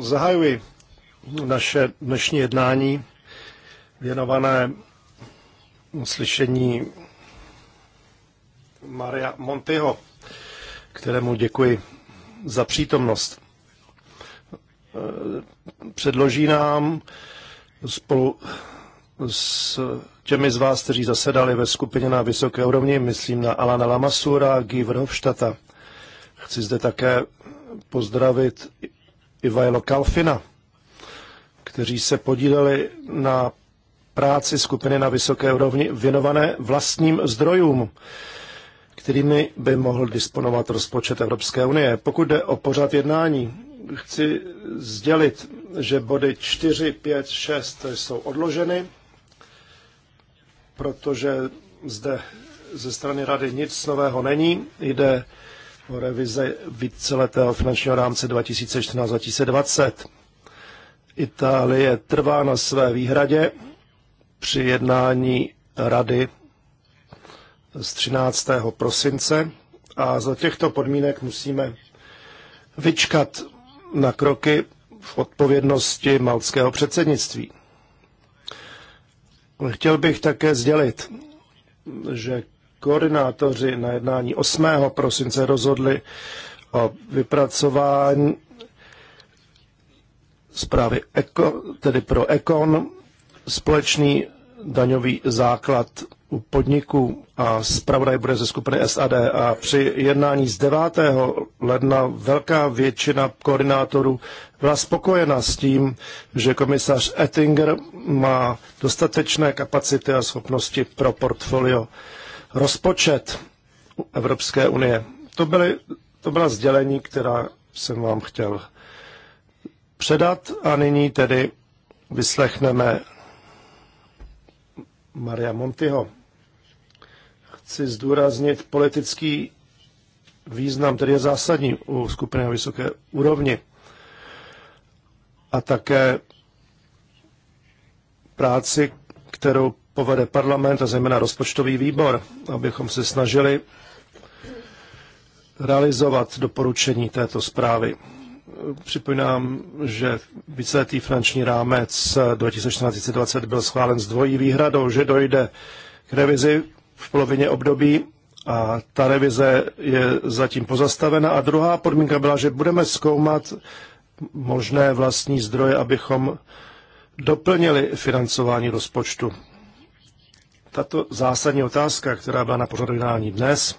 Zahajuji naše dnešní jednání věnované slyšení Maria Montyho, kterému děkuji za přítomnost. Předloží nám spolu s těmi z vás, kteří zasedali ve skupině na vysoké úrovni, myslím na Alana Lamasura a Guy Verhofstadta. Chci zde také pozdravit Ivajlo Kalfina, kteří se podíleli na práci skupiny na vysoké úrovni věnované vlastním zdrojům, kterými by mohl disponovat rozpočet Evropské unie. Pokud jde o pořad jednání, chci sdělit, že body 4, 5, 6 jsou odloženy, protože zde ze strany rady nic nového není. Jde revize víceletého finančního rámce 2014-2020. Itálie trvá na své výhradě při jednání rady z 13. prosince a za těchto podmínek musíme vyčkat na kroky v odpovědnosti malckého předsednictví. Chtěl bych také sdělit, že Koordinátoři na jednání 8. prosince rozhodli o vypracování zprávy Eko, tedy pro Ekon, společný daňový základ u podniků a zpravodaj bude ze skupiny SAD a při jednání z 9. ledna velká většina koordinátorů byla spokojena s tím, že komisař Ettinger má dostatečné kapacity a schopnosti pro portfolio rozpočet Evropské unie. To, byly, to byla sdělení, která jsem vám chtěl předat a nyní tedy vyslechneme Maria Montiho. Chci zdůraznit politický význam, který je zásadní u skupiny na vysoké úrovni a také práci, kterou povede parlament a zejména rozpočtový výbor, abychom se snažili realizovat doporučení této zprávy. Připomínám, že víceletý finanční rámec 2014-2020 byl schválen s dvojí výhradou, že dojde k revizi v polovině období a ta revize je zatím pozastavena. A druhá podmínka byla, že budeme zkoumat možné vlastní zdroje, abychom doplnili financování rozpočtu. Tato zásadní otázka, která byla na pořadu jednání dnes,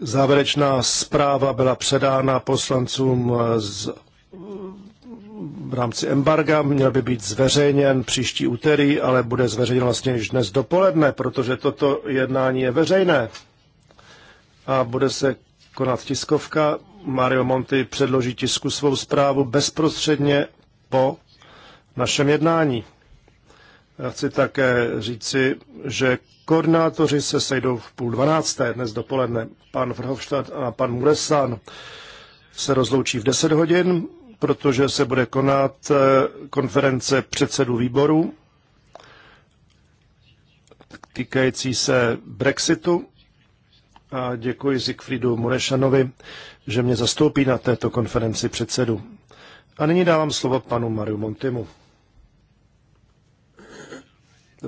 závěrečná zpráva byla předána poslancům z, v rámci embarga, měl by být zveřejněn příští úterý, ale bude zveřejněn vlastně již dnes dopoledne, protože toto jednání je veřejné a bude se konat tiskovka. Mario Monti předloží tisku svou zprávu bezprostředně po našem jednání chci také říci, že koordinátoři se sejdou v půl dvanácté dnes dopoledne. Pan Vrhovštad a pan Muresan se rozloučí v 10 hodin, protože se bude konat eh, konference předsedů výboru týkající se Brexitu. A děkuji Zigfridu Murešanovi, že mě zastoupí na této konferenci předsedu. A nyní dávám slovo panu Mariu Montimu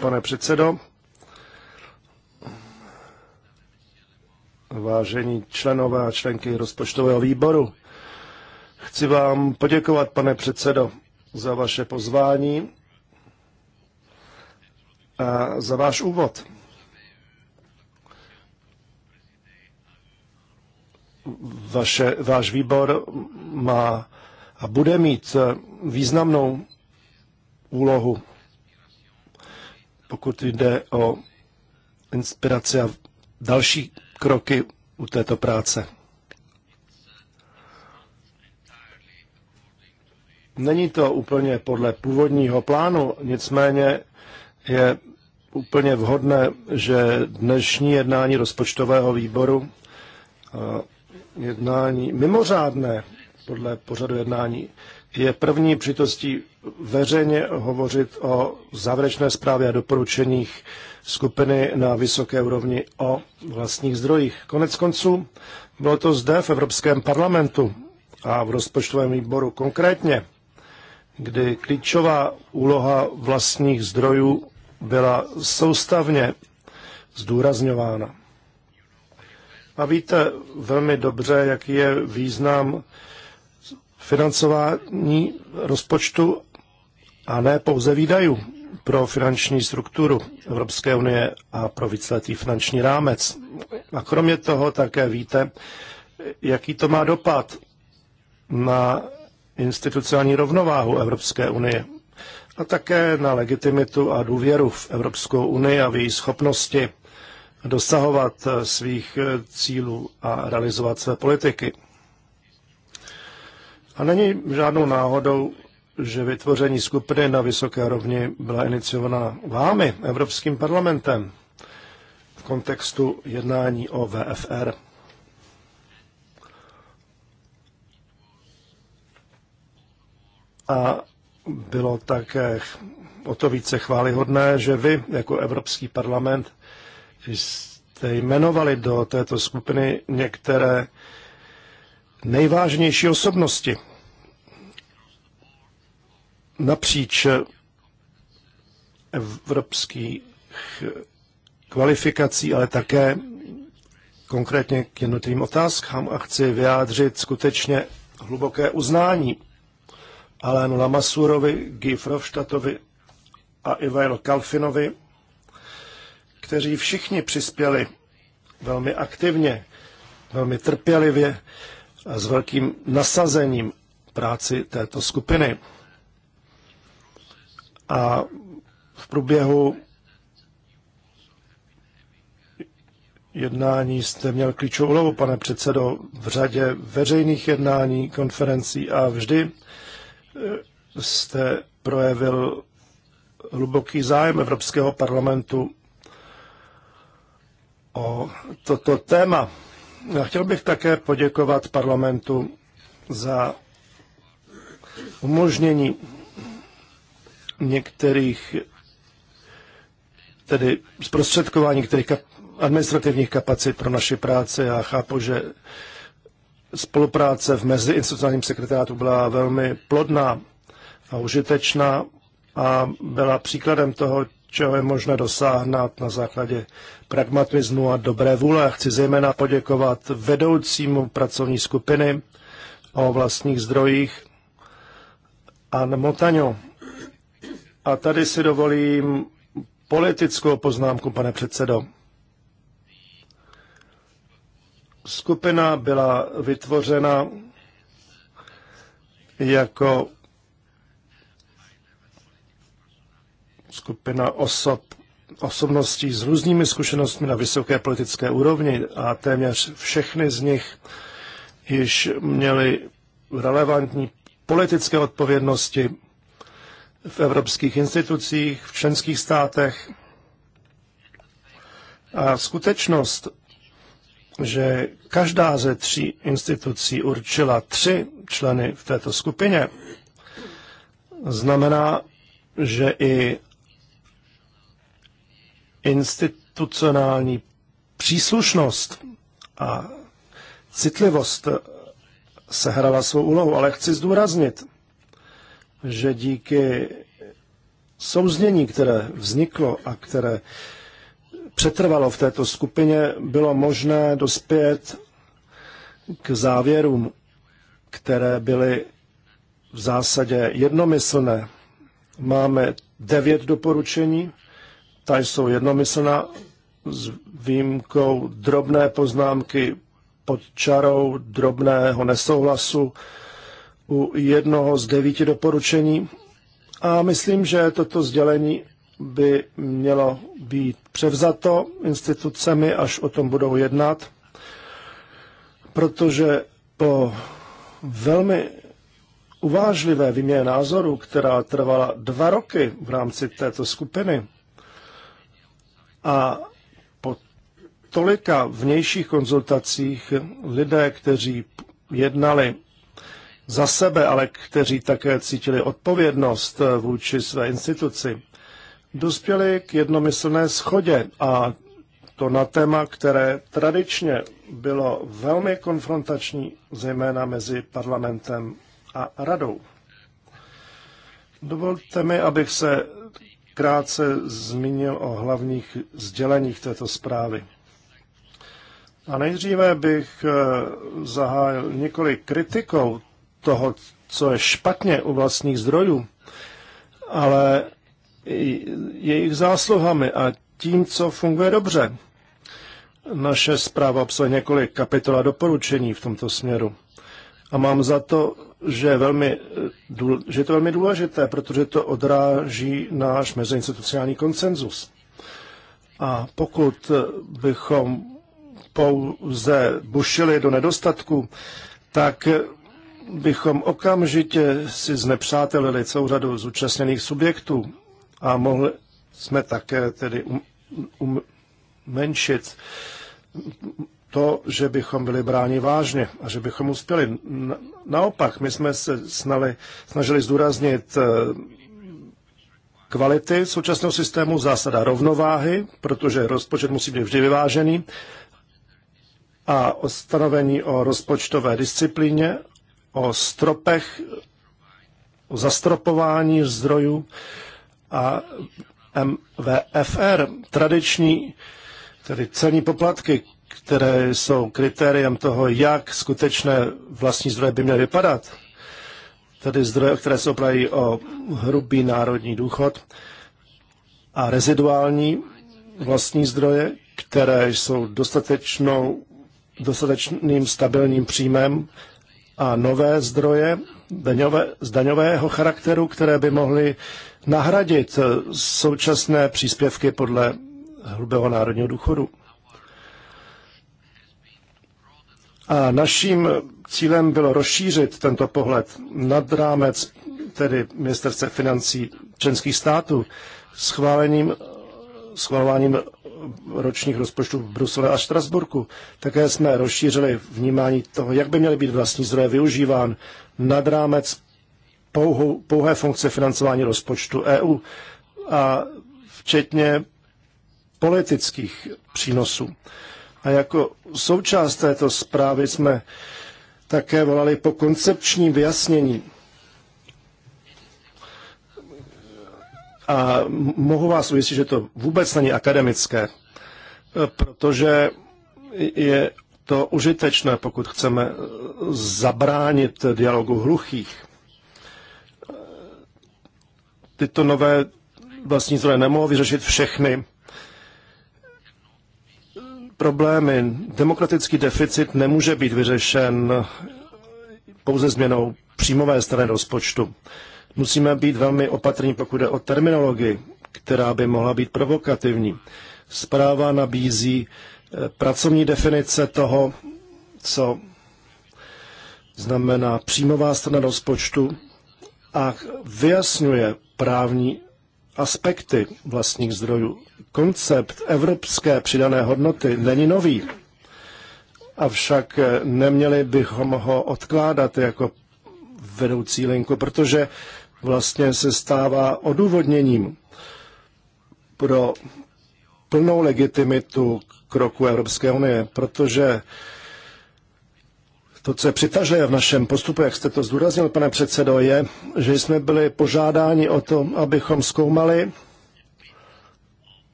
pane předsedo. Vážení členové a členky rozpočtového výboru, chci vám poděkovat, pane předsedo, za vaše pozvání a za váš úvod. Vaše, váš výbor má a bude mít významnou úlohu pokud jde o inspiraci a další kroky u této práce. Není to úplně podle původního plánu, nicméně je úplně vhodné, že dnešní jednání rozpočtového výboru, jednání mimořádné podle pořadu jednání, je první přitostí veřejně hovořit o závěrečné zprávě a doporučeních skupiny na vysoké úrovni o vlastních zdrojích. Konec konců bylo to zde v Evropském parlamentu a v rozpočtovém výboru konkrétně, kdy klíčová úloha vlastních zdrojů byla soustavně zdůrazňována. A víte velmi dobře, jaký je význam financování rozpočtu a ne pouze výdajů pro finanční strukturu Evropské unie a pro víceletý finanční rámec. A kromě toho také víte, jaký to má dopad na institucionální rovnováhu Evropské unie a také na legitimitu a důvěru v Evropskou unii a v její schopnosti dosahovat svých cílů a realizovat své politiky. A není žádnou náhodou, že vytvoření skupiny na vysoké rovni byla iniciovaná vámi, Evropským parlamentem, v kontextu jednání o VFR. A bylo také o to více chválihodné, že vy jako Evropský parlament jste jmenovali do této skupiny některé nejvážnější osobnosti napříč evropských kvalifikací, ale také konkrétně k jednotlivým otázkám a chci vyjádřit skutečně hluboké uznání Alénu Lamasurovi, Guy Frovštatovi a Ivail Kalfinovi, kteří všichni přispěli velmi aktivně, velmi trpělivě a s velkým nasazením práci této skupiny. A v průběhu jednání jste měl klíčovou úlohu, pane předsedo, v řadě veřejných jednání, konferencí a vždy eh, jste projevil hluboký zájem Evropského parlamentu o toto téma. Já chtěl bych také poděkovat parlamentu za umožnění některých, tedy zprostředkování některých kap, administrativních kapacit pro naši práci. Já chápu, že spolupráce v meziinstitucionálním sekretátu byla velmi plodná a užitečná a byla příkladem toho, čeho je možné dosáhnout na základě pragmatismu a dobré vůle. Chci zejména poděkovat vedoucímu pracovní skupiny o vlastních zdrojích a Motaňo. A tady si dovolím politickou poznámku, pane předsedo. Skupina byla vytvořena jako skupina osob, osobností s různými zkušenostmi na vysoké politické úrovni a téměř všechny z nich již měly relevantní politické odpovědnosti v evropských institucích, v členských státech. A skutečnost, že každá ze tří institucí určila tři členy v této skupině, znamená, že i institucionální příslušnost a citlivost sehrala svou úlohu, ale chci zdůraznit, že díky souznění, které vzniklo a které přetrvalo v této skupině, bylo možné dospět k závěrům, které byly v zásadě jednomyslné. Máme devět doporučení, ta jsou jednomyslná s výjimkou drobné poznámky pod čarou drobného nesouhlasu u jednoho z devíti doporučení a myslím, že toto sdělení by mělo být převzato institucemi, až o tom budou jednat, protože po velmi uvážlivé výměně názorů, která trvala dva roky v rámci této skupiny a po tolika vnějších konzultacích lidé, kteří jednali za sebe, ale kteří také cítili odpovědnost eh, vůči své instituci, dospěli k jednomyslné schodě a to na téma, které tradičně bylo velmi konfrontační, zejména mezi parlamentem a radou. Dovolte mi, abych se krátce zmínil o hlavních sděleních této zprávy. A nejdříve bych eh, zahájil několik kritikou toho, co je špatně u vlastních zdrojů, ale jejich zásluhami a tím, co funguje dobře. Naše zpráva obsahuje několik kapitol a doporučení v tomto směru. A mám za to, že, je velmi, eh, že je to velmi důležité, protože to odráží náš meziinstitucionální konsenzus. A pokud eh, bychom pouze bušili do nedostatku, tak eh, bychom okamžitě si znepřátelili celou řadu zúčastněných subjektů a mohli jsme také tedy um, um, umenšit um, to, že bychom byli bráni vážně a že bychom uspěli. Naopak, my jsme se snali, snažili zdůraznit eh, kvality současného systému, zásada rovnováhy, protože rozpočet musí být vždy vyvážený, a stanovení o rozpočtové disciplíně o stropech, o zastropování zdrojů a MVFR, tradiční, tedy celní poplatky, které jsou kritériem toho, jak skutečné vlastní zdroje by měly vypadat, tedy zdroje, které se opraví o hrubý národní důchod a reziduální vlastní zdroje, které jsou dostatečnou, dostatečným stabilním příjmem a nové zdroje daňové, z daňového charakteru, které by mohly nahradit eh, současné příspěvky podle hrubého národního důchodu. A naším cílem bylo rozšířit tento pohled nad rámec tedy ministerstve financí členských států schválením, schvalováním ročních rozpočtů v Brusele a Štrasburku. Také jsme rozšířili vnímání toho, jak by měly být vlastní zdroje využíván nad rámec pouhou, pouhé funkce financování rozpočtu EU a včetně politických přínosů. A jako součást této zprávy jsme také volali po koncepčním vyjasnění A mohu vás ujistit, že to vůbec není akademické, protože je to užitečné, pokud chceme zabránit dialogu hluchých. Tyto nové vlastní zdroje nemohou vyřešit všechny problémy. Demokratický deficit nemůže být vyřešen pouze změnou příjmové strany rozpočtu. Musíme být velmi opatrní, pokud jde o terminologii, která by mohla být provokativní. Zpráva nabízí eh, pracovní definice toho, co znamená příjmová strana rozpočtu a vyjasňuje právní aspekty vlastních zdrojů. Koncept evropské přidané hodnoty není nový, avšak eh, neměli bychom ho odkládat jako vedoucí linku, protože vlastně se stává odůvodněním pro plnou legitimitu kroku Evropské unie, protože to, co je přitažuje v našem postupu, jak jste to zdůraznil, pane předsedo, je, že jsme byli požádáni o to, abychom zkoumali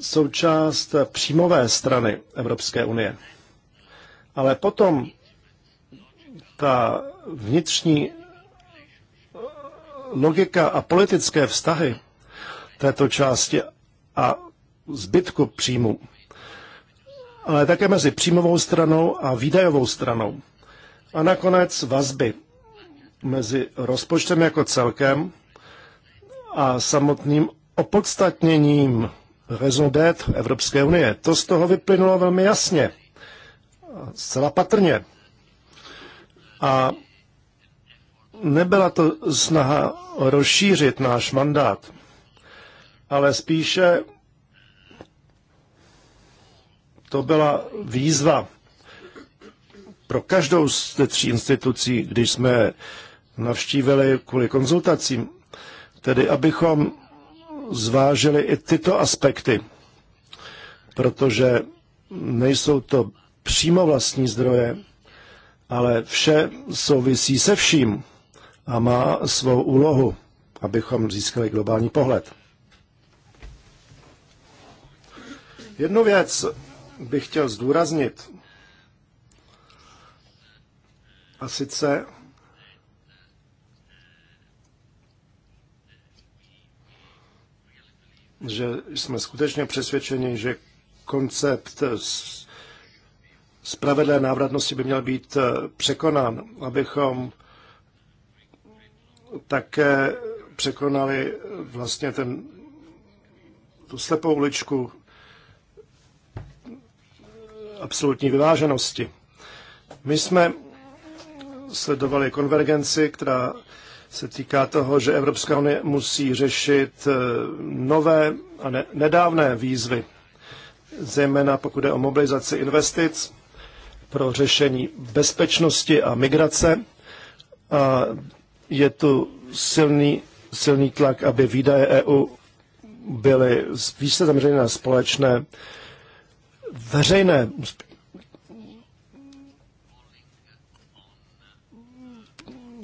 součást příjmové strany Evropské unie. Ale potom ta vnitřní logika a politické vztahy této části a zbytku příjmu, ale také mezi příjmovou stranou a výdajovou stranou. A nakonec vazby mezi rozpočtem jako celkem a samotným opodstatněním raison Evropské unie. To z toho vyplynulo velmi jasně, zcela patrně. A Nebyla to snaha rozšířit náš mandát, ale spíše to byla výzva pro každou z těch tří institucí, když jsme navštívili kvůli konzultacím, tedy abychom zvážili i tyto aspekty, protože nejsou to přímo vlastní zdroje, ale vše souvisí se vším a má svou úlohu, abychom získali globální pohled. Jednu věc bych chtěl zdůraznit, a sice že jsme skutečně přesvědčeni, že koncept spravedlé návratnosti by měl být eh, překonán, abychom také překonali vlastně ten, tu slepou uličku absolutní vyváženosti. My jsme sledovali konvergenci, která se týká toho, že Evropská unie musí řešit eh, nové a ne, nedávné výzvy, zejména pokud je o mobilizaci investic pro řešení bezpečnosti a migrace a je tu silný, silný tlak, aby výdaje EU byly více zaměřené na společné veřejné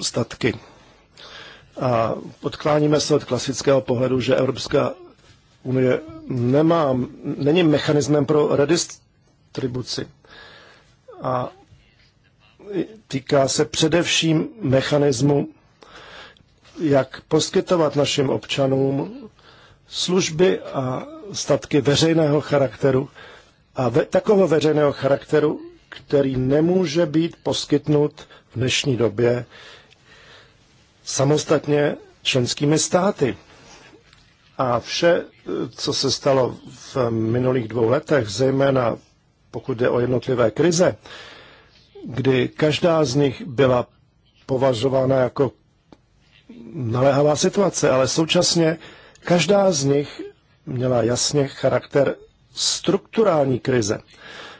statky. A odkláníme se od klasického pohledu, že Evropská unie nemá, není mechanismem pro redistribuci. A týká se především mechanismu jak poskytovat našim občanům služby a statky veřejného charakteru a ve, takového veřejného charakteru, který nemůže být poskytnut v dnešní době samostatně členskými státy. A vše, co se stalo v minulých dvou letech, zejména pokud jde o jednotlivé krize, kdy každá z nich byla považována jako naléhavá situace, ale současně každá z nich měla jasně charakter strukturální krize,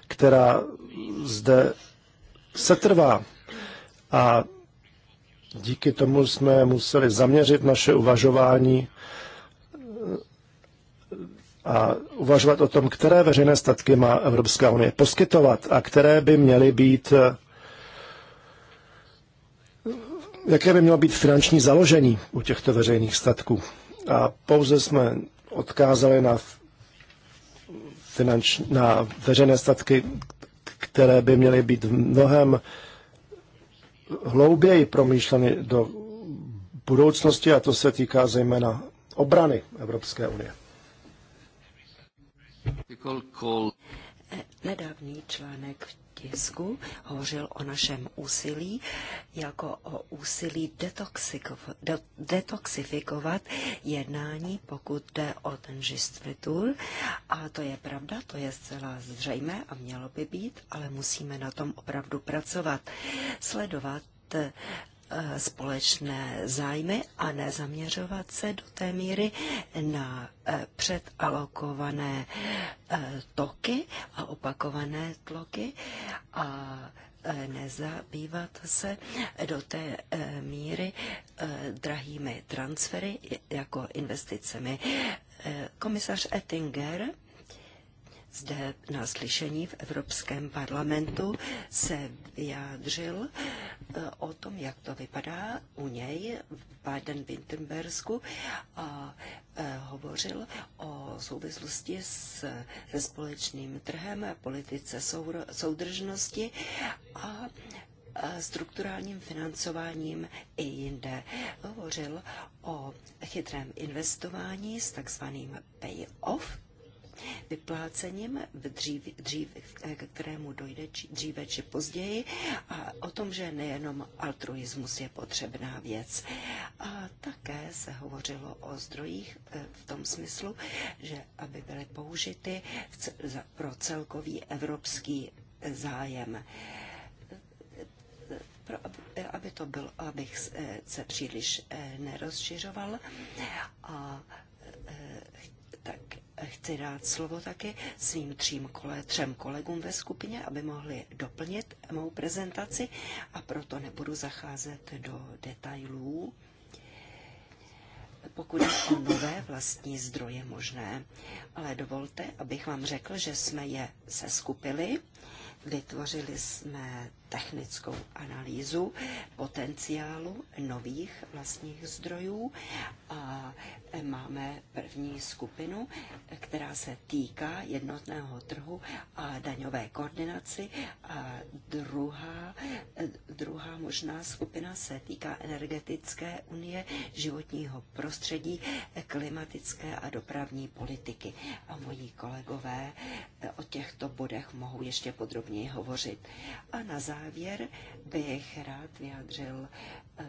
která zde se trvá. A díky tomu jsme museli zaměřit naše uvažování eh, a uvažovat o tom, které veřejné statky má Evropská unie poskytovat a které by měly být eh, jaké by mělo být finanční založení u těchto veřejných statků. A pouze jsme odkázali na, finanč, na veřejné statky, které by měly být mnohem hlouběji promýšleny do budoucnosti a to se týká zejména obrany Evropské unie. Nedávný článek v tisku hovořil o našem úsilí jako o úsilí detoxifikovat jednání, pokud jde o ten žistvitul. A to je pravda, to je zcela zřejmé a mělo by být, ale musíme na tom opravdu pracovat. Sledovat Eh, společné zájmy a nezaměřovat se do té míry na eh, předalokované eh, toky a opakované tloky a nezabývat se do té míry drahými transfery jako investicemi. Komisař Ettinger zde na slyšení v Evropském parlamentu se vyjádřil eh, o tom, jak to vypadá u něj v Baden-Württembergsku a eh, hovořil o souvislosti s, se společným trhem, politice soudržnosti a eh, strukturálním financováním i jinde. Hovořil o chytrém investování s takzvaným pay-off vyplácením, dřív, dřív, eh, k kterému dojde či, dříve či později, a o tom, že nejenom altruismus je potřebná věc. A také se hovořilo o zdrojích eh, v tom smyslu, že aby byly použity pro celkový evropský eh, zájem pro, aby to bylo, abych se příliš nerozšiřoval. A tak chci dát slovo taky svým třím kole, třem kolegům ve skupině, aby mohli doplnit mou prezentaci a proto nebudu zacházet do detailů. Pokud je o nové vlastní zdroje možné, ale dovolte, abych vám řekl, že jsme je seskupili. skupili Vytvořili jsme technickou analýzu potenciálu nových vlastních zdrojů a máme první skupinu, která se týká jednotného trhu a daňové koordinaci a druhá, druhá možná skupina se týká energetické unie, životního prostředí, klimatické a dopravní politiky. A moji kolegové těchto bodech mohu ještě podrobněji hovořit. A na závěr bych rád vyjádřil eh,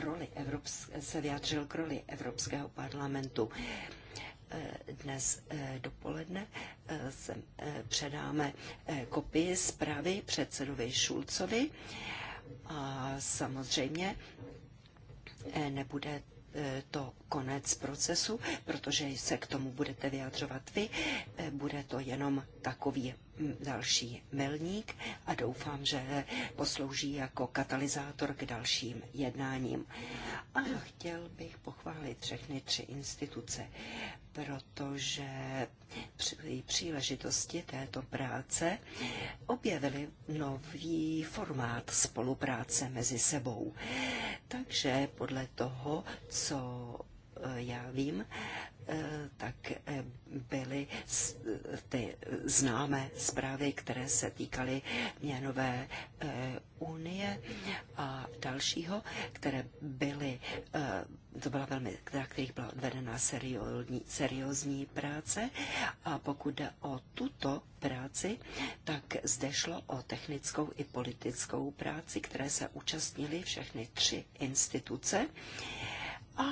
roli Evropské, se vyjádřil k roli Evropského parlamentu. Eh, dnes eh, dopoledne se předáme kopii zprávy předsedovi Šulcovi a samozřejmě nebude E, to konec procesu, protože se k tomu budete vyjadřovat vy, e, bude to jenom takový další milník a doufám, že poslouží jako katalyzátor k dalším jednáním. A chtěl bych pochválit všechny tři instituce, protože při příležitosti této práce objevili nový formát spolupráce mezi sebou. Takže podle toho, co Eh, já vím, eh, tak eh, byly ty známé zprávy, které se týkaly měnové unie a dalšího, které byly, to byla velmi, na kterých byla odvedena seriózní, seriózní práce a pokud jde o tuto práci, tak zde šlo o technickou i politickou práci, které se účastnily všechny tři instituce a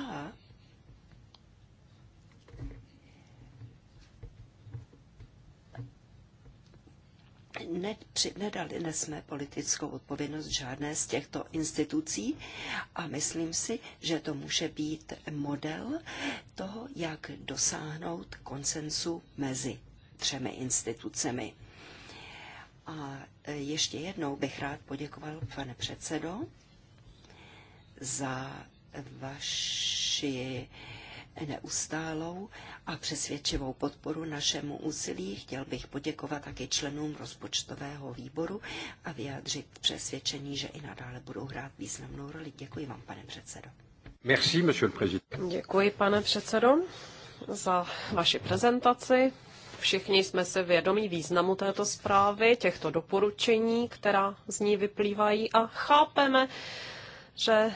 ne, při, nedali nesme politickou odpovědnost žádné z těchto institucí a myslím si, že to může být model toho, jak dosáhnout konsensu mezi třemi institucemi. A e, ještě jednou bych rád poděkoval, pane předsedo, za vaši neustálou a přesvědčivou podporu našemu úsilí. Chtěl bych poděkovat také členům rozpočtového výboru a vyjádřit přesvědčení, že i nadále budou hrát významnou roli. Děkuji vám, pane předsedo. Merci, le Děkuji, pane předsedo, za vaši prezentaci. Všichni jsme se vědomí významu této zprávy, těchto doporučení, která z ní vyplývají a chápeme, že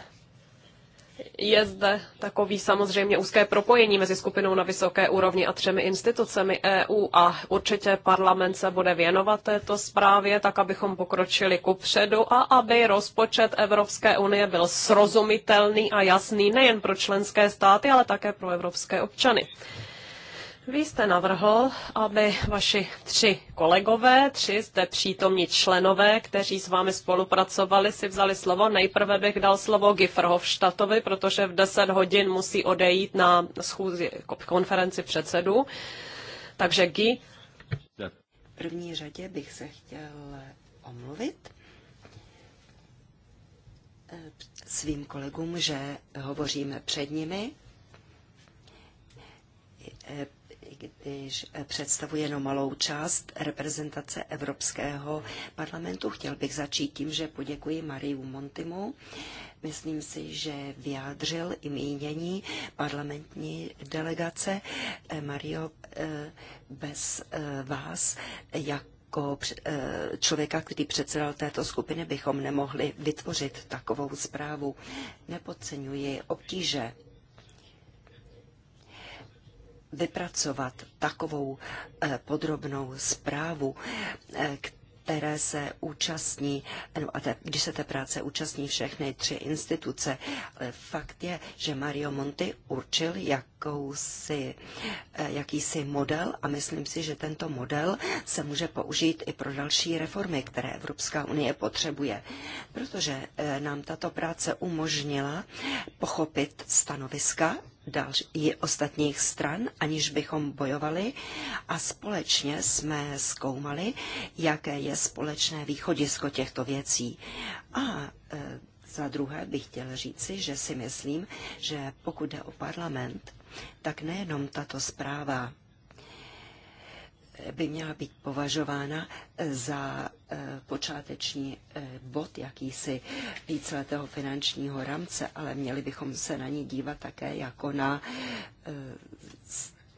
je zde takový samozřejmě úzké propojení mezi skupinou na vysoké úrovni a třemi institucemi EU a určitě parlament se bude věnovat této zprávě, tak abychom pokročili ku předu a aby rozpočet Evropské unie byl srozumitelný a jasný nejen pro členské státy, ale také pro evropské občany. Vy jste navrhl, aby vaši tři kolegové, tři zde přítomní členové, kteří s vámi spolupracovali, si vzali slovo. Nejprve bych dal slovo Gifrhovštatovi, protože v 10 hodin musí odejít na schůzi, konferenci předsedů. Takže Gi. V první řadě bych se chtěl omluvit eh, svým kolegům, že hovoříme před nimi, eh, když eh, představuje jenom malou část reprezentace Evropského parlamentu. Chtěl bych začít tím, že poděkuji Mariu Montimu. Myslím si, že vyjádřil i mínění parlamentní delegace. Eh, Mario, eh, bez vás, jak jako člověka, který předsedal této skupiny, bychom nemohli vytvořit takovou zprávu. Nepodceňuji obtíže vypracovat takovou eh, podrobnou zprávu, eh, které se účastní, no a te, když se té práce účastní všechny tři instituce. Ale fakt je, že Mario Monti určil, jak jakousi, eh, jakýsi model a myslím si, že tento model se může použít i pro další reformy, které Evropská unie potřebuje, protože eh, nám tato práce umožnila pochopit stanoviska i ostatních stran, aniž bychom bojovali a společně jsme zkoumali, jaké je společné východisko těchto věcí. A eh, za druhé bych chtěl říci, že si myslím, že pokud jde o parlament, tak nejenom tato zpráva by měla být považována za eh, počáteční eh, bod jakýsi víceletého finančního rámce, ale měli bychom se na ní dívat také jako na eh,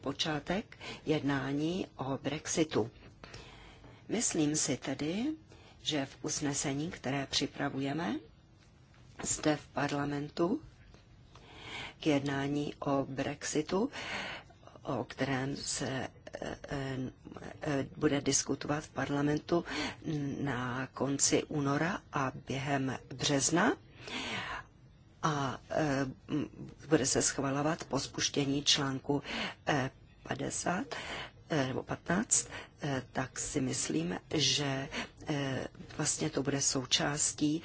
počátek jednání o Brexitu. Myslím si tedy, že v usnesení, které připravujeme zde v parlamentu, k jednání o Brexitu, o kterém se eh, eh, bude diskutovat v parlamentu na konci února a během března a eh, bude se schvalovat po spuštění článku 50 nebo 15, tak si myslím, že vlastně to bude součástí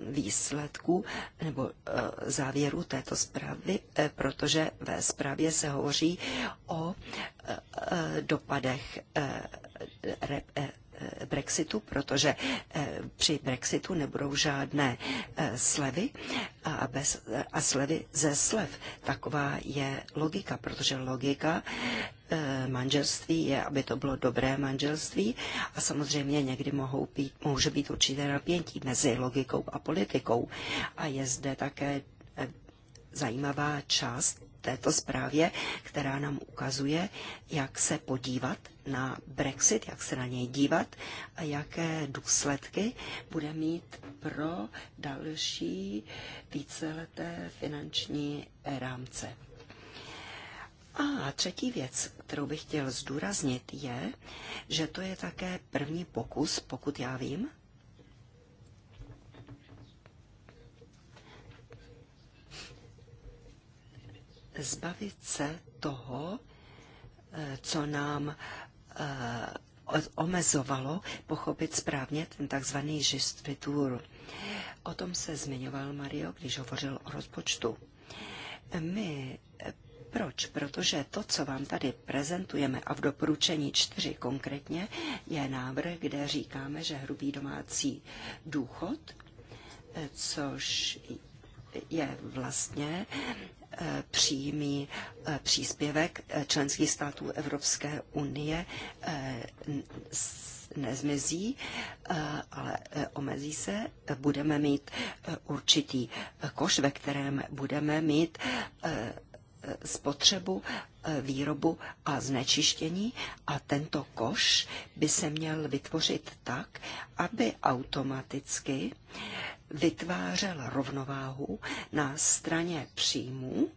výsledků nebo eh, závěru této zprávy, eh, protože ve zprávě se hovoří o eh, dopadech Eh, Brexitu, protože eh, při Brexitu nebudou žádné eh, slevy a, bez, a slevy ze slev. Taková je logika, protože logika manželství je, aby to bylo dobré manželství a samozřejmě někdy mohou být, může být určité napětí mezi logikou a politikou. A je zde také zajímavá část této zprávě, která nám ukazuje, jak se podívat na Brexit, jak se na něj dívat a jaké důsledky bude mít pro další víceleté finanční rámce. A třetí věc, kterou bych chtěl zdůraznit, je, že to je také první pokus, pokud já vím, zbavit se toho, eh, co nám eh, omezovalo pochopit správně ten takzvaný žist O tom se zmiňoval Mario, když hovořil o rozpočtu. My eh, proč? Protože to, co vám tady prezentujeme a v doporučení čtyři konkrétně, je návrh, kde říkáme, že hrubý domácí důchod, což je vlastně přímý eh, příspěvek eh, členských států Evropské unie eh, nezmizí, ale omezí se. Budeme mít určitý koš, ve kterém budeme mít spotřebu, výrobu a znečištění a tento koš by se měl vytvořit tak, aby automaticky vytvářel rovnováhu na straně příjmů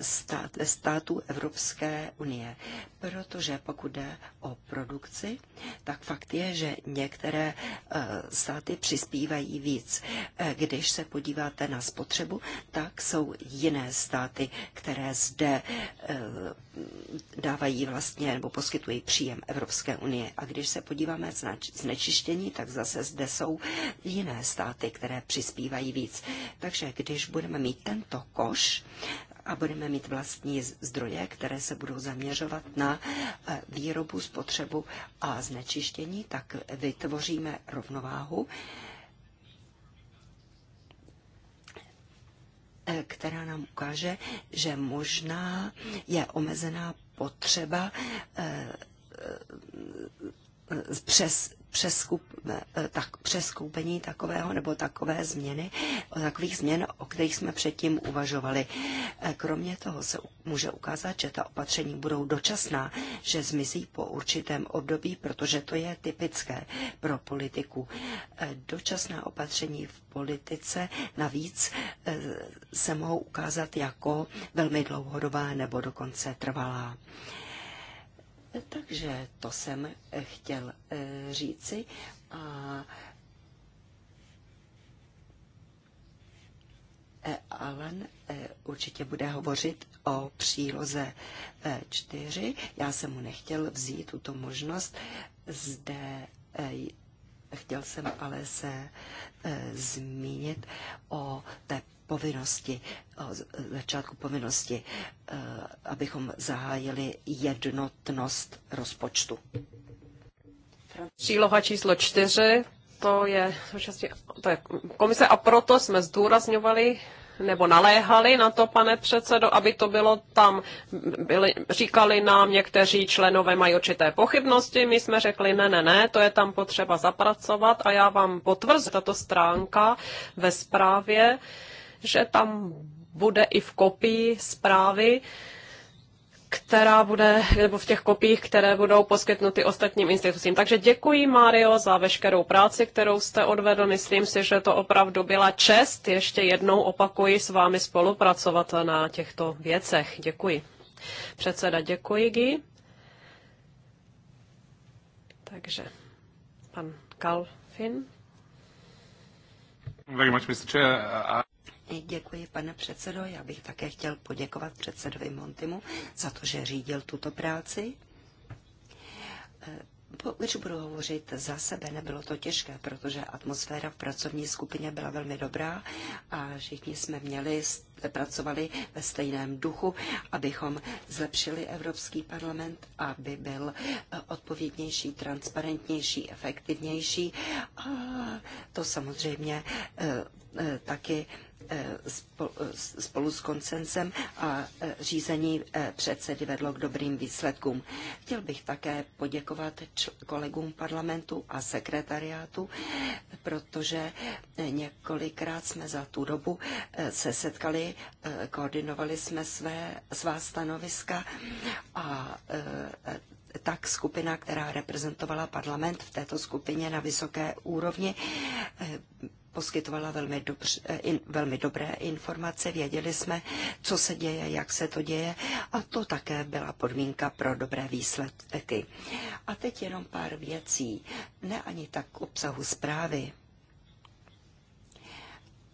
stát, států Evropské unie. Protože pokud jde o produkci, tak fakt je, že některé eh, státy přispívají víc. Eh, když se podíváte na spotřebu, tak jsou jiné státy, které zde eh, dávají vlastně nebo poskytují příjem Evropské unie. A když se podíváme na znečištění, tak zase zde jsou jiné státy, které přispívají víc. Takže když budeme mít tento koš, a budeme mít vlastní zdroje, které se budou zaměřovat na eh, výrobu, spotřebu a znečištění, tak vytvoříme rovnováhu, eh, která nám ukáže, že možná je omezená potřeba eh, přes přeskup, eh, tak, přeskoupení takového nebo takové změny, o takových změn, o kterých jsme předtím uvažovali. Eh, kromě toho se může ukázat, že ta opatření budou dočasná, že zmizí po určitém období, protože to je typické pro politiku. Eh, dočasná opatření v politice navíc se mohou ukázat jako velmi dlouhodobá nebo dokonce trvalá. Takže to jsem eh, chtěl eh, říci a eh, Alan určitě bude hovořit o příloze 4. Já jsem mu nechtěl vzít tuto možnost. Zde chtěl jsem ale se zmínit o té povinnosti, začátku povinnosti, e, abychom zahájili jednotnost rozpočtu. Příloha číslo čtyři, to je, to je komise a proto jsme zdůrazňovali nebo naléhali na to, pane předsedo, aby to bylo tam, byli, říkali nám někteří členové mají určité pochybnosti, my jsme řekli ne, ne, ne, to je tam potřeba zapracovat a já vám potvrzuji tato stránka ve zprávě, že tam bude i v kopii zprávy, která bude, nebo v těch kopiích, které budou poskytnuty ostatním institucím. Takže děkuji, Mario, za veškerou práci, kterou jste odvedl. Myslím si, že to opravdu byla čest. Ještě jednou opakuji s vámi spolupracovat na těchto věcech. Děkuji. Předseda, děkuji, Guy. Takže pan Kalfin. Very much, Mr. Chair. Děkuji, pane předsedo. Já bych také chtěl poděkovat předsedovi Montimu za to, že řídil tuto práci. Eh, když budu hovořit za sebe, nebylo to těžké, protože atmosféra v pracovní skupině byla velmi dobrá a všichni jsme měli, pracovali ve stejném duchu, abychom zlepšili Evropský parlament, aby byl eh, odpovědnější, transparentnější, efektivnější. A to samozřejmě eh, taky Eh, eh, spolu s koncensem a eh, řízení předsedy vedlo k dobrým výsledkům. Chtěl bych také poděkovat kolegům parlamentu a sekretariátu, protože několikrát jsme za tu dobu se setkali, koordinovali jsme své, svá stanoviska a tak skupina, která reprezentovala parlament v této skupině na vysoké úrovni, poskytovala velmi, dobře, eh, in, velmi dobré informace, věděli jsme, co se děje, jak se to děje a to také byla podmínka pro dobré výsledky. A teď jenom pár věcí, ne ani tak k obsahu zprávy,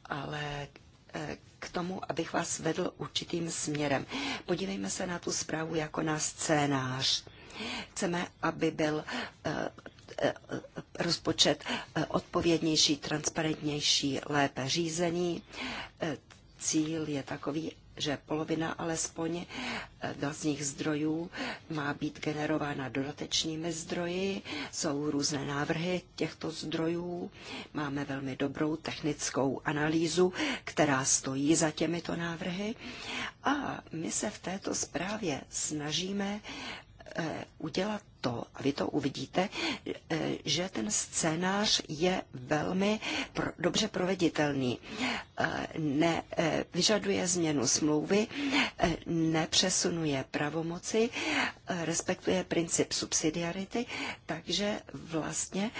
ale eh, k tomu, abych vás vedl určitým směrem. Podívejme se na tu zprávu jako na scénář. Chceme, aby byl eh, Eh, rozpočet eh, odpovědnější, transparentnější, lépe řízený. Eh, cíl je takový, že polovina alespoň vlastních zdrojů má být generována dodatečnými zdroji. Jsou různé návrhy těchto zdrojů. Máme velmi dobrou technickou analýzu, která stojí za těmito návrhy. A my se v této zprávě snažíme Eh, udělat to, a vy to uvidíte, eh, že ten scénář je velmi pro, dobře proveditelný. Eh, ne, vyžaduje změnu smlouvy, nepřesunuje pravomoci, respektuje princip subsidiarity, takže vlastně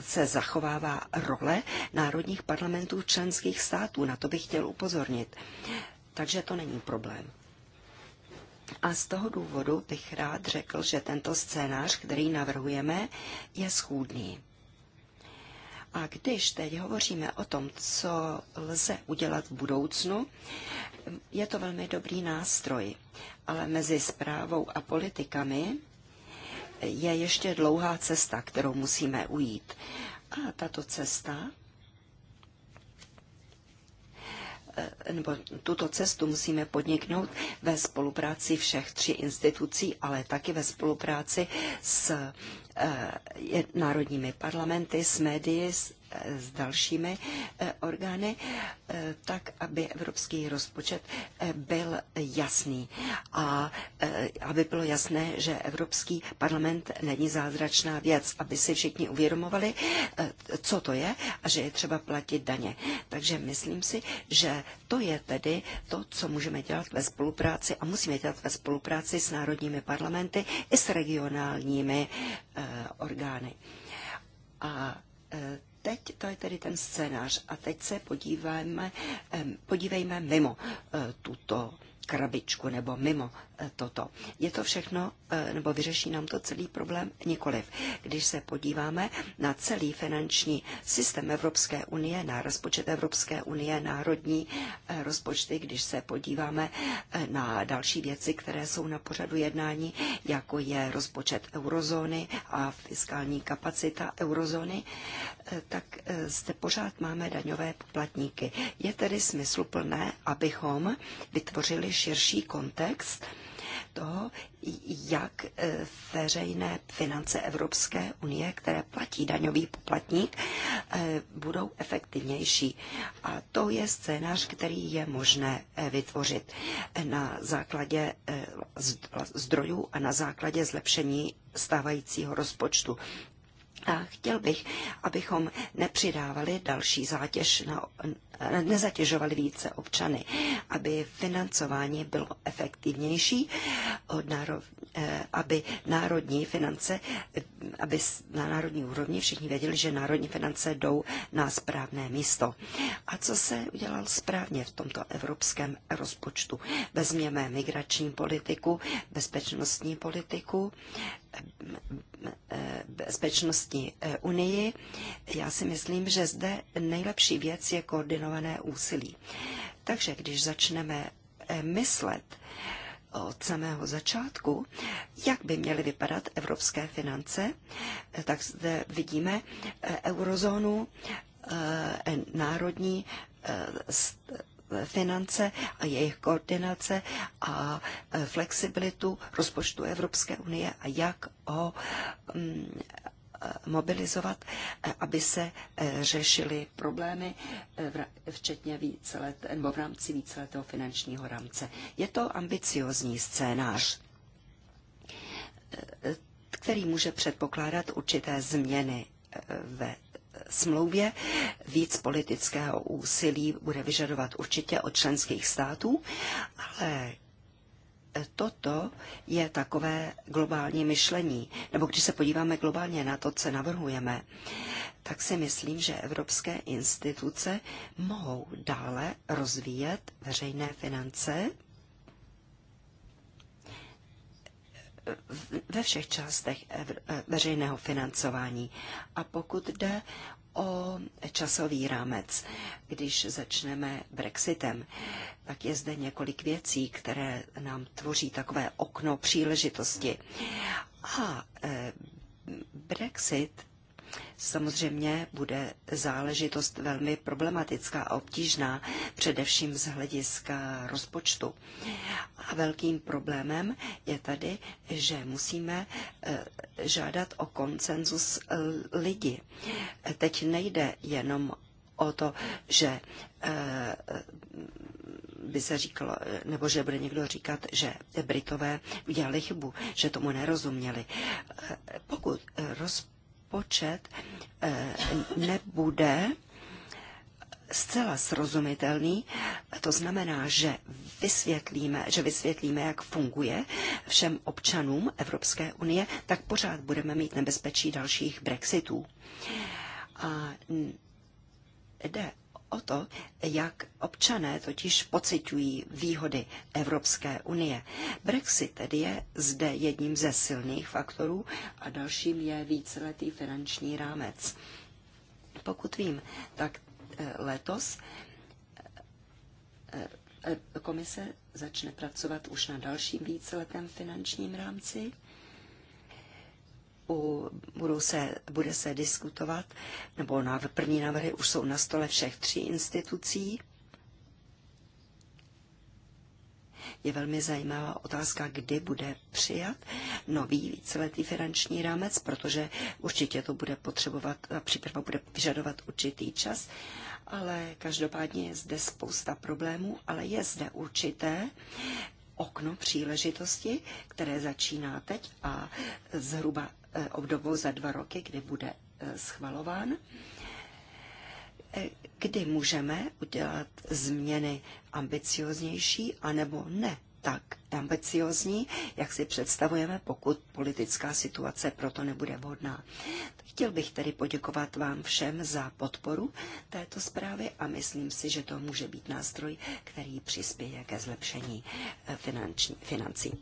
se zachovává role národních parlamentů členských států. Na to bych chtěl upozornit. Takže to není problém. A z toho důvodu bych rád řekl, že tento scénář, který navrhujeme, je schůdný. A když teď hovoříme o tom, co lze udělat v budoucnu, je to velmi dobrý nástroj, ale mezi zprávou a politikami je ještě dlouhá cesta, kterou musíme ujít. A tato cesta Eh, nebo tuto cestu musíme podniknout ve spolupráci všech tří institucí, ale taky ve spolupráci s eh, národními parlamenty, s médii, s s dalšími eh, orgány, eh, tak aby evropský rozpočet eh, byl jasný a aby bylo jasné, že Evropský parlament není zázračná věc, aby si všichni uvědomovali, co to je a že je třeba platit daně. Takže myslím si, že to je tedy to, co můžeme dělat ve spolupráci a musíme dělat ve spolupráci s národními parlamenty i s regionálními orgány. A teď to je tedy ten scénář a teď se podívejme, podívejme mimo eh, tuto krabičku nebo mimo Eh, toto. Je to všechno, eh, nebo vyřeší nám to celý problém? Nikoliv. Když se podíváme na celý finanční systém Evropské unie, na rozpočet Evropské unie, národní eh, rozpočty, když se podíváme na další věci, které jsou na pořadu jednání, jako je rozpočet eurozóny a fiskální kapacita eurozóny, tak zde pořád máme daňové poplatníky. Je tedy smysluplné, abychom vytvořili širší kontext, toho, jak e, veřejné finance Evropské unie, které platí daňový poplatník, e, budou efektivnější. A to je scénář, který je možné e, vytvořit na základě zdrojů a na základě zlepšení stávajícího rozpočtu. A chtěl bych, abychom nepřidávali další zátěž na nezatěžovali více občany, aby financování bylo efektivnější, od náro, eh, aby národní finance, aby na národní úrovni všichni věděli, že národní finance jdou na správné místo. A co se udělal správně v tomto evropském rozpočtu? Vezměme migrační politiku, bezpečnostní politiku, eh, bezpečnostní eh, unii. Já si myslím, že zde nejlepší věc je koordinace koordinované úsilí. Takže když začneme eh, myslet od samého začátku, jak by měly vypadat evropské finance, eh, tak zde vidíme eh, eurozónu, národní finance a jejich koordinace a flexibilitu rozpočtu Evropské unie a jak ho mm, mobilizovat, eh, aby se eh, řešily problémy, eh, včetně vícelet, nebo v rámci víceletého finančního rámce. Je to ambiciozní scénář, který může předpokládat určité změny ve smlouvě. Víc politického úsilí bude vyžadovat určitě od členských států, ale toto je takové globální myšlení. Nebo když se podíváme globálně na to, co navrhujeme, tak si myslím, že evropské instituce mohou dále rozvíjet veřejné finance ve všech částech veřejného financování. A pokud jde o časový rámec. Když začneme Brexitem, tak je zde několik věcí, které nám tvoří takové okno příležitosti. A eh, Brexit samozřejmě bude záležitost velmi problematická a obtížná, především z hlediska rozpočtu. A velkým problémem je tady, že musíme eh, žádat o konsenzus eh, lidi. Teď nejde jenom o to, že eh, by se říkalo, nebo že bude někdo říkat, že Britové udělali chybu, že tomu nerozuměli. Pokud roz, počet eh, nebude zcela srozumitelný. To znamená, že vysvětlíme, že vysvětlíme, jak funguje všem občanům Evropské unie, tak pořád budeme mít nebezpečí dalších Brexitů. A jde o to, jak občané totiž pociťují výhody Evropské unie. Brexit tedy je zde jedním ze silných faktorů a dalším je víceletý finanční rámec. Pokud vím, tak eh, letos eh, eh, komise začne pracovat už na dalším víceletém finančním rámci u, budou se, bude se diskutovat, nebo na první návrhy už jsou na stole všech tří institucí. Je velmi zajímavá otázka, kdy bude přijat nový víceletý finanční rámec, protože určitě to bude potřebovat, příprava bude vyžadovat určitý čas, ale každopádně je zde spousta problémů, ale je zde určité okno příležitosti, které začíná teď a zhruba Eh, obdobou za dva roky, kdy bude eh, schvalován, eh, kdy můžeme udělat změny ambicioznější anebo ne tak ambiciozní, jak si představujeme, pokud politická situace proto nebude vhodná. Chtěl bych tedy poděkovat vám všem za podporu této zprávy a myslím si, že to může být nástroj, který přispěje ke zlepšení finanční, financí.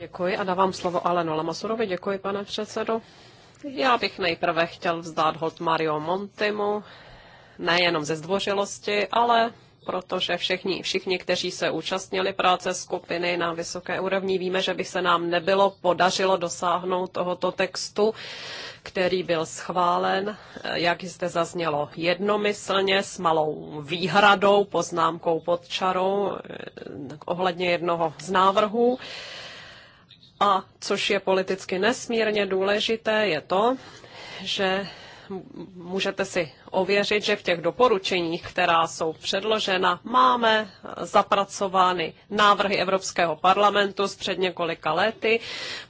Děkuji a dávám slovo Alenu Lamasurovi. Děkuji, pane předsedo. Já bych nejprve chtěl vzdát hold Mario Montimu, nejenom ze zdvořilosti, ale protože všichni, všichni, kteří se účastnili práce skupiny na vysoké úrovni, víme, že by se nám nebylo podařilo dosáhnout tohoto textu, který byl schválen, eh, jak zde zaznělo, jednomyslně s malou výhradou, poznámkou pod čarou eh, ohledně jednoho z návrhů. A což je politicky nesmírně důležité, je to, že můžete si ověřit, že v těch doporučeních, která jsou předložena, máme zapracovány návrhy Evropského parlamentu z před několika lety.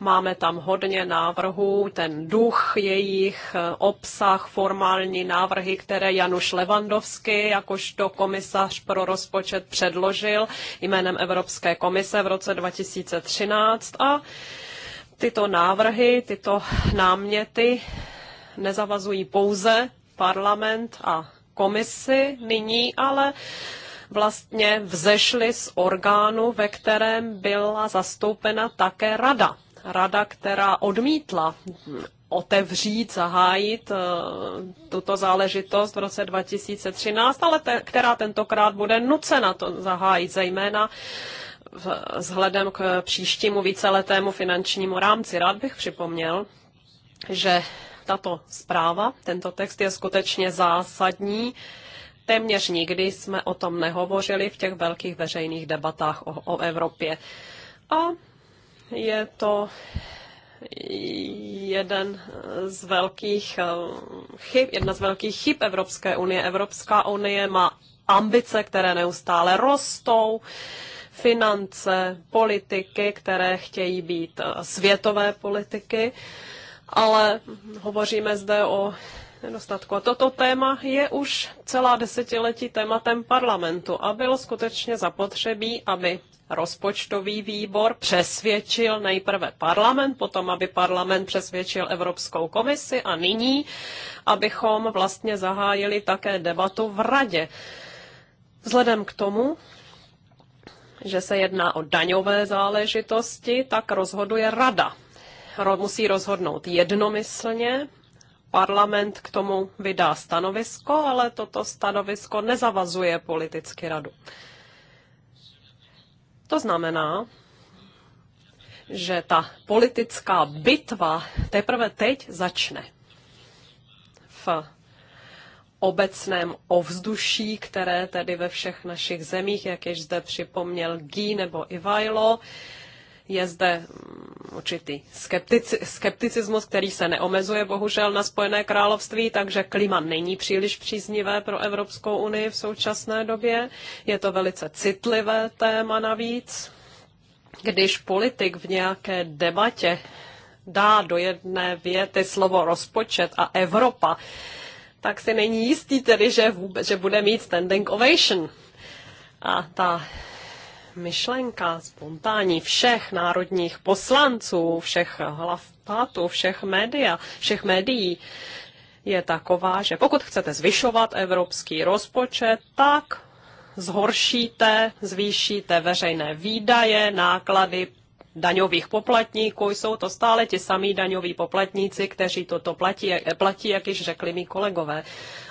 Máme tam hodně návrhů, ten duch jejich, obsah, formální návrhy, které Januš Levandovský jakožto komisař pro rozpočet předložil jménem Evropské komise v roce 2013 a tyto návrhy, tyto náměty nezavazují pouze parlament a komisi nyní, ale vlastně vzešly z orgánu, ve kterém byla zastoupena také rada. Rada, která odmítla otevřít, zahájit eh, tuto záležitost v roce 2013, ale te, která tentokrát bude nucena to zahájit, zejména vzhledem k příštímu víceletému finančnímu rámci. Rád bych připomněl, že tato zpráva, tento text je skutečně zásadní. Téměř nikdy jsme o tom nehovořili v těch velkých veřejných debatách o, o Evropě. A je to jeden z velkých eh, chyb, jedna z velkých chyb Evropské unie. Evropská unie má ambice, které neustále rostou, finance, politiky, které chtějí být eh, světové politiky ale hovoříme zde o nedostatku. A toto téma je už celá desetiletí tématem parlamentu a bylo skutečně zapotřebí, aby rozpočtový výbor přesvědčil nejprve parlament, potom aby parlament přesvědčil Evropskou komisi a nyní, abychom vlastně zahájili také debatu v radě. Vzhledem k tomu, že se jedná o daňové záležitosti, tak rozhoduje rada musí rozhodnout jednomyslně, parlament k tomu vydá stanovisko, ale toto stanovisko nezavazuje politicky radu. To znamená, že ta politická bitva teprve teď začne. V obecném ovzduší, které tedy ve všech našich zemích, jak již zde připomněl Guy nebo Ivajlo, je zde určitý skeptici, skepticismus, který se neomezuje bohužel na Spojené království, takže klima není příliš příznivé pro Evropskou unii v současné době. Je to velice citlivé téma navíc. Když politik v nějaké debatě dá do jedné věty slovo rozpočet a Evropa, tak si není jistý tedy, že, vůbec, že bude mít standing ovation. A ta myšlenka spontánní všech národních poslanců, všech hlav států, všech média, všech médií je taková, že pokud chcete zvyšovat evropský rozpočet, tak zhoršíte, zvýšíte veřejné výdaje, náklady daňových poplatníků. Jsou to stále ti samí daňoví poplatníci, kteří toto platí, platí, jak již řekli mý kolegové.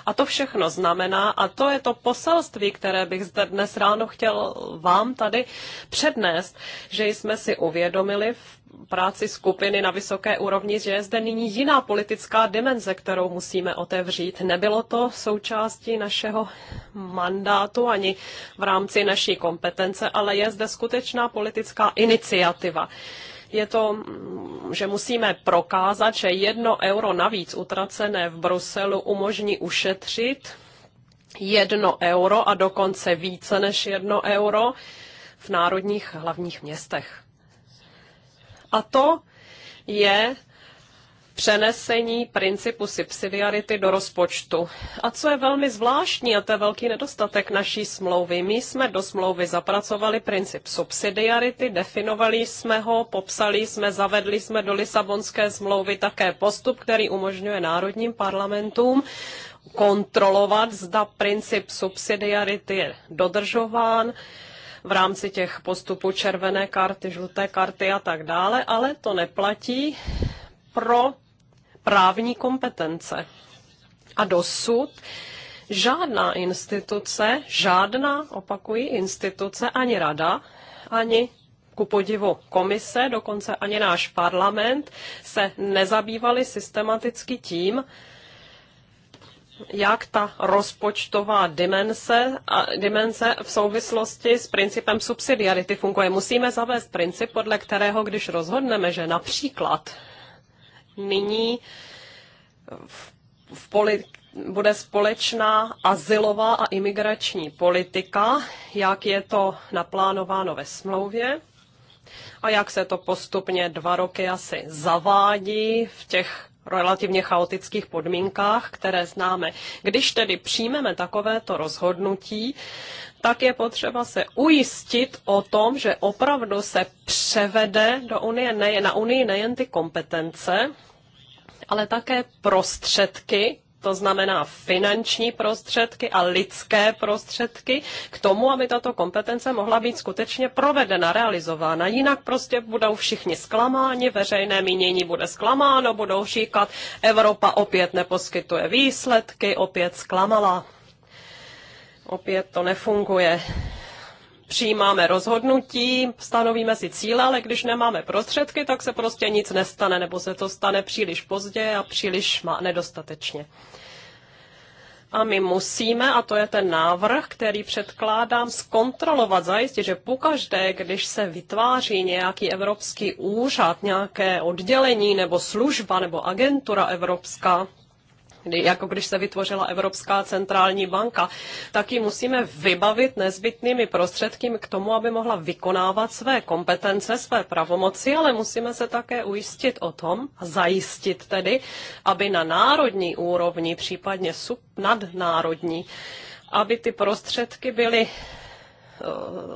A to všechno znamená, a to je to poselství, které bych zde dnes ráno chtěl vám tady přednést, že jsme si uvědomili v práci skupiny na vysoké úrovni, že je zde nyní jiná politická dimenze, kterou musíme otevřít. Nebylo to součástí našeho mandátu ani v rámci naší kompetence, ale je zde skutečná politická iniciativa je to, mm, že musíme prokázat, že jedno euro navíc utracené v Bruselu umožní ušetřit jedno euro a dokonce více než jedno euro v národních hlavních městech. A to je přenesení principu subsidiarity do rozpočtu. A co je velmi zvláštní, a to je velký nedostatek naší smlouvy, my jsme do smlouvy zapracovali princip subsidiarity, definovali jsme ho, popsali jsme, zavedli jsme do Lisabonské smlouvy také postup, který umožňuje národním parlamentům kontrolovat, zda princip subsidiarity je dodržován v rámci těch postupů červené karty, žluté karty a tak dále, ale to neplatí pro právní kompetence. A dosud žádná instituce, žádná, opakují, instituce, ani rada, ani ku podivu komise, dokonce ani náš parlament, se nezabývali systematicky tím, jak ta rozpočtová dimenze, a dimenze v souvislosti s principem subsidiarity funguje. Musíme zavést princip, podle kterého, když rozhodneme, že například nyní v, v poli, bude společná asilová a imigrační politika, jak je to naplánováno ve smlouvě a jak se to postupně dva roky asi zavádí v těch relativně chaotických podmínkách, které známe. Když tedy přijmeme takovéto rozhodnutí, tak je potřeba se ujistit o tom, že opravdu se převede do unie, ne, na Unii nejen ty kompetence, ale také prostředky, to znamená finanční prostředky a lidské prostředky, k tomu, aby tato kompetence mohla být skutečně provedena, realizována. Jinak prostě budou všichni zklamáni, veřejné mínění bude zklamáno, budou říkat, Evropa opět neposkytuje výsledky, opět zklamala opět to nefunguje přijímáme rozhodnutí, stanovíme si cíle, ale když nemáme prostředky, tak se prostě nic nestane, nebo se to stane příliš pozdě a příliš má nedostatečně. A my musíme, a to je ten návrh, který předkládám, zkontrolovat, zajistit, že pokaždé, když se vytváří nějaký evropský úřad, nějaké oddělení nebo služba nebo agentura evropská, jako když se vytvořila Evropská centrální banka, tak ji musíme vybavit nezbytnými prostředky k tomu, aby mohla vykonávat své kompetence, své pravomoci, ale musíme se také ujistit o tom, zajistit tedy, aby na národní úrovni, případně subnadnárodní, aby ty prostředky byly eh,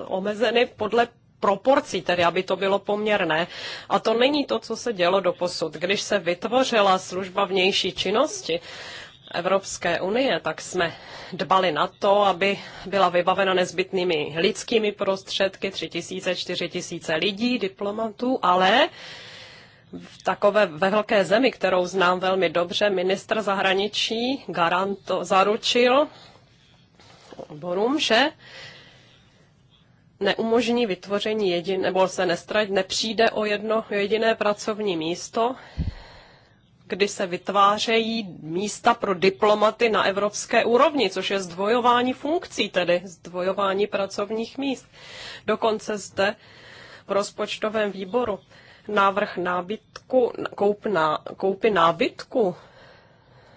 omezeny podle proporcí, tedy aby to bylo poměrné. A to není to, co se dělo do posud. Když se vytvořila služba vnější činnosti, Evropské unie, tak jsme dbali na to, aby byla vybavena nezbytnými lidskými prostředky, 3 tisíce, 4 tisíce lidí, diplomatů, ale v takové ve velké zemi, kterou znám velmi dobře, ministr zahraničí garanto, zaručil oborům, že neumožní vytvoření jedin, nebo se nestrať, nepřijde o jedno jediné pracovní místo, kdy se vytvářejí místa pro diplomaty na evropské úrovni, což je zdvojování funkcí, tedy zdvojování pracovních míst. Dokonce zde v rozpočtovém výboru návrh nábytku, koup na, koupy nábytku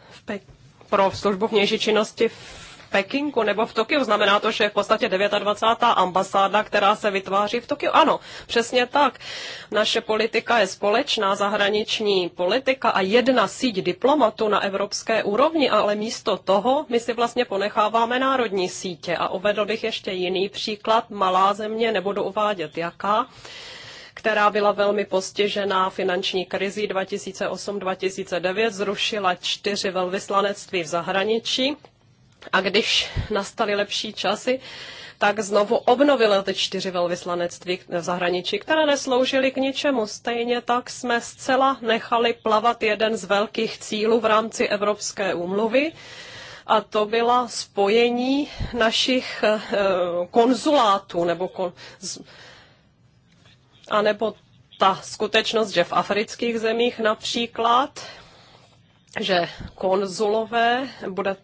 v pro službu vnější činnosti v Pekingu nebo v Tokiu. Znamená to, že je v podstatě 29. ambasáda, která se vytváří v Tokiu. Ano, přesně tak. Naše politika je společná zahraniční politika a jedna síť diplomatu na evropské úrovni, ale místo toho my si vlastně ponecháváme národní sítě. A uvedl bych ještě jiný příklad, malá země, nebudu uvádět jaká která byla velmi postižená finanční krizí 2008-2009, zrušila čtyři velvyslanectví v zahraničí a když nastaly lepší časy, tak znovu obnovila ty čtyři velvyslanectví v zahraničí, které nesloužily k ničemu. Stejně tak jsme zcela nechali plavat jeden z velkých cílů v rámci Evropské úmluvy, a to byla spojení našich eh, konzulátů nebo kon, a nebo ta skutečnost, že v afrických zemích například, že konzulové bude,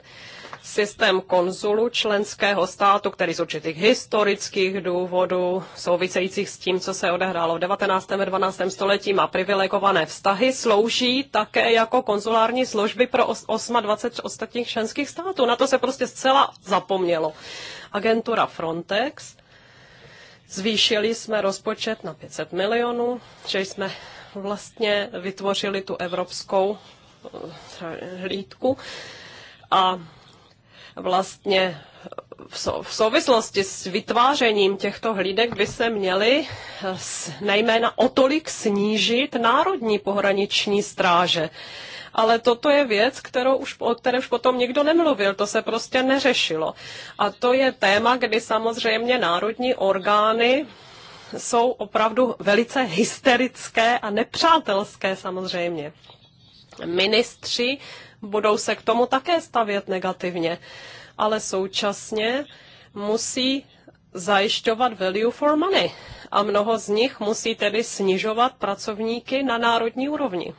systém konzulu členského státu, který z určitých historických důvodů souvisejících s tím, co se odehrálo v 19. a 12. století, má privilegované vztahy, slouží také jako konzulární služby pro 28 ostatních členských států. Na to se prostě zcela zapomnělo. Agentura Frontex, zvýšili jsme rozpočet na 500 milionů, že jsme vlastně vytvořili tu evropskou eh, hlídku. A vlastně v souvislosti s vytvářením těchto hlídek by se měly nejména o tolik snížit národní pohraniční stráže. Ale toto je věc, kterou už, o které už potom nikdo nemluvil, to se prostě neřešilo. A to je téma, kdy samozřejmě národní orgány jsou opravdu velice hysterické a nepřátelské samozřejmě. Ministři budou se k tomu také stavět negativně. Ale současně musí zajišťovat value for money a mnoho z nich musí tedy snižovat pracovníky na národní úrovni.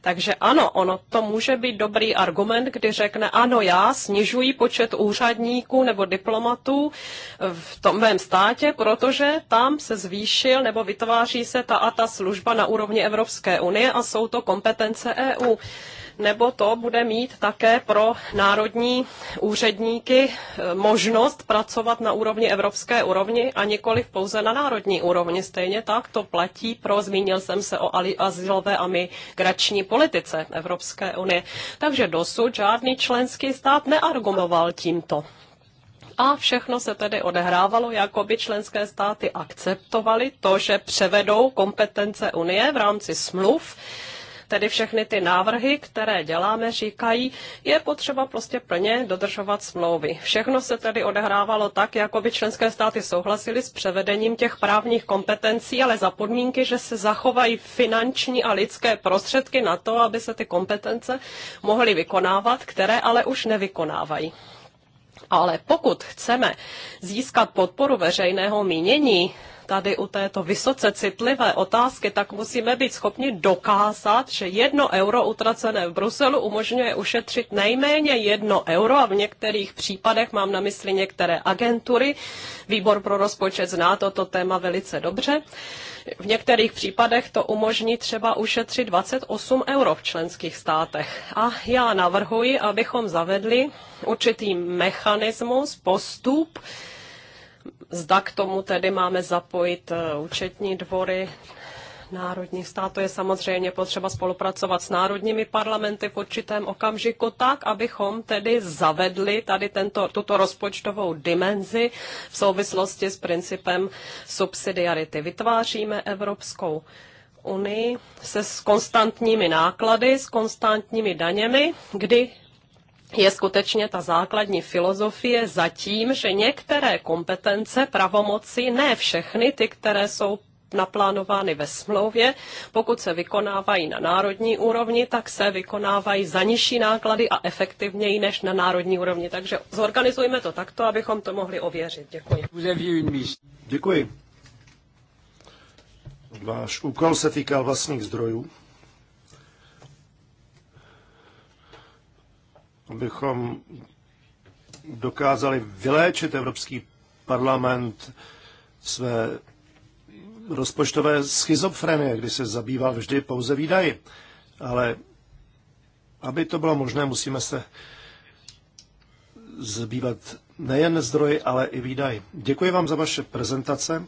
Takže ano, ono to může být dobrý argument, kdy řekne, ano, já snižuji počet úřadníků nebo diplomatů v tom mém státě, protože tam se zvýšil nebo vytváří se ta a ta služba na úrovni Evropské unie a jsou to kompetence EU nebo to bude mít také pro národní úředníky eh, možnost pracovat na úrovni evropské úrovni a nikoli pouze na národní úrovni. Stejně tak to platí pro, zmínil jsem se o azylové a migrační politice Evropské unie. Takže dosud žádný členský stát neargumentoval tímto a všechno se tedy odehrávalo, jako by členské státy akceptovaly to, že převedou kompetence Unie v rámci smluv Tedy všechny ty návrhy, které děláme, říkají, je potřeba prostě plně dodržovat smlouvy. Všechno se tedy odehrávalo tak, jako by členské státy souhlasily s převedením těch právních kompetencí, ale za podmínky, že se zachovají finanční a lidské prostředky na to, aby se ty kompetence mohly vykonávat, které ale už nevykonávají. Ale pokud chceme získat podporu veřejného mínění, tady u této vysoce citlivé otázky, tak musíme být schopni dokázat, že jedno euro utracené v Bruselu umožňuje ušetřit nejméně jedno euro a v některých případech mám na mysli některé agentury. Výbor pro rozpočet zná toto téma velice dobře. V některých případech to umožní třeba ušetřit 28 euro v členských státech. A já navrhuji, abychom zavedli určitý mechanismus, postup, Zda k tomu tedy máme zapojit eh, účetní dvory, národních států je samozřejmě potřeba spolupracovat s národními parlamenty v určitém okamžiku tak, abychom tedy zavedli tady tento, tuto rozpočtovou dimenzi v souvislosti s principem subsidiarity. Vytváříme Evropskou unii se s konstantními náklady, s konstantními daněmi, kdy je skutečně ta základní filozofie zatím, že některé kompetence, pravomoci, ne všechny ty, které jsou naplánovány ve smlouvě. Pokud se vykonávají na národní úrovni, tak se vykonávají za nižší náklady a efektivněji než na národní úrovni. Takže zorganizujme to takto, abychom to mohli ověřit. Děkuji. Děkuji. Váš úkol se týkal vlastních zdrojů. Abychom dokázali vyléčit Evropský parlament své rozpočtové schizofrenie, kdy se zabýval vždy pouze výdaji. Ale aby to bylo možné, musíme se zabývat nejen zdroji, ale i výdaji. Děkuji vám za vaše prezentace,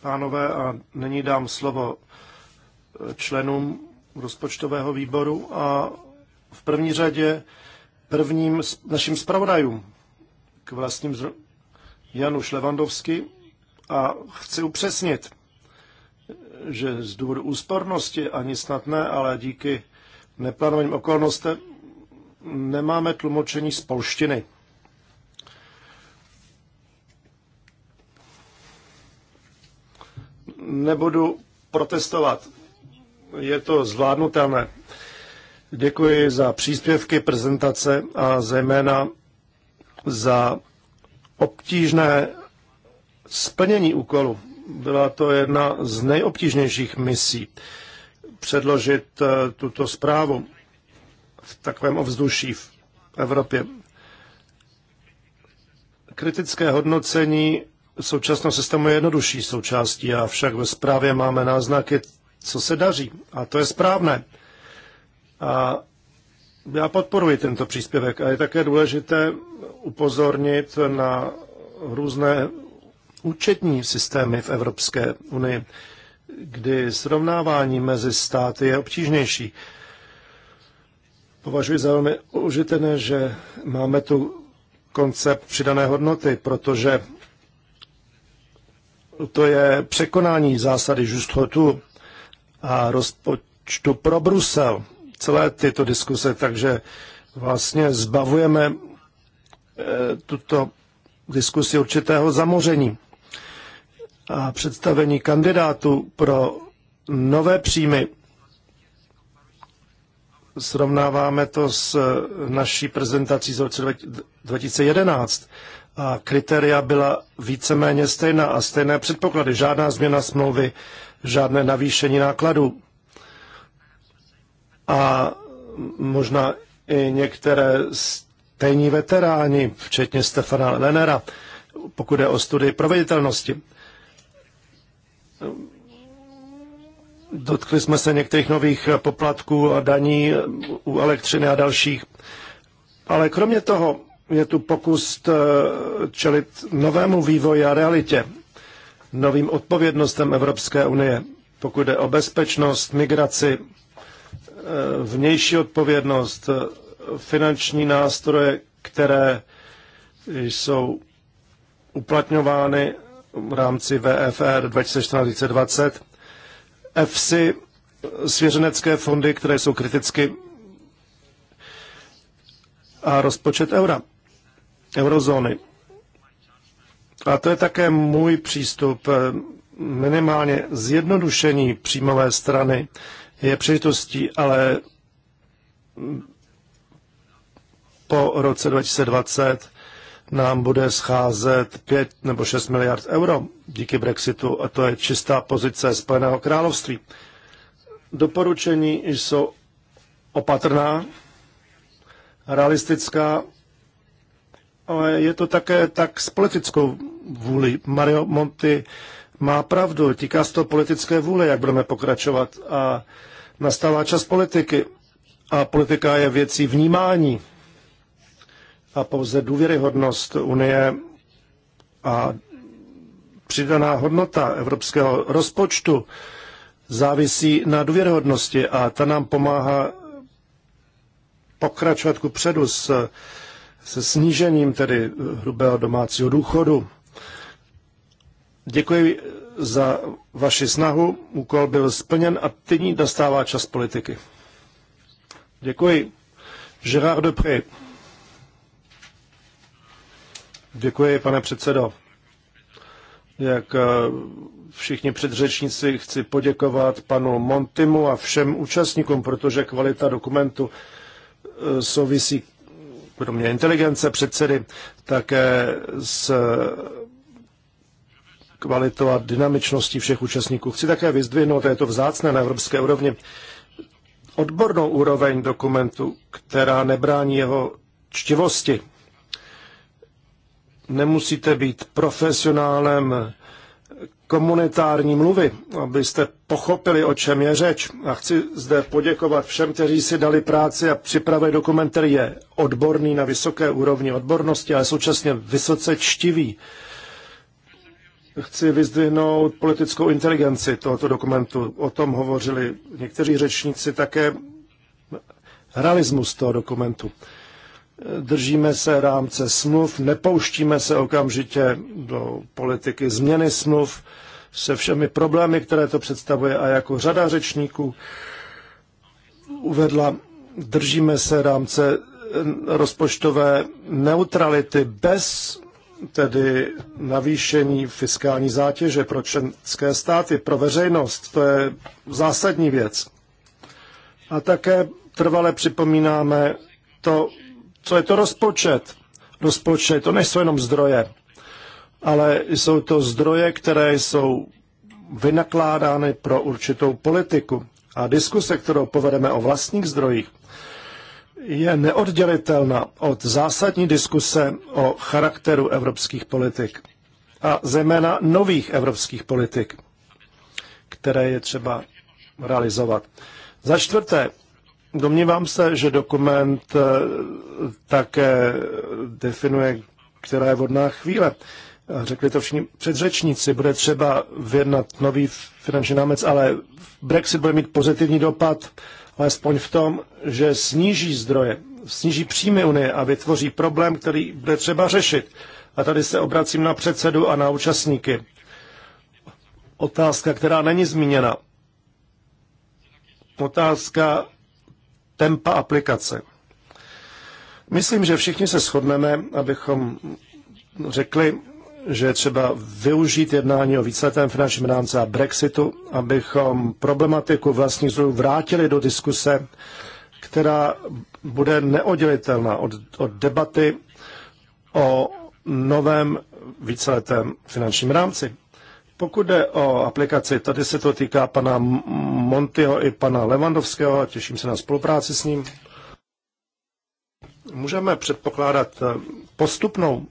pánové, a nyní dám slovo členům rozpočtového výboru a v první řadě prvním našim zpravodajům k vlastním Janu Januš a chci upřesnit, že z důvodu úspornosti ani snad ne, ale díky neplánovaným okolnostem nemáme tlumočení z polštiny. Nebudu protestovat. Je to zvládnutelné. Děkuji za příspěvky, prezentace a zejména za obtížné splnění úkolu. Byla to jedna z nejobtížnějších misí předložit eh, tuto zprávu v takovém ovzduší v Evropě. Kritické hodnocení současného systému je jednodušší součástí, avšak ve zprávě máme náznaky, co se daří. A to je správné. A já podporuji tento příspěvek a je také důležité upozornit na různé účetní systémy v Evropské unii, kdy srovnávání mezi státy je obtížnější. Považuji za velmi užitečné, že máme tu koncept přidané hodnoty, protože to je překonání zásady žustotu a rozpočtu pro Brusel. Celé tyto diskuse, takže vlastně zbavujeme eh, tuto diskusi určitého zamoření a představení kandidátů pro nové příjmy. Srovnáváme to s naší prezentací z roce 2011 a kritéria byla víceméně stejná a stejné předpoklady. Žádná změna smlouvy, žádné navýšení nákladů. A možná i některé stejní veteráni, včetně Stefana Lenera, pokud je o studii proveditelnosti. Dotkli jsme se některých nových poplatků a daní u elektřiny a dalších. Ale kromě toho je tu pokus eh, čelit novému vývoji a realitě, novým odpovědnostem Evropské unie, pokud jde o bezpečnost, migraci, eh, vnější odpovědnost, eh, finanční nástroje, které jsou uplatňovány v rámci VFR 2014-2020. FSI, svěřenecké fondy, které jsou kriticky a rozpočet eura, eurozóny. A to je také můj přístup. Minimálně zjednodušení příjmové strany je příležitostí, ale po roce 2020 nám bude scházet 5 nebo 6 miliard euro díky Brexitu a to je čistá pozice Spojeného království. Doporučení jsou opatrná, realistická, ale je to také tak s politickou vůli. Mario Monti má pravdu, týká se to politické vůle, jak budeme pokračovat. A nastává čas politiky. A politika je věcí vnímání a pouze důvěryhodnost Unie a přidaná hodnota evropského rozpočtu závisí na důvěryhodnosti a ta nám pomáhá pokračovat ku předu s, se snížením tedy hrubého domácího důchodu. Děkuji za vaši snahu, úkol byl splněn a nyní dostává čas politiky. Děkuji. Gérard Depré. Děkuji, pane předsedo. Jak eh, všichni předřečníci chci poděkovat panu Montimu a všem účastníkům, protože kvalita dokumentu eh, souvisí kromě inteligence předsedy také s eh, kvalitou a dynamičností všech účastníků. Chci také vyzdvihnout, je to vzácné na evropské úrovni, odbornou úroveň dokumentu, která nebrání jeho čtivosti nemusíte být profesionálem komunitární mluvy, abyste pochopili, o čem je řeč. A chci zde poděkovat všem, kteří si dali práci a připravili dokument, který je odborný na vysoké úrovni odbornosti, ale současně vysoce čtivý. Chci vyzdvihnout politickou inteligenci tohoto dokumentu. O tom hovořili někteří řečníci také realismus toho dokumentu držíme se rámce smluv, nepouštíme se okamžitě do politiky změny smluv se všemi problémy, které to představuje a jako řada řečníků uvedla, držíme se rámce rozpočtové neutrality bez tedy navýšení fiskální zátěže pro členské státy, pro veřejnost. To je zásadní věc. A také trvale připomínáme to, co je to rozpočet? Rozpočet, to nejsou jenom zdroje, ale jsou to zdroje, které jsou vynakládány pro určitou politiku. A diskuse, kterou povedeme o vlastních zdrojích, je neoddělitelná od zásadní diskuse o charakteru evropských politik a zejména nových evropských politik, které je třeba realizovat. Za čtvrté, Domnívám se, že dokument eh, také definuje, která je vodná chvíle. Řekli to všichni předřečníci, bude třeba vyjednat nový finanční námec, ale Brexit bude mít pozitivní dopad, alespoň v tom, že sníží zdroje, sníží příjmy Unie a vytvoří problém, který bude třeba řešit. A tady se obracím na předsedu a na účastníky. Otázka, která není zmíněna. Otázka tempa aplikace. Myslím, že všichni se shodneme, abychom řekli, že je třeba využít jednání o výsledném finančním rámci a Brexitu, abychom problematiku vlastních zdrojů vrátili do diskuse, která bude neoddělitelná od, od debaty o novém víceletém finančním rámci. Pokud jde o aplikaci, tady se to týká pana Montyho i pana Levandovského a těším se na spolupráci s ním. Můžeme předpokládat eh, postupnou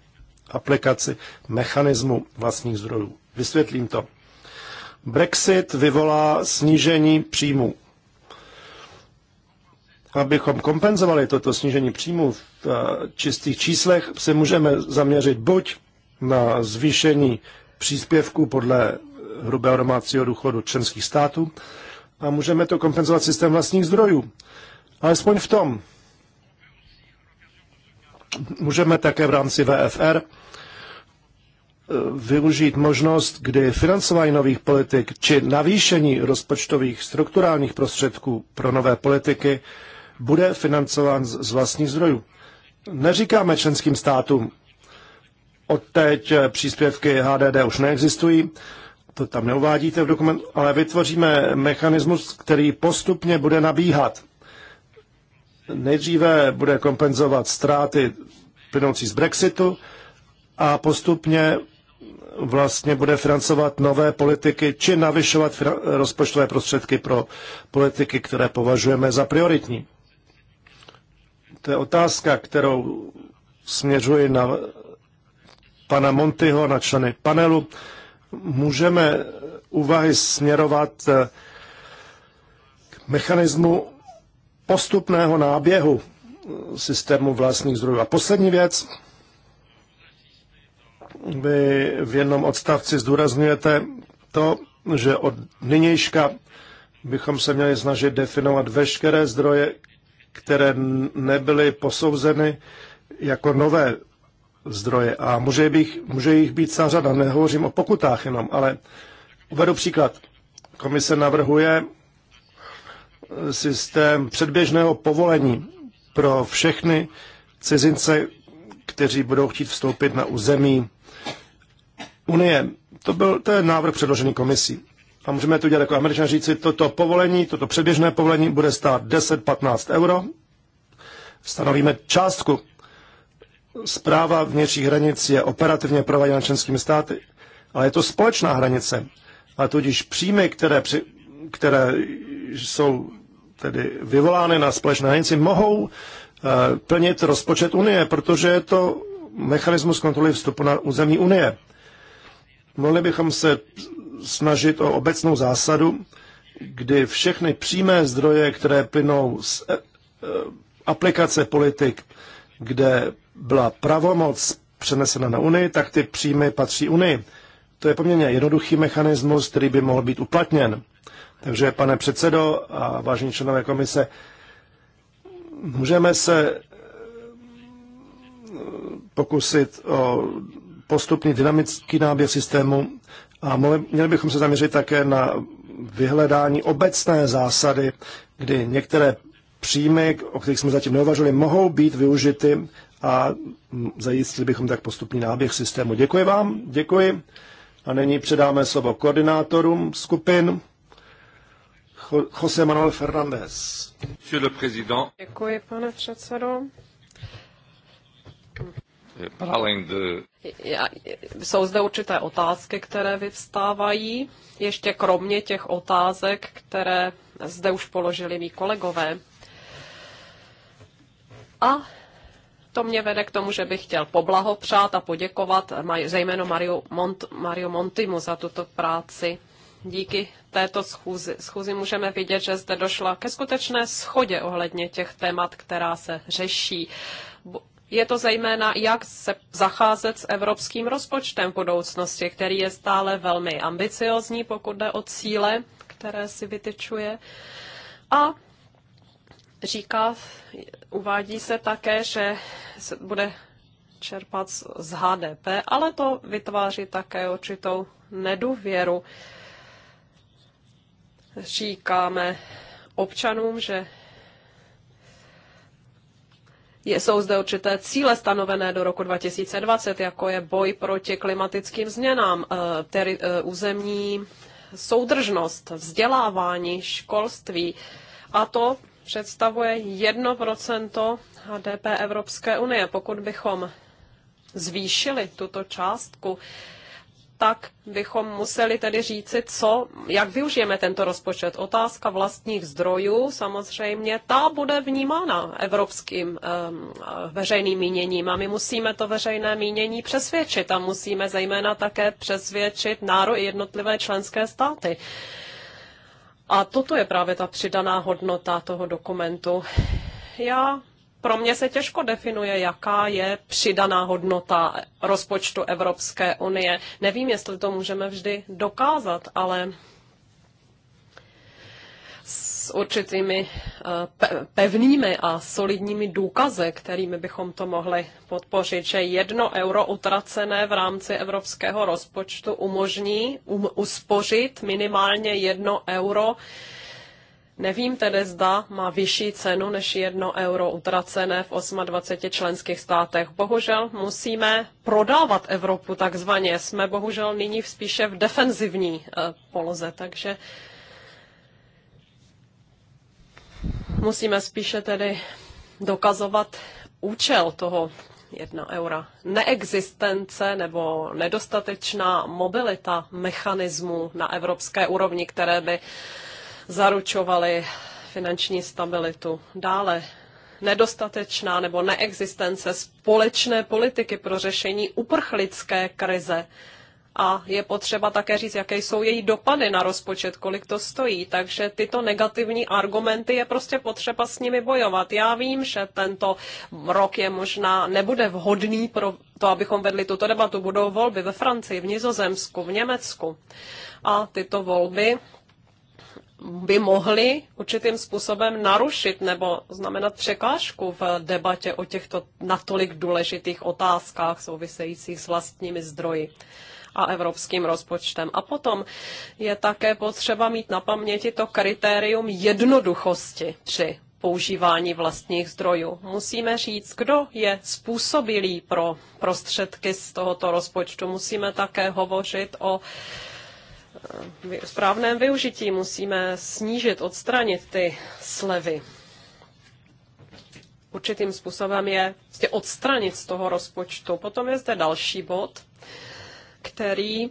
aplikaci mechanismu vlastních zdrojů. Vysvětlím to. Brexit vyvolá snížení příjmů. Abychom kompenzovali toto snížení příjmů v eh, čistých číslech, se můžeme zaměřit buď na zvýšení příspěvků podle hrubého domácího důchodu členských států a můžeme to kompenzovat systém vlastních zdrojů. Alespoň v tom. Můžeme také v rámci VFR eh, využít možnost, kdy financování nových politik či navýšení rozpočtových strukturálních prostředků pro nové politiky bude financován z vlastních zdrojů. Neříkáme členským státům, Odteď příspěvky HDD už neexistují, to tam neuvádíte v dokumentu, ale vytvoříme mechanismus, který postupně bude nabíhat. Nejdříve bude kompenzovat ztráty plynoucí z Brexitu a postupně vlastně bude financovat nové politiky či navyšovat rozpočtové prostředky pro politiky, které považujeme za prioritní. To je otázka, kterou směřuji na pana Montyho, na členy panelu. Můžeme úvahy směrovat eh, k mechanismu postupného náběhu eh, systému vlastních zdrojů. A poslední věc, vy v jednom odstavci zdůrazňujete to, že od nynějška bychom se měli snažit definovat veškeré zdroje, které nebyly posouzeny jako nové zdroje. A může, bych, může jich být celá řada, nehovořím o pokutách jenom, ale uvedu příklad. Komise navrhuje systém předběžného povolení pro všechny cizince, kteří budou chtít vstoupit na území Unie. To, byl, to je návrh předložený komisí. A můžeme to dělat jako američan říci, toto povolení, toto předběžné povolení bude stát 10-15 euro. Stanovíme částku Zpráva vnějších hranic je operativně prováděna členskými státy, ale je to společná hranice. A tudíž příjmy, které, při, které jsou tedy vyvolány na společné hranici, mohou eh, plnit rozpočet Unie, protože je to mechanismus kontroly vstupu na území Unie. Mohli bychom se snažit o obecnou zásadu, kdy všechny přímé zdroje, které plynou z eh, eh, aplikace politik, kde byla pravomoc přenesena na Unii, tak ty příjmy patří Unii. To je poměrně jednoduchý mechanismus, který by mohl být uplatněn. Takže, pane předsedo a vážení členové komise, můžeme se eh, pokusit o postupný dynamický náběh systému a měli bychom se zaměřit také na vyhledání obecné zásady, kdy některé příjmy, o kterých jsme zatím neuvažovali, mohou být využity a zajistili bychom tak postupný náběh systému. Děkuji vám, děkuji. A nyní předáme slovo koordinátorům skupin. José Manuel Fernández. Děkuji, pane předsedo. Jsou zde určité otázky, které vyvstávají, ještě kromě těch otázek, které zde už položili mý kolegové. A to mě vede k tomu, že bych chtěl poblahopřát a poděkovat zejména Mario, Mont, Mario Montimu za tuto práci. Díky této schůzi, schůzi můžeme vidět, že zde došla ke skutečné schodě ohledně těch témat, která se řeší. Je to zejména, jak se zacházet s evropským rozpočtem v budoucnosti, který je stále velmi ambiciozní, pokud jde o cíle, které si vytyčuje. A Říká, uvádí se také, že se bude čerpat z HDP, ale to vytváří také určitou nedůvěru. Říkáme občanům, že je, jsou zde určité cíle stanovené do roku 2020, jako je boj proti klimatickým změnám, eh, tedy eh, územní soudržnost, vzdělávání, školství. A to představuje 1% HDP Evropské unie. Pokud bychom zvýšili tuto částku, tak bychom museli tedy říci, co, jak využijeme tento rozpočet. Otázka vlastních zdrojů, samozřejmě, ta bude vnímána evropským um, veřejným míněním a my musíme to veřejné mínění přesvědčit a musíme zejména také přesvědčit náro i jednotlivé členské státy. Uh, a toto je právě ta přidaná hodnota toho dokumentu. Já pro mě se těžko definuje, jaká je přidaná hodnota rozpočtu Evropské unie. Nevím, jestli to můžeme vždy dokázat, ale s určitými eh, pevnými a solidními důkazy, kterými bychom to mohli podpořit, že jedno euro utracené v rámci evropského rozpočtu umožní um, uspořit minimálně jedno euro. Nevím tedy, zda má vyšší cenu než jedno euro utracené v 28 členských státech. Bohužel musíme prodávat Evropu takzvaně. Jsme bohužel nyní spíše v defenzivní eh, poloze, takže Musíme spíše tedy dokazovat účel toho jedna eura. Neexistence nebo nedostatečná mobilita mechanismů na evropské úrovni, které by zaručovaly finanční stabilitu. Dále nedostatečná nebo neexistence společné politiky pro řešení uprchlické krize a je potřeba také říct, jaké jsou její dopady na rozpočet, kolik to stojí. Takže tyto negativní argumenty je prostě potřeba s nimi bojovat. Já vím, že tento rok je možná nebude vhodný pro to, abychom vedli tuto debatu. Budou volby ve Francii, v Nizozemsku, v Německu. A tyto volby by mohly určitým způsobem narušit nebo znamenat překážku v debatě o těchto natolik důležitých otázkách souvisejících s vlastními zdroji a evropským rozpočtem. A potom je také potřeba mít na paměti to kritérium jednoduchosti při používání vlastních zdrojů. Musíme říct, kdo je způsobilý pro prostředky z tohoto rozpočtu. Musíme také hovořit o eh, správném využití. Musíme snížit, odstranit ty slevy. Určitým způsobem je prostě odstranit z toho rozpočtu. Potom je zde další bod, který,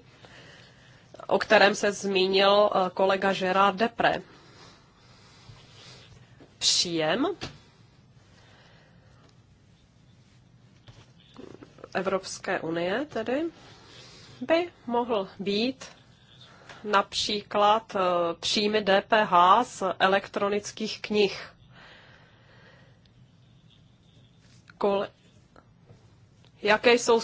o kterém se zmínil eh, kolega Gerard Depre. Příjem Evropské unie tedy by mohl být například eh, příjmy DPH z elektronických knih. Kole... Jaké jsou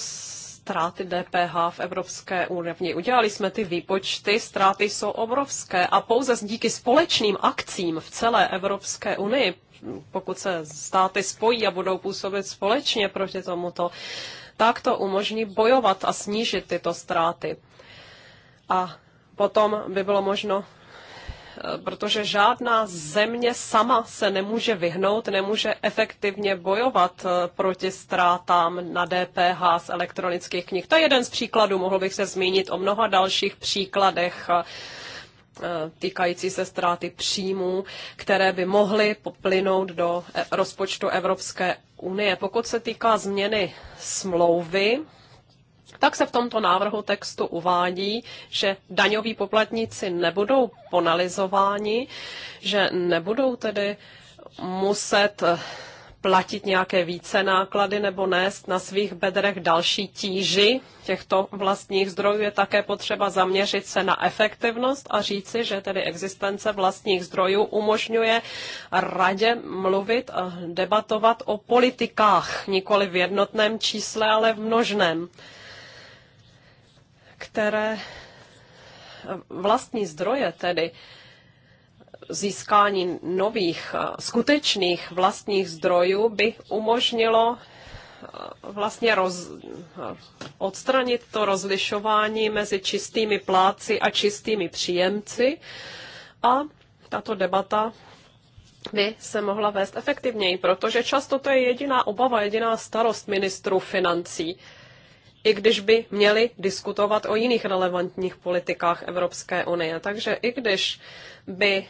ztráty DPH v Evropské úrovni. Udělali jsme ty výpočty, ztráty jsou obrovské a pouze díky společným akcím v celé Evropské unii, pokud se státy spojí a budou působit společně proti tomuto, tak to umožní bojovat a snížit tyto ztráty. A potom by bylo možno protože žádná země sama se nemůže vyhnout, nemůže efektivně bojovat eh, proti ztrátám na DPH z elektronických knih. To je jeden z příkladů, mohl bych se zmínit o mnoha dalších příkladech eh, týkající se ztráty příjmů, které by mohly poplynout do eh, rozpočtu Evropské unie. Pokud se týká změny smlouvy, tak se v tomto návrhu textu uvádí, že daňoví poplatníci nebudou penalizováni, že nebudou tedy muset eh, platit nějaké více náklady nebo nést na svých bedrech další tíži těchto vlastních zdrojů, je také potřeba zaměřit se na efektivnost a říci, že tedy existence vlastních zdrojů umožňuje radě mluvit a debatovat o politikách, nikoli v jednotném čísle, ale v množném které eh, vlastní zdroje, tedy získání nových, eh, skutečných vlastních zdrojů by umožnilo eh, vlastně roz, odstranit to rozlišování mezi čistými pláci a čistými příjemci a tato debata by se mohla vést efektivněji, protože často to je jediná obava, jediná starost ministrů financí i když by měli diskutovat o jiných relevantních politikách Evropské unie. Takže i když by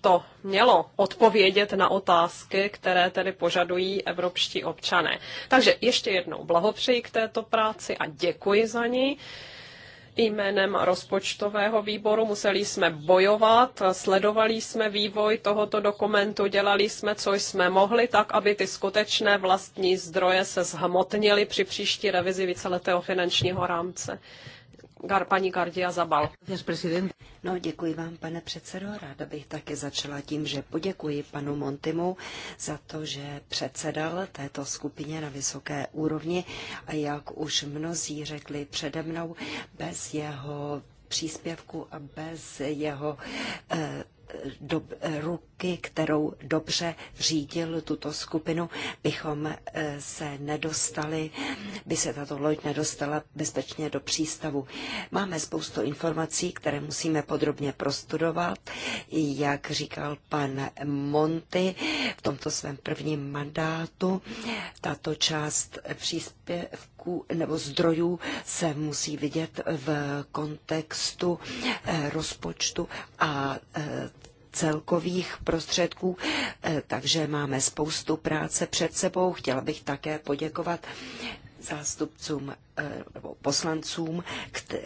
to mělo odpovědět na otázky, které tedy požadují evropští občané. Takže ještě jednou blahopřeji k této práci a děkuji za ní jménem rozpočtového výboru, museli jsme bojovat, sledovali jsme vývoj tohoto dokumentu, dělali jsme, co jsme mohli, tak, aby ty skutečné vlastní zdroje se zhmotnily při příští revizi víceletého finančního rámce gar, Zabal. No, děkuji vám, pane předsedo. Ráda bych také začala tím, že poděkuji panu Montimu za to, že předsedal této skupině na vysoké úrovni a jak už mnozí řekli přede mnou, bez jeho příspěvku a bez jeho eh, do, eh, díky kterou dobře řídil tuto skupinu, bychom eh, se nedostali, by se tato loď nedostala bezpečně do přístavu. Máme spoustu informací, které musíme podrobně prostudovat. Jak říkal pan Monty v tomto svém prvním mandátu, tato část příspěvků nebo zdrojů se musí vidět v kontextu eh, rozpočtu a eh, celkových prostředků, eh, takže máme spoustu práce před sebou. Chtěla bych také poděkovat zástupcům Eh, nebo poslancům,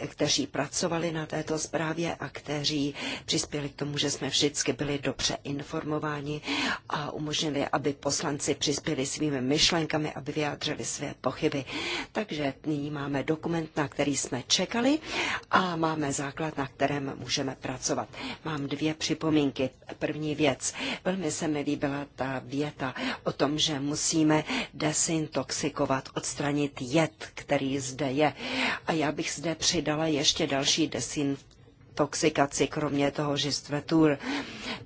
kteří pracovali na této zprávě a kteří přispěli k tomu, že jsme vždycky byli dobře informováni a umožnili, aby poslanci přispěli svými myšlenkami, aby vyjádřili své pochyby. Takže nyní máme dokument, na který jsme čekali a máme základ, na kterém můžeme pracovat. Mám dvě připomínky. První věc. Velmi se mi líbila ta věta o tom, že musíme desintoxikovat, odstranit jed, který zde je. A já bych zde přidala ještě další desin toxikaci, kromě toho, že stvetur,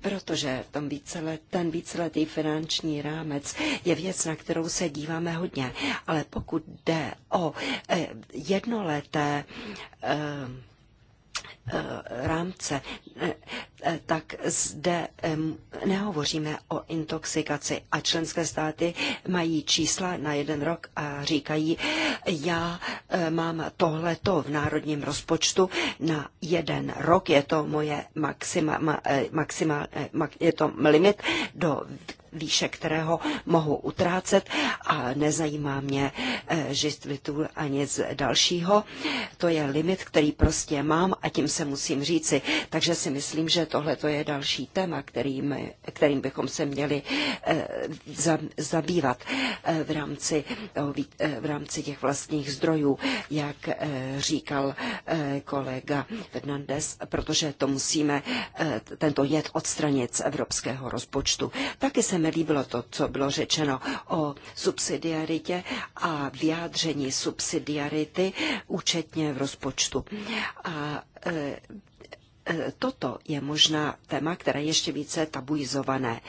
protože ten, vícelet, ten víceletý finanční rámec je věc, na kterou se díváme hodně. Ale pokud jde o eh, jednoleté eh, Eh, rámce, eh, eh, tak zde nehovoříme o intoxikaci a členské státy mají čísla na jeden rok a říkají, já mám tohleto v národním rozpočtu na jeden rok, je to moje maxima, maxima, je to limit, do výše kterého mohu utrácet a nezajímá mě eh, žistvitu a nic dalšího. To je limit, který prostě mám a tím se musím říci. Takže si myslím, že tohle to je další téma, kterým, kterým bychom se měli eh, zabývat eh, v rámci, v rámci těch vlastních zdrojů, jak říkal kolega Fernandez, protože to musíme tento jed odstranit z evropského rozpočtu. Taky jsem líbilo to, co bylo řečeno o subsidiaritě a vyjádření subsidiarity účetně v rozpočtu. A e, Toto je možná téma, které je ještě více tabuizované.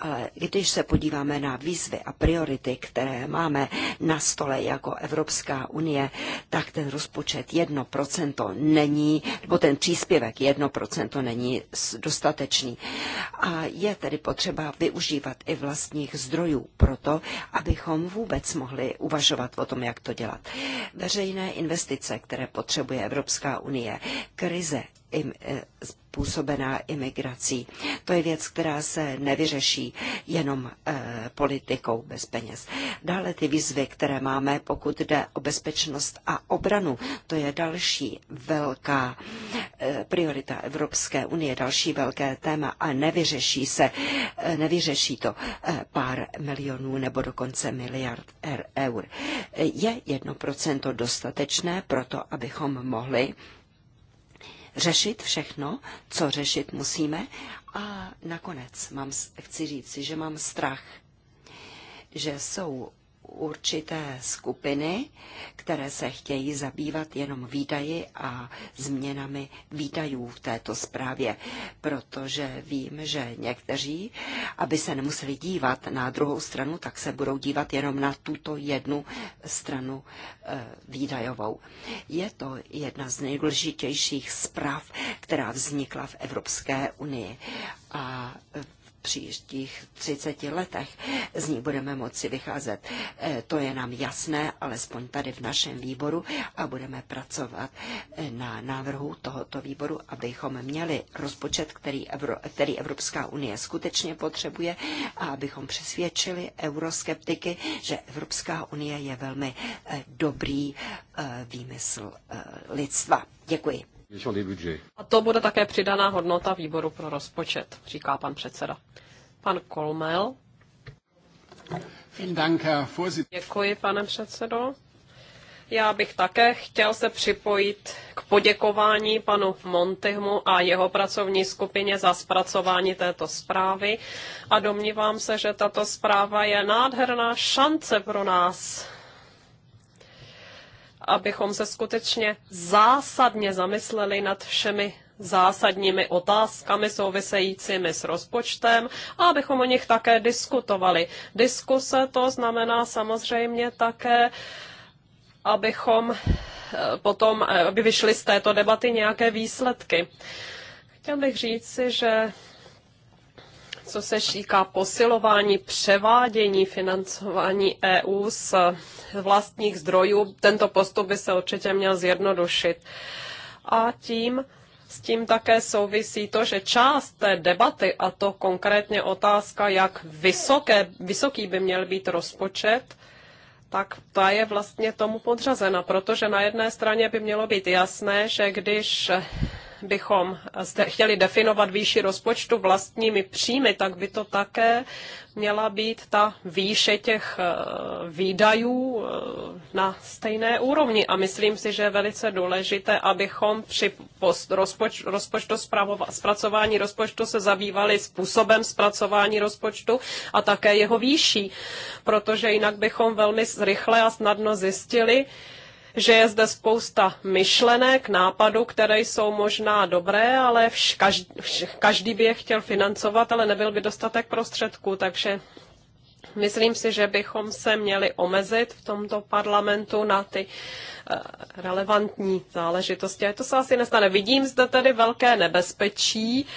Ale když se podíváme na výzvy a priority, které máme na stole jako Evropská unie, tak ten rozpočet 1% není, nebo ten příspěvek 1% není dostatečný. A je tedy potřeba využívat i vlastních zdrojů proto, abychom vůbec mohli uvažovat o tom, jak to dělat. Veřejné investice, které potřebuje Evropská unie, krize, im, eh, způsobená imigrací. To je věc, která se nevyřeší jenom eh, politikou bez peněz. Dále ty výzvy, které máme, pokud jde o bezpečnost a obranu, to je další velká eh, priorita Evropské unie, další velké téma a nevyřeší se, eh, nevyřeší to eh, pár milionů nebo dokonce miliard er, eur. Eh, je jedno procento dostatečné pro to, abychom mohli řešit všechno, co řešit musíme. A nakonec mám, chci říct, že mám strach, že jsou určité skupiny, které se chtějí zabývat jenom výdaji a změnami výdajů v této zprávě, protože vím, že někteří, aby se nemuseli dívat na druhou stranu, tak se budou dívat jenom na tuto jednu stranu eh, výdajovou. Je to jedna z nejdůležitějších zpráv, která vznikla v Evropské unii. A eh, příštích 30 letech. Z ní budeme moci vycházet. Eh, to je nám jasné, alespoň tady v našem výboru a budeme pracovat eh, na návrhu tohoto výboru, abychom měli rozpočet, který, Evro, který Evropská unie skutečně potřebuje a abychom přesvědčili euroskeptiky, že Evropská unie je velmi eh, dobrý výmysl lidstva. Děkuji. A to bude také přidaná hodnota výboru pro rozpočet, říká pan předseda. Pan Kolmel. Děkuji, pane předsedo. Já bych také chtěl se připojit k poděkování panu Montehmu a jeho pracovní skupině za zpracování této zprávy a domnívám se, že tato zpráva je nádherná šance pro nás abychom se skutečně zásadně zamysleli nad všemi zásadními otázkami souvisejícími s rozpočtem a abychom o nich také diskutovali. Diskuse to znamená samozřejmě také, abychom eh, potom, eh, aby vyšly z této debaty nějaké výsledky. Chtěl bych říci, že co se říká posilování, převádění financování EU z vlastních zdrojů, tento postup by se určitě měl zjednodušit. A tím s tím také souvisí to, že část té debaty, a to konkrétně otázka, jak vysoké, vysoký by měl být rozpočet, tak ta je vlastně tomu podřazena, protože na jedné straně by mělo být jasné, že když bychom zde chtěli definovat výši rozpočtu vlastními příjmy, tak by to také měla být ta výše těch eh, výdajů eh, na stejné úrovni. A myslím si, že je velice důležité, abychom při rozpoč, rozpočtu zpracování rozpočtu se zabývali způsobem zpracování rozpočtu a také jeho výší, protože jinak bychom velmi rychle a snadno zjistili, že je zde spousta myšlenek, nápadů, které jsou možná dobré, ale vš, každý, vš, každý by je chtěl financovat, ale nebyl by dostatek prostředků, takže myslím si, že bychom se měli omezit v tomto parlamentu na ty eh, relevantní záležitosti. A to se asi nestane. Vidím zde tedy velké nebezpečí, uh,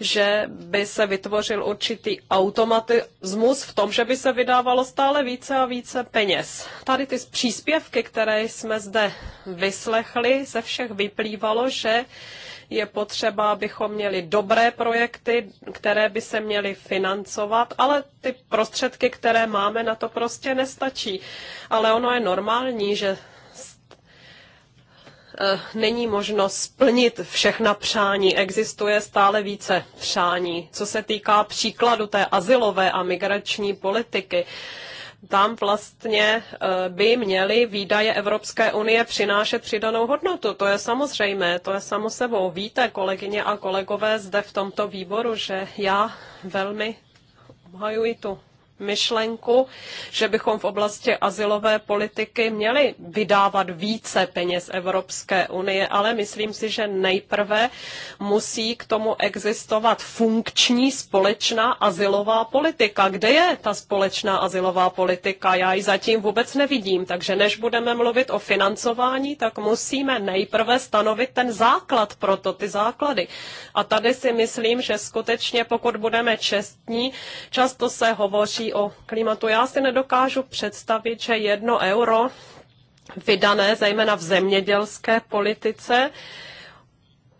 že by se vytvořil určitý automatismus v tom, že by se vydávalo stále více a více peněz. Tady ty příspěvky, které jsme zde vyslechli, ze všech vyplývalo, že je potřeba, abychom měli dobré projekty, které by se měly financovat, ale ty prostředky, které máme, na to prostě nestačí. Ale ono je normální, že Eh, není možno splnit všechna přání, existuje stále více přání. Co se týká příkladu té asilové a migrační politiky, tam vlastně eh, by měly výdaje Evropské unie přinášet přidanou hodnotu. To je samozřejmé, to je samo sebou. Víte, kolegyně a kolegové zde v tomto výboru, že já velmi obhajuji tu myšlenku, že bychom v oblasti asilové politiky měli vydávat více peněz Evropské unie, ale myslím si, že nejprve musí k tomu existovat funkční společná asilová politika. Kde je ta společná asilová politika? Já ji zatím vůbec nevidím, takže než budeme mluvit o financování, tak musíme nejprve stanovit ten základ pro to, ty základy. A tady si myslím, že skutečně pokud budeme čestní, často se hovoří hovoří o klimatu. Já si nedokážu představit, že jedno euro vydané zejména v zemědělské politice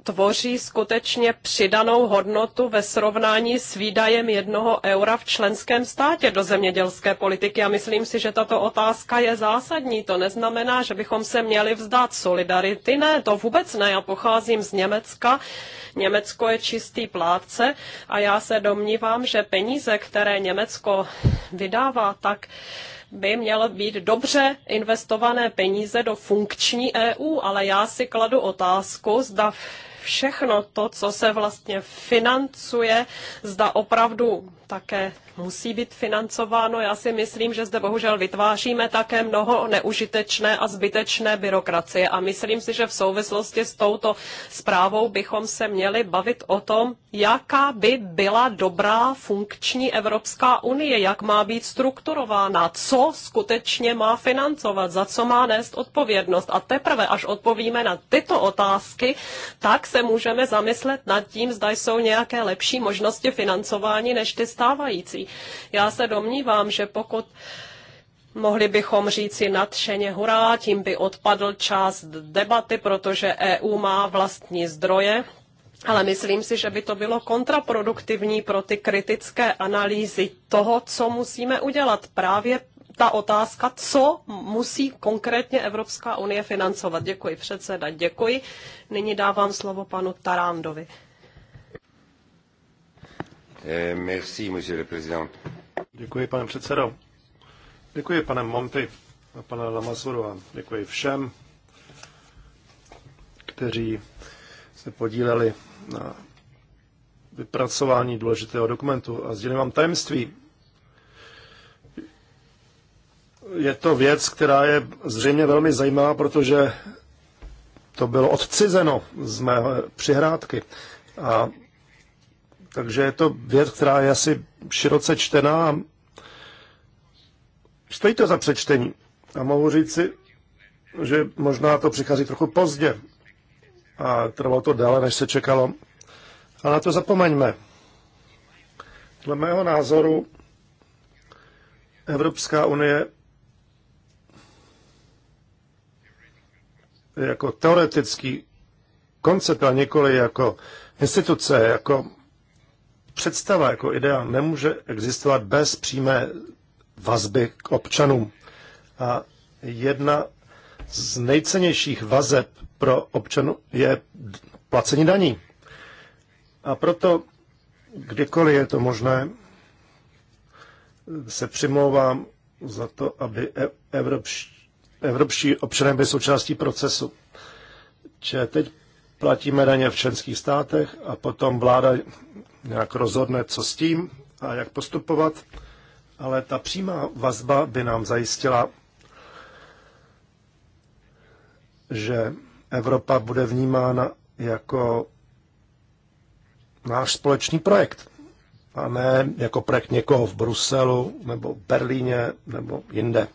tvoří skutečně přidanou hodnotu ve srovnání s výdajem jednoho eura v členském státě do zemědělské politiky. A myslím si, že tato otázka je zásadní. To neznamená, že bychom se měli vzdát solidarity. Ne, to vůbec ne. Já pocházím z Německa. Německo je čistý plátce a já se domnívám, že peníze, které Německo vydává, tak by mělo být dobře investované peníze do funkční EU, ale já si kladu otázku, zda všechno to, co se vlastně financuje, zda opravdu také musí být financováno. Já si myslím, že zde bohužel vytváříme také mnoho neužitečné a zbytečné byrokracie a myslím si, že v souvislosti s touto zprávou bychom se měli bavit o tom, jaká by byla dobrá funkční Evropská unie, jak má být strukturována, co skutečně má financovat, za co má nést odpovědnost. A teprve, až odpovíme na tyto otázky, tak se můžeme zamyslet nad tím, zda jsou nějaké lepší možnosti financování než ty stávající. Já se domnívám, že pokud Mohli bychom říci nadšeně hurá, tím by odpadl část debaty, protože EU má vlastní zdroje, ale myslím si, že by to bylo kontraproduktivní pro ty kritické analýzy toho, co musíme udělat právě ta otázka, co musí konkrétně Evropská unie financovat. Děkuji předseda, děkuji. Nyní dávám slovo panu Tarándovi. Eh, děkuji, pane předsedo. Děkuji, pane Monty a pane Lamasuru a děkuji všem, kteří se podíleli na vypracování důležitého dokumentu. A sdělím vám tajemství. Je to věc, která je zřejmě velmi zajímavá, protože to bylo odcizeno z mé přihrádky. A takže je to věc, která je asi široce čtená. Stojí to za přečtení. A mohu říct si, že možná to přichází trochu pozdě. A trvalo to déle, než se čekalo. A na to zapomeňme. Dle mého názoru Evropská unie jako teoretický koncept, a nikoli jako instituce, jako představa jako idea nemůže existovat bez přímé vazby k občanům. A jedna z nejcennějších vazeb pro občanů je placení daní. A proto, kdykoliv je to možné, se přimlouvám za to, aby e- evropští, evropští občané byli součástí procesu. Že teď platíme daně v členských státech a potom vláda nějak rozhodne, co s tím a jak postupovat, ale ta přímá vazba by nám zajistila, že Evropa bude vnímána jako náš společný projekt a ne jako projekt někoho v Bruselu nebo Berlíně nebo jinde.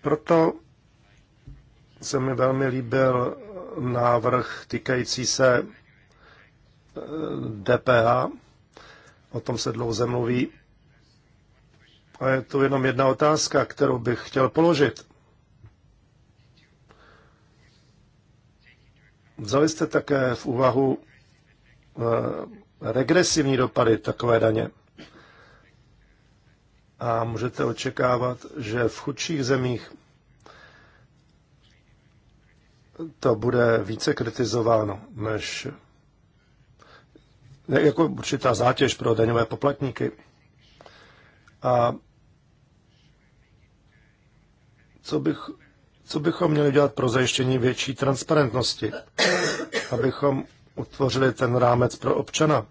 Proto se mi velmi líbil návrh týkající se DPH, eh, o tom se dlouze mluví. A je tu jenom jedna otázka, kterou bych chtěl položit. Vzali jste také v úvahu eh, regresivní dopady takové daně. A můžete očekávat, že v chudších zemích to bude více kritizováno než jako určitá zátěž pro daňové poplatníky. A co, bych, co bychom měli dělat pro zajištění větší transparentnosti, abychom utvořili ten rámec pro občana,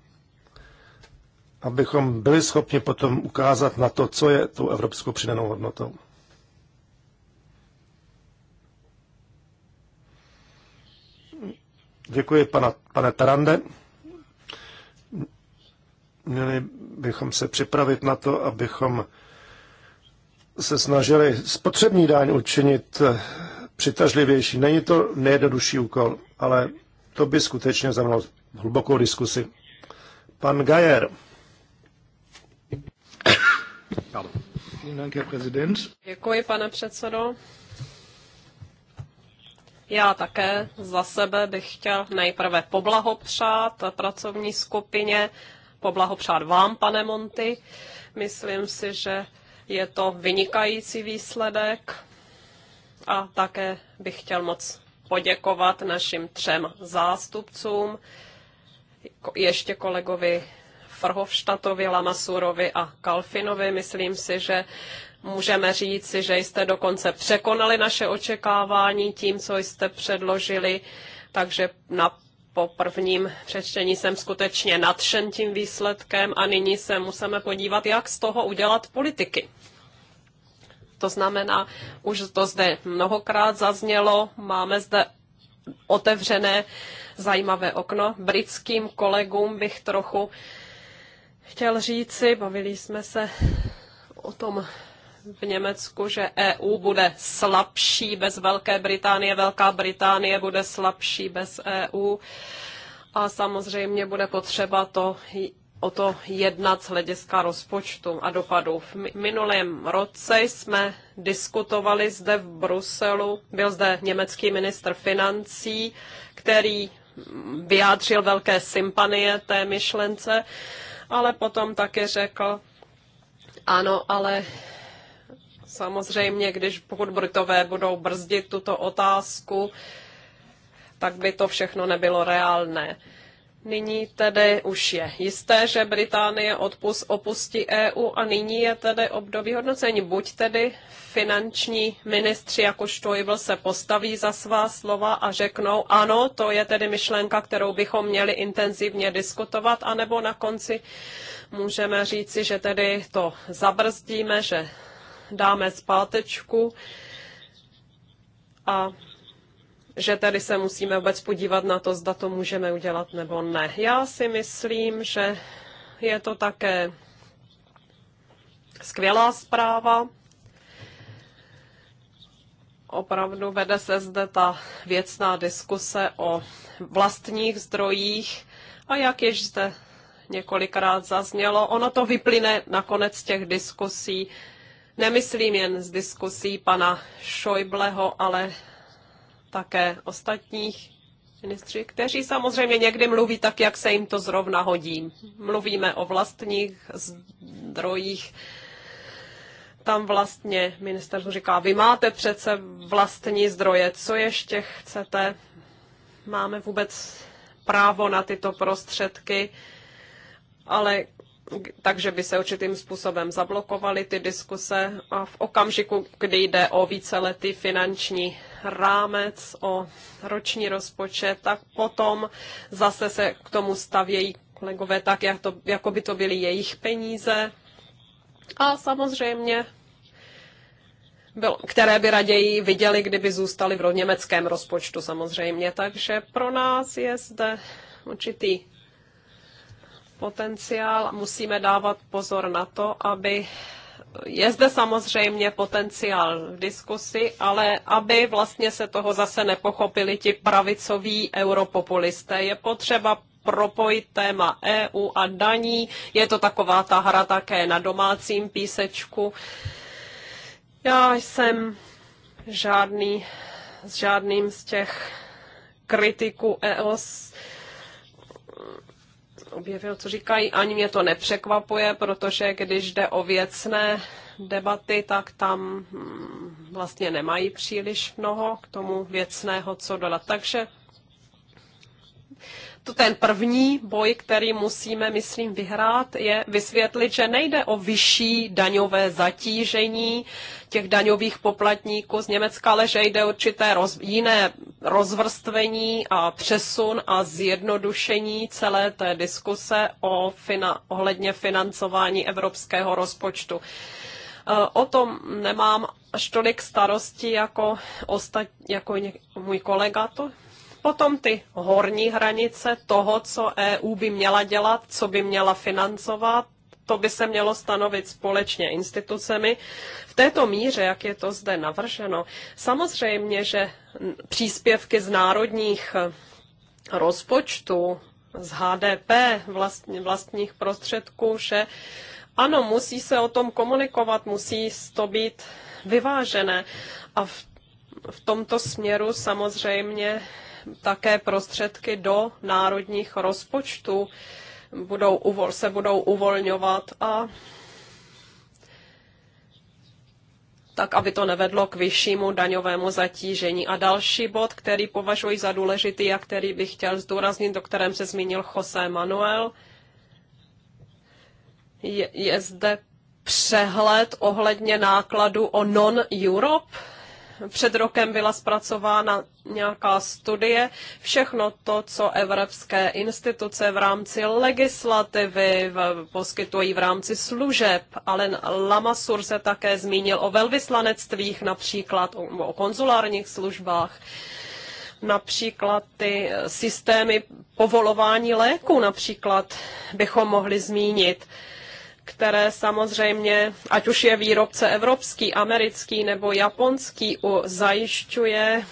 abychom byli schopni potom ukázat na to, co je tou evropskou přidanou hodnotou. Děkuji, pana, pane Tarande. Měli bychom se připravit na to, abychom se snažili spotřební dáň učinit eh, přitažlivější. Není to nejjednodušší úkol, ale to by skutečně znamenalo hlubokou diskusi. Pan Gajer. Děkuji, pane předsedo. Já také za sebe bych chtěl nejprve poblahopřát pracovní skupině poblahopřát vám, pane Monty. Myslím si, že je to vynikající výsledek a také bych chtěl moc poděkovat našim třem zástupcům, ještě kolegovi Frhovštatovi, Lamasurovi a Kalfinovi. Myslím si, že můžeme říci, že jste dokonce překonali naše očekávání tím, co jste předložili, takže na po prvním přečtení jsem skutečně nadšen tím výsledkem a nyní se musíme podívat, jak z toho udělat politiky. To znamená, už to zde mnohokrát zaznělo, máme zde otevřené zajímavé okno. Britským kolegům bych trochu chtěl říci, bavili jsme se o tom v Německu, že EU bude slabší bez Velké Británie, Velká Británie bude slabší bez EU a samozřejmě bude potřeba to o to jednat z hlediska rozpočtu a dopadů. V minulém roce jsme diskutovali zde v Bruselu, byl zde německý ministr financí, který vyjádřil velké sympanie té myšlence, ale potom také řekl, ano, ale Samozřejmě, když pokud Britové budou brzdit tuto otázku, tak by to všechno nebylo reálné. Nyní tedy už je jisté, že Británie odpus opustí EU a nyní je tedy období hodnocení. Buď tedy finanční ministři jako Štojbl se postaví za svá slova a řeknou ano, to je tedy myšlenka, kterou bychom měli intenzivně diskutovat, anebo na konci můžeme říci, že tedy to zabrzdíme, že dáme zpátečku a že tedy se musíme vůbec podívat na to, zda to můžeme udělat nebo ne. Já si myslím, že je to také skvělá zpráva. Opravdu vede se zde ta věcná diskuse o vlastních zdrojích a jak již zde několikrát zaznělo, ono to vyplyne nakonec těch diskusí Nemyslím jen z diskusí pana Šojbleho, ale také ostatních ministři, kteří samozřejmě někdy mluví tak, jak se jim to zrovna hodí. Mluvíme o vlastních zdrojích. Tam vlastně ministerstvo říká, vy máte přece vlastní zdroje, co ještě chcete? Máme vůbec právo na tyto prostředky, ale takže by se určitým způsobem zablokovaly ty diskuse a v okamžiku, kdy jde o víceletý finanční rámec, o roční rozpočet, tak potom zase se k tomu stavějí kolegové tak, jak to, jako by to byly jejich peníze. A samozřejmě bylo, které by raději viděli, kdyby zůstali v německém rozpočtu samozřejmě. Takže pro nás je zde určitý potenciál. Musíme dávat pozor na to, aby je zde samozřejmě potenciál v diskusi, ale aby vlastně se toho zase nepochopili ti pravicoví europopulisté. Je potřeba propojit téma EU a daní. Je to taková ta hra také na domácím písečku. Já jsem žádný, s žádným z těch kritiků EOS objevil, co říkají. Ani mě to nepřekvapuje, protože když jde o věcné debaty, tak tam hm, vlastně nemají příliš mnoho k tomu věcného, co dodat. Takže to ten první boj, který musíme, myslím, vyhrát, je vysvětlit, že nejde o vyšší daňové zatížení těch daňových poplatníků z Německa, ale že jde určité roz, jiné rozvrstvení a přesun a zjednodušení celé té diskuse o fina, ohledně financování evropského rozpočtu. E, o tom nemám až tolik starosti jako, ostat, jako můj kolega to Potom ty horní hranice toho, co EU by měla dělat, co by měla financovat, to by se mělo stanovit společně institucemi. V této míře, jak je to zde navrženo, samozřejmě, že příspěvky z národních e, rozpočtů, z HDP, vlastní, vlastních prostředků, že ano, musí se o tom komunikovat, musí to být vyvážené. A v, v tomto směru samozřejmě také prostředky do národních rozpočtů budou, uvol, se budou uvolňovat a tak, aby to nevedlo k vyššímu daňovému zatížení. A další bod, který považuji za důležitý a který bych chtěl zdůraznit, do kterém se zmínil José Manuel, je, je zde přehled ohledně nákladu o non-Europe před rokem byla zpracována nějaká studie. Všechno to, co evropské instituce v rámci legislativy v, poskytují v rámci služeb, ale Lamasur se také zmínil o velvyslanectvích, například o, o konzulárních službách například ty systémy povolování léku například bychom mohli zmínit které samozřejmě, ať už je výrobce evropský, americký nebo japonský, zajišťuje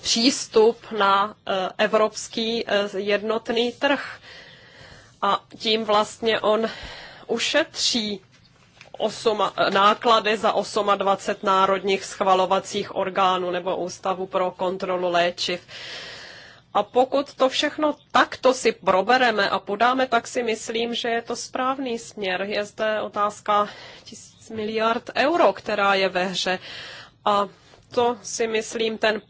přístup na e, evropský e, jednotný trh. A tím vlastně on ušetří osoma, e, náklady za 28 národních schvalovacích orgánů nebo Ústavu pro kontrolu léčiv. A pokud to všechno takto si probereme a podáme, tak si myslím, že je to správný směr. Je zde otázka tisíc miliard euro, která je ve hře. A to si myslím, ten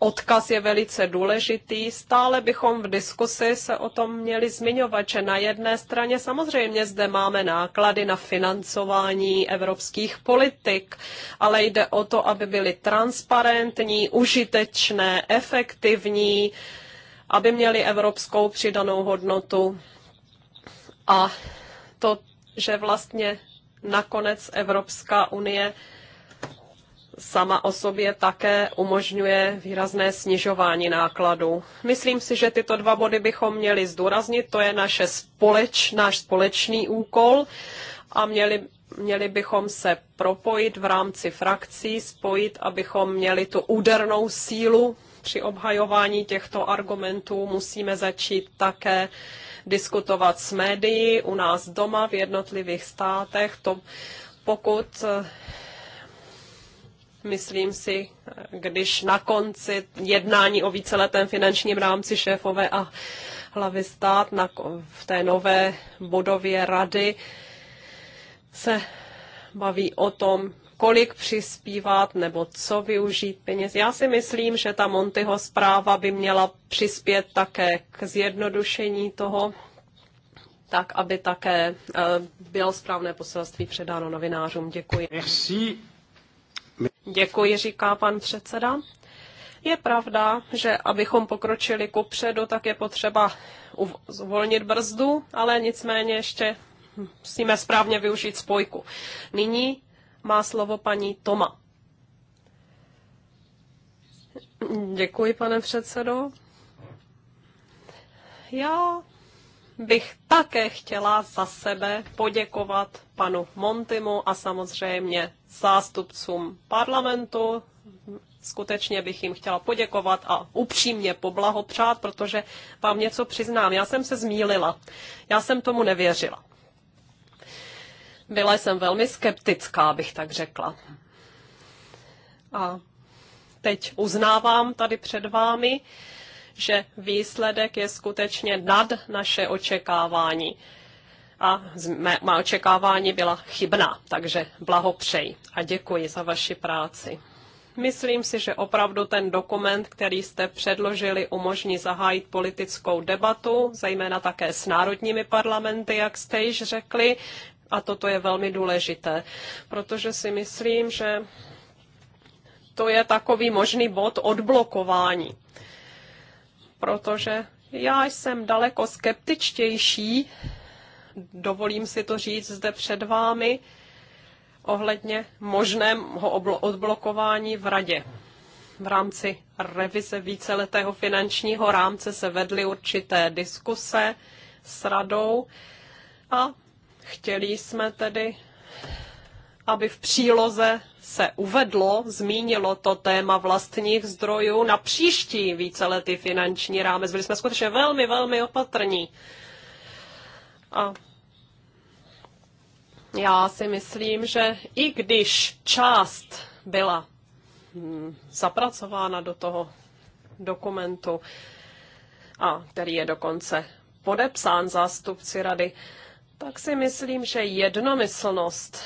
odkaz je velice důležitý. Stále bychom v diskusi se o tom měli zmiňovat, že na jedné straně samozřejmě zde máme náklady na financování evropských politik, ale jde o to, aby byly transparentní, užitečné, efektivní, aby měly evropskou přidanou hodnotu. A to, že vlastně nakonec Evropská unie sama o sobě také umožňuje výrazné snižování nákladů. Myslím si, že tyto dva body bychom měli zdůraznit, to je naše společ, náš společný úkol a měli, měli bychom se propojit v rámci frakcí, spojit, abychom měli tu údernou sílu při obhajování těchto argumentů. Musíme začít také diskutovat s médií u nás doma v jednotlivých státech. To, pokud Myslím si, když na konci jednání o víceletém finančním rámci šéfové a hlavy stát na, v té nové bodově rady se baví o tom, kolik přispívat nebo co využít peněz. Já si myslím, že ta Montyho zpráva by měla přispět také k zjednodušení toho, tak aby také eh, bylo správné poselství předáno novinářům. Děkuji. Merci. Děkuji, říká pan předseda. Je pravda, že abychom pokročili ku předu, tak je potřeba uvolnit brzdu, ale nicméně ještě musíme správně využít spojku. Nyní má slovo paní Toma. Děkuji, pane předsedo. Já bych také chtěla za sebe poděkovat panu Montimu a samozřejmě zástupcům parlamentu. Skutečně bych jim chtěla poděkovat a upřímně poblahopřát, protože vám něco přiznám. Já jsem se zmílila. Já jsem tomu nevěřila. Byla jsem velmi skeptická, bych tak řekla. A teď uznávám tady před vámi, že výsledek je skutečně nad naše očekávání. A mé, má očekávání byla chybná, takže blahopřeji a děkuji za vaši práci. Myslím si, že opravdu ten dokument, který jste předložili, umožní zahájit politickou debatu, zejména také s národními parlamenty, jak jste již řekli, a toto je velmi důležité, protože si myslím, že to je takový možný bod odblokování protože já jsem daleko skeptičtější, dovolím si to říct zde před vámi, ohledně možného odblokování v radě. V rámci revize víceletého finančního rámce se vedly určité diskuse s radou a chtěli jsme tedy, aby v příloze se uvedlo, zmínilo to téma vlastních zdrojů na příští víceletý finanční rámec. Byli jsme skutečně velmi, velmi opatrní. A já si myslím, že i když část byla hm, zapracována do toho dokumentu, a který je dokonce podepsán zástupci rady, tak si myslím, že jednomyslnost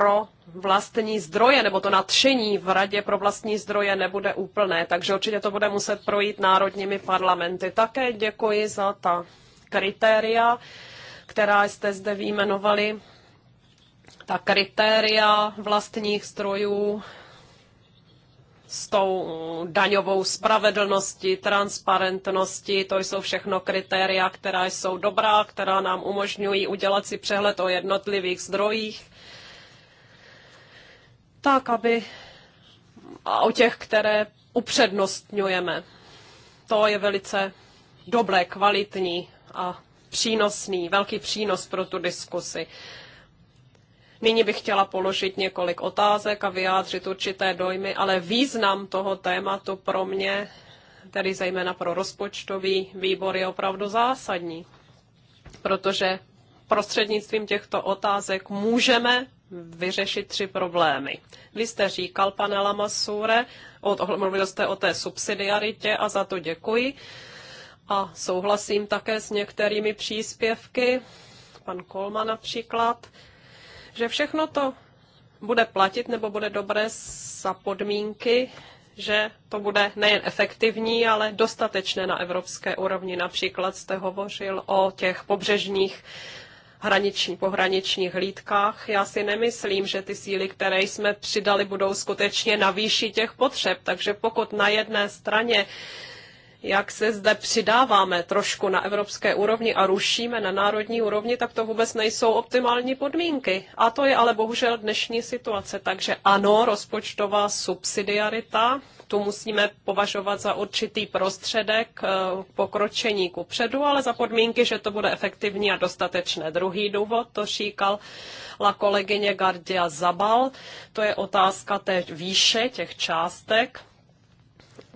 pro vlastní zdroje, nebo to nadšení v Radě pro vlastní zdroje nebude úplné, takže určitě to bude muset projít národními parlamenty. Také děkuji za ta kritéria, která jste zde výjmenovali, ta kritéria vlastních zdrojů s tou daňovou spravedlností, transparentností, to jsou všechno kritéria, která jsou dobrá, která nám umožňují udělat si přehled o jednotlivých zdrojích tak, aby a o těch, které upřednostňujeme. To je velice dobré, kvalitní a přínosný, velký přínos pro tu diskusi. Nyní bych chtěla položit několik otázek a vyjádřit určité dojmy, ale význam toho tématu pro mě, tedy zejména pro rozpočtový výbor, je opravdu zásadní, protože prostřednictvím těchto otázek můžeme vyřešit tři problémy. Vy jste říkal, pane Lamasure, mluvil jste o té subsidiaritě a za to děkuji. A souhlasím také s některými příspěvky, pan Kolma například, že všechno to bude platit nebo bude dobré za podmínky, že to bude nejen efektivní, ale dostatečné na evropské úrovni. Například jste hovořil o těch pobřežních hraniční, pohraničních hlídkách. Já si nemyslím, že ty síly, které jsme přidali, budou skutečně na výši těch potřeb. Takže pokud na jedné straně jak se zde přidáváme trošku na evropské úrovni a rušíme na národní úrovni, tak to vůbec nejsou optimální podmínky. A to je ale bohužel dnešní situace. Takže ano, rozpočtová subsidiarita, tu musíme považovat za určitý prostředek eh, pokročení ku předu, ale za podmínky, že to bude efektivní a dostatečné. Druhý důvod, to říkal la kolegyně Gardia Zabal, to je otázka té výše těch částek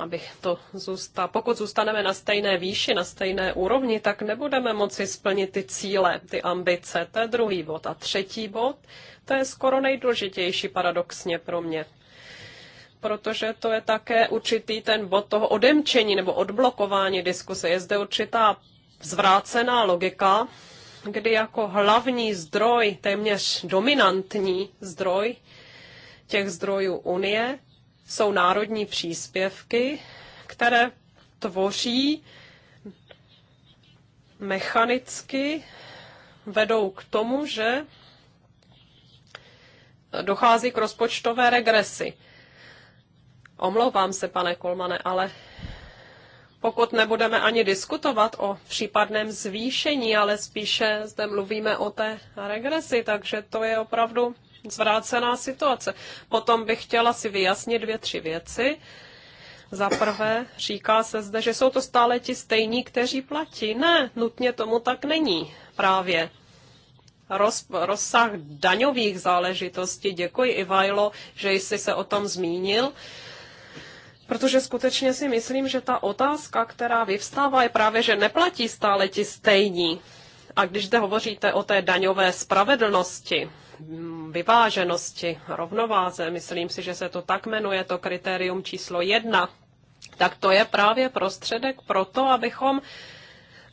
abych to zůstal. Pokud zůstaneme na stejné výši, na stejné úrovni, tak nebudeme moci splnit ty cíle, ty ambice. To je druhý bod. A třetí bod, to je skoro nejdůležitější paradoxně pro mě. Protože to je také určitý ten bod toho odemčení nebo odblokování diskuse. Je zde určitá zvrácená logika, kdy jako hlavní zdroj, téměř dominantní zdroj těch zdrojů Unie, jsou národní příspěvky, které tvoří mechanicky vedou k tomu, že dochází k rozpočtové regresi. Omlouvám se, pane Kolmane, ale pokud nebudeme ani diskutovat o případném zvýšení, ale spíše zde mluvíme o té regresi, takže to je opravdu zvrácená situace. Potom bych chtěla si vyjasnit dvě, tři věci. Za prvé, říká se zde, že jsou to stále ti stejní, kteří platí. Ne, nutně tomu tak není právě. Roz, rozsah daňových záležitostí. Děkuji, Ivajlo, že jsi se o tom zmínil. Protože skutečně si myslím, že ta otázka, která vyvstává, je právě, že neplatí stále ti stejní. A když zde hovoříte o té daňové spravedlnosti, vyváženosti, rovnováze, myslím si, že se to tak jmenuje, to kritérium číslo jedna, tak to je právě prostředek pro to, abychom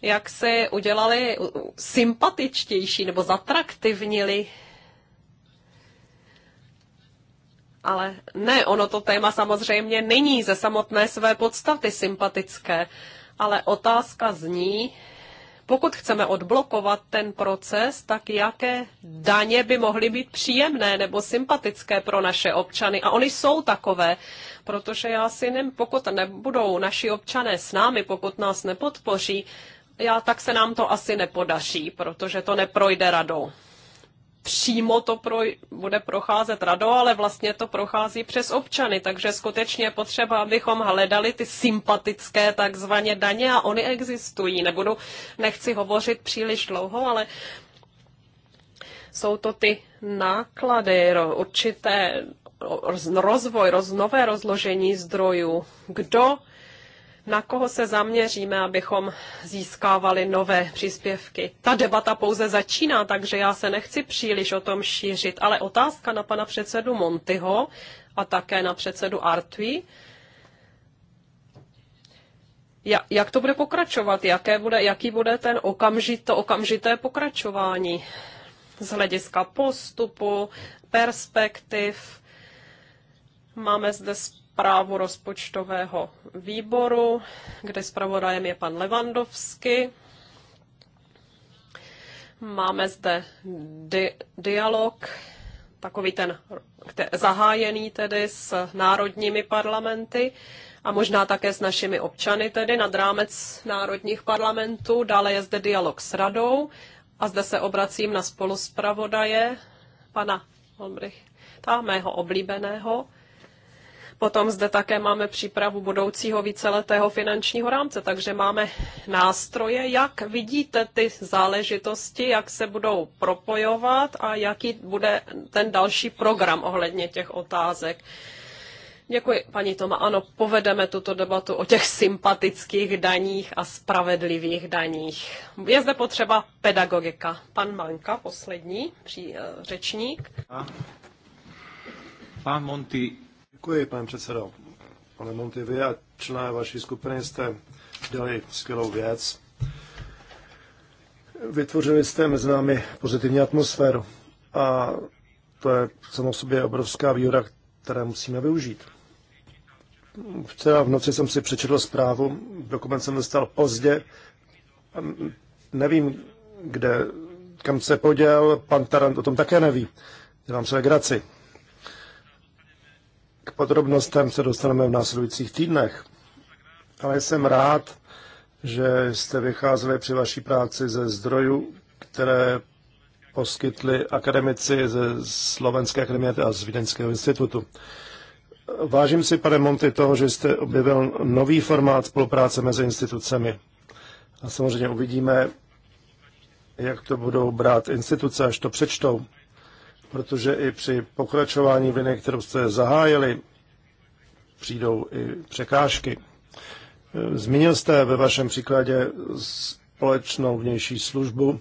jak si udělali sympatičtější nebo zatraktivnili ale ne, ono to téma samozřejmě není ze samotné své podstaty sympatické, ale otázka zní, pokud chceme odblokovat ten proces, tak jaké daně by mohly být příjemné nebo sympatické pro naše občany? A oni jsou takové, protože já si nem, pokud nebudou naši občané s námi, pokud nás nepodpoří, já, tak se nám to asi nepodaří, protože to neprojde radou přímo to pro, bude procházet rado, ale vlastně to prochází přes občany, takže skutečně je potřeba, abychom hledali ty sympatické takzvaně daně a oni existují. Nebudu, nechci hovořit příliš dlouho, ale jsou to ty náklady, určité rozvoj, roz, nové rozložení zdrojů. Kdo na koho se zaměříme, abychom získávali nové příspěvky. Ta debata pouze začíná, takže já se nechci příliš o tom šířit, ale otázka na pana předsedu Montyho a také na předsedu Artui. Jak to bude pokračovat? Jaké bude, jaký bude ten okamžit, to okamžité pokračování z hlediska postupu, perspektiv? Máme zde zprávu rozpočtového výboru, kde zpravodajem je pan Levandovský. Máme zde di- dialog, takový ten zahájený tedy s národními parlamenty a možná také s našimi občany tedy nad rámec národních parlamentů. Dále je zde dialog s radou a zde se obracím na spoluspravodaje pana Olbrich, ta mého oblíbeného. Potom zde také máme přípravu budoucího víceletého finančního rámce, takže máme nástroje, jak vidíte ty záležitosti, jak se budou propojovat a jaký bude ten další program ohledně těch otázek. Děkuji, paní Toma. Ano, povedeme tuto debatu o těch sympatických daních a spravedlivých daních. Je zde potřeba pedagogika. Pan Manka, poslední pří, eh, řečník. A, pan Monty Děkuji, pane předsedo. Pane Monty, vy a členové vaší skupiny jste dělali skvělou věc. Vytvořili jste mezi námi pozitivní atmosféru a to je samo sobě obrovská výhoda, které musíme využít. Včera v noci jsem si přečetl zprávu, dokument jsem dostal pozdě, nevím, kde, kam se poděl, pan Tarant o tom také neví. Dělám se legraci podrobnostem se dostaneme v následujících týdnech. Ale jsem rád, že jste vycházeli při vaší práci ze zdrojů, které poskytli akademici ze Slovenské akademie a z Vídeňského institutu. Vážím si, pane Monty, toho, že jste objevil nový formát spolupráce mezi institucemi. A samozřejmě uvidíme, jak to budou brát instituce, až to přečtou protože i při pokračování viny, kterou jste zahájili, přijdou i překážky. Zmínil jste ve vašem příkladě společnou vnější službu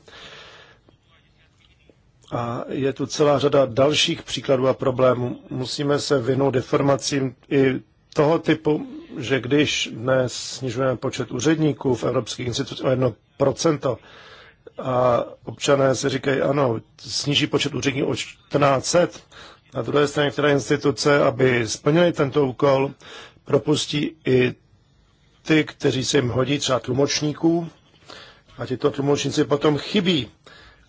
a je tu celá řada dalších příkladů a problémů. Musíme se vynout deformacím i toho typu, že když dnes snižujeme počet úředníků v evropských institucích o a občané si říkají, ano, sníží počet úředníků o 1400, na druhé straně, které instituce, aby splnili tento úkol, propustí i ty, kteří se jim hodí, třeba tlumočníků, a tyto tlumočníci potom chybí.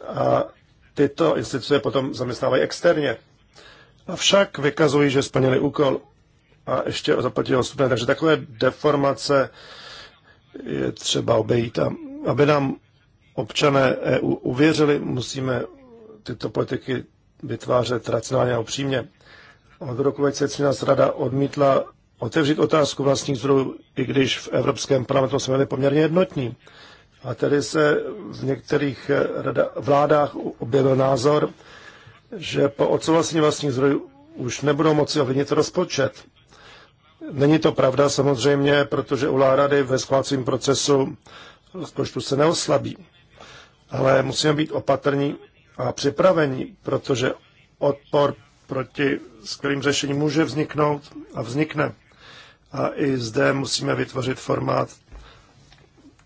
A tyto instituce potom zaměstnávají externě. Avšak vykazují, že splnili úkol a ještě zaplatili odstupné. Takže takové deformace je třeba obejít. A aby nám občané EU uvěřili, musíme tyto politiky vytvářet racionálně a upřímně. Od roku 2013 Rada odmítla otevřít otázku vlastních zdrojů, i když v Evropském parlamentu jsme byli poměrně jednotní. A tedy se v některých eh, rada, vládách objevil názor, že po odsouhlasení vlastních zdrojů už nebudou moci ovlivnit rozpočet. Není to pravda samozřejmě, protože u rady ve schválcím procesu rozpočtu se neoslabí ale musíme být opatrní a připravení, protože odpor proti skvělým řešením může vzniknout a vznikne. A i zde musíme vytvořit formát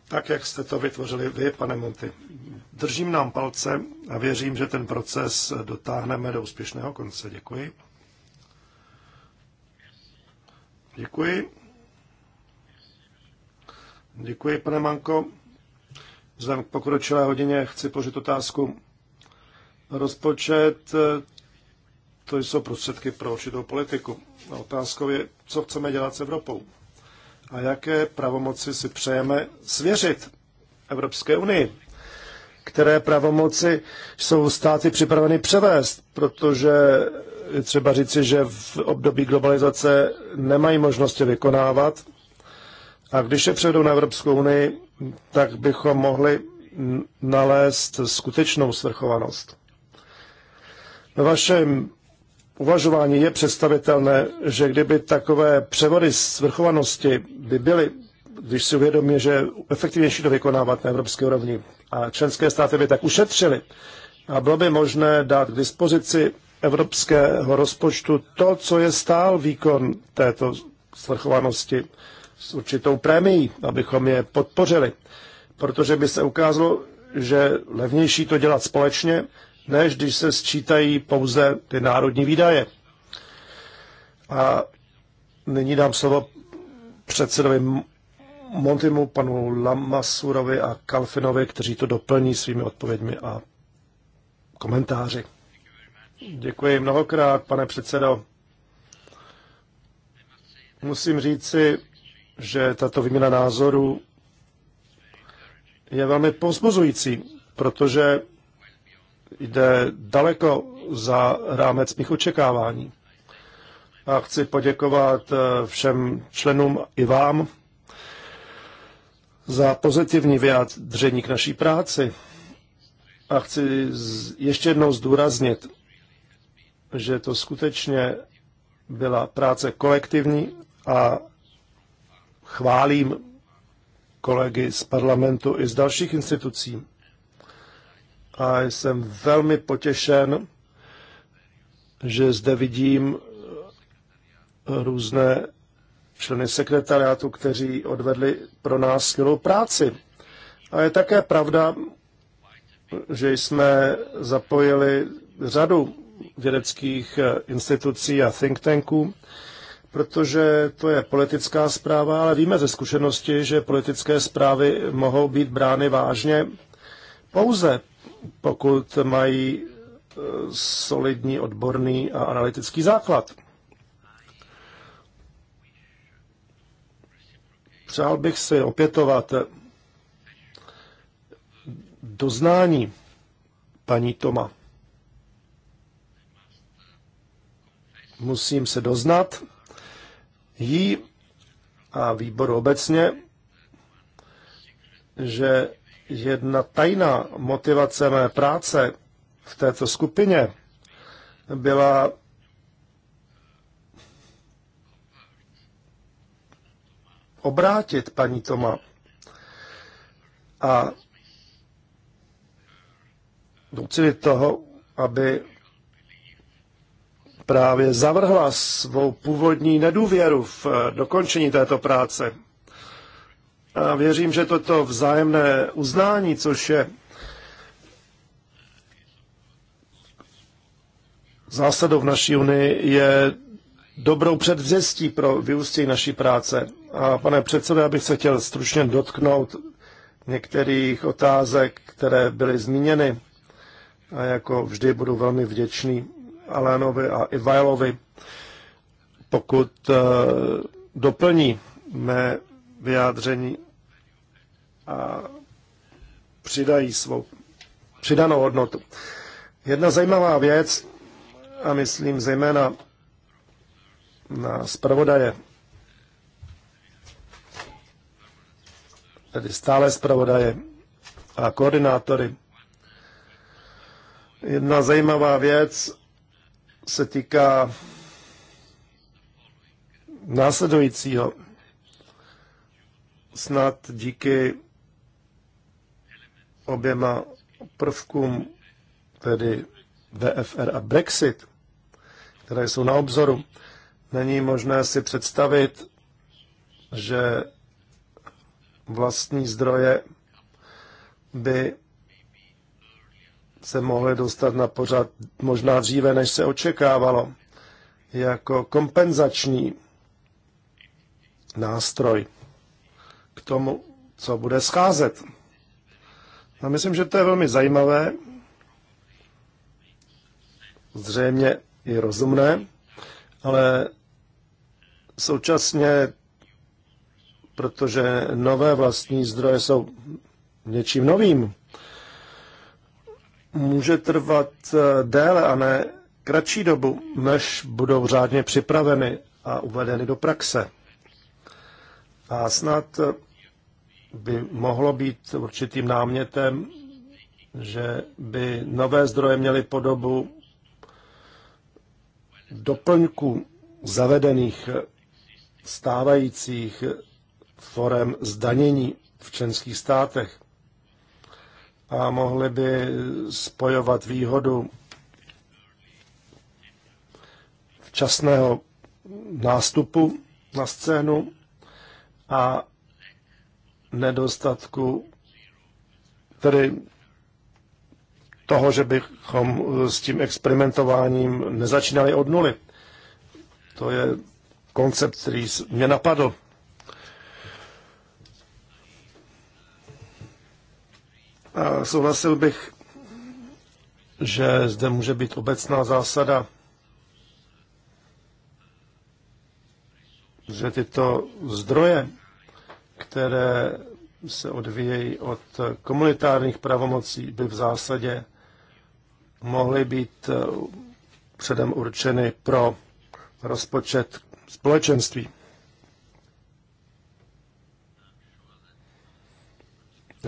tak, jak jste to vytvořili vy, pane Monty. Držím nám palce a věřím, že ten proces dotáhneme do úspěšného konce. Děkuji. Děkuji. Děkuji, pane Manko. Vzhledem k pokročilé hodině chci položit otázku. Rozpočet eh, to jsou prostředky pro určitou politiku. A otázkou je, co chceme dělat s Evropou a jaké pravomoci si přejeme svěřit Evropské unii. Které pravomoci jsou státy připraveny převést, protože třeba říci, že v období globalizace nemají možnosti vykonávat a když je přejdou na Evropskou unii, tak bychom mohli nalézt skutečnou svrchovanost. Ve vašem uvažování je představitelné, že kdyby takové převody svrchovanosti by byly, když si uvědomí, že efektivnější to vykonávat na evropské úrovni a členské státy by tak ušetřili a bylo by možné dát k dispozici evropského rozpočtu to, co je stál výkon této svrchovanosti s určitou prémií, abychom je podpořili, protože by se ukázalo, že levnější to dělat společně, než když se sčítají pouze ty národní výdaje. A nyní dám slovo předsedovi Montimu, panu Lamasurovi a Kalfinovi, kteří to doplní svými odpověďmi a komentáři. Děkuji mnohokrát, pane předsedo. Musím říci, že tato výměna názorů je velmi pozbuzující, protože jde daleko za rámec mých očekávání. A chci poděkovat eh, všem členům i vám za pozitivní vyjádření k naší práci. A chci ještě jednou zdůraznit, že to skutečně byla práce kolektivní a chválím kolegy z parlamentu i z dalších institucí. A jsem velmi potěšen, že zde vidím eh, různé členy sekretariátu, kteří odvedli pro nás skvělou práci. A je také pravda, že jsme zapojili řadu vědeckých eh, institucí a think tanků, protože to je politická zpráva, ale víme ze zkušenosti, že politické zprávy mohou být brány vážně pouze pokud mají e, solidní odborný a analytický základ. Přál bych si opětovat doznání paní Toma. Musím se doznat, jí a výboru obecně, že jedna tajná motivace mé práce v této skupině byla obrátit paní Toma a docílit toho, aby právě zavrhla svou původní nedůvěru v eh, dokončení této práce. A věřím, že toto vzájemné uznání, což je zásadou v naší unii, je dobrou předvzestí pro vyústění naší práce. A pane předsedo, já bych se chtěl stručně dotknout některých otázek, které byly zmíněny. A jako vždy budu velmi vděčný Alénovi a Ivajlovi, pokud eh, doplní mé vyjádření a přidají svou přidanou hodnotu. Jedna zajímavá věc, a myslím zejména na zpravodaje, tedy stále zpravodaje a koordinátory. Jedna zajímavá věc se týká následujícího. Snad díky oběma prvkům, tedy VFR a Brexit, které jsou na obzoru, není možné si představit, že vlastní zdroje by se mohly dostat na pořad možná dříve, než se očekávalo, jako kompenzační nástroj k tomu, co bude scházet. A myslím, že to je velmi zajímavé, zřejmě i rozumné, ale současně, protože nové vlastní zdroje jsou něčím novým, může trvat eh, déle a ne kratší dobu, než budou řádně připraveny a uvedeny do praxe. A snad eh, by mohlo být určitým námětem, že by nové zdroje měly podobu doplňků zavedených eh, stávajících forem zdanění v členských státech a mohli by spojovat výhodu včasného nástupu na scénu a nedostatku, tedy toho, že bychom s tím experimentováním nezačínali od nuly. To je koncept, který mě napadl souhlasil bych, že zde může být obecná zásada, že tyto zdroje, které se odvíjejí od komunitárních pravomocí, by v zásadě mohly být eh, předem určeny pro rozpočet společenství.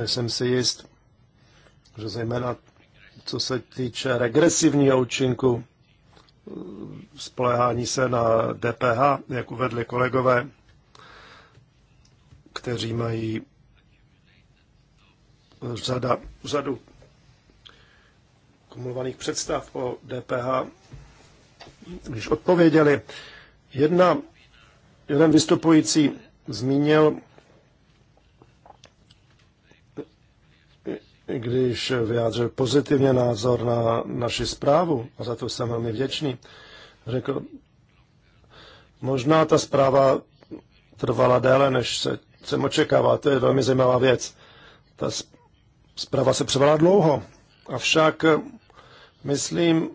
Jsem si jist, že zejména co se týče regresivního účinku, spolehání se na DPH, jak uvedli kolegové, kteří mají řada, řadu kumulovaných představ o DPH, když odpověděli, jedna, jeden vystupující zmínil když vyjádřil pozitivně názor na naši zprávu a za to jsem velmi vděčný. Řekl, možná ta zpráva trvala déle, než se, jsem očekával. To je velmi zajímavá věc. Ta zpráva se převala dlouho. Avšak myslím,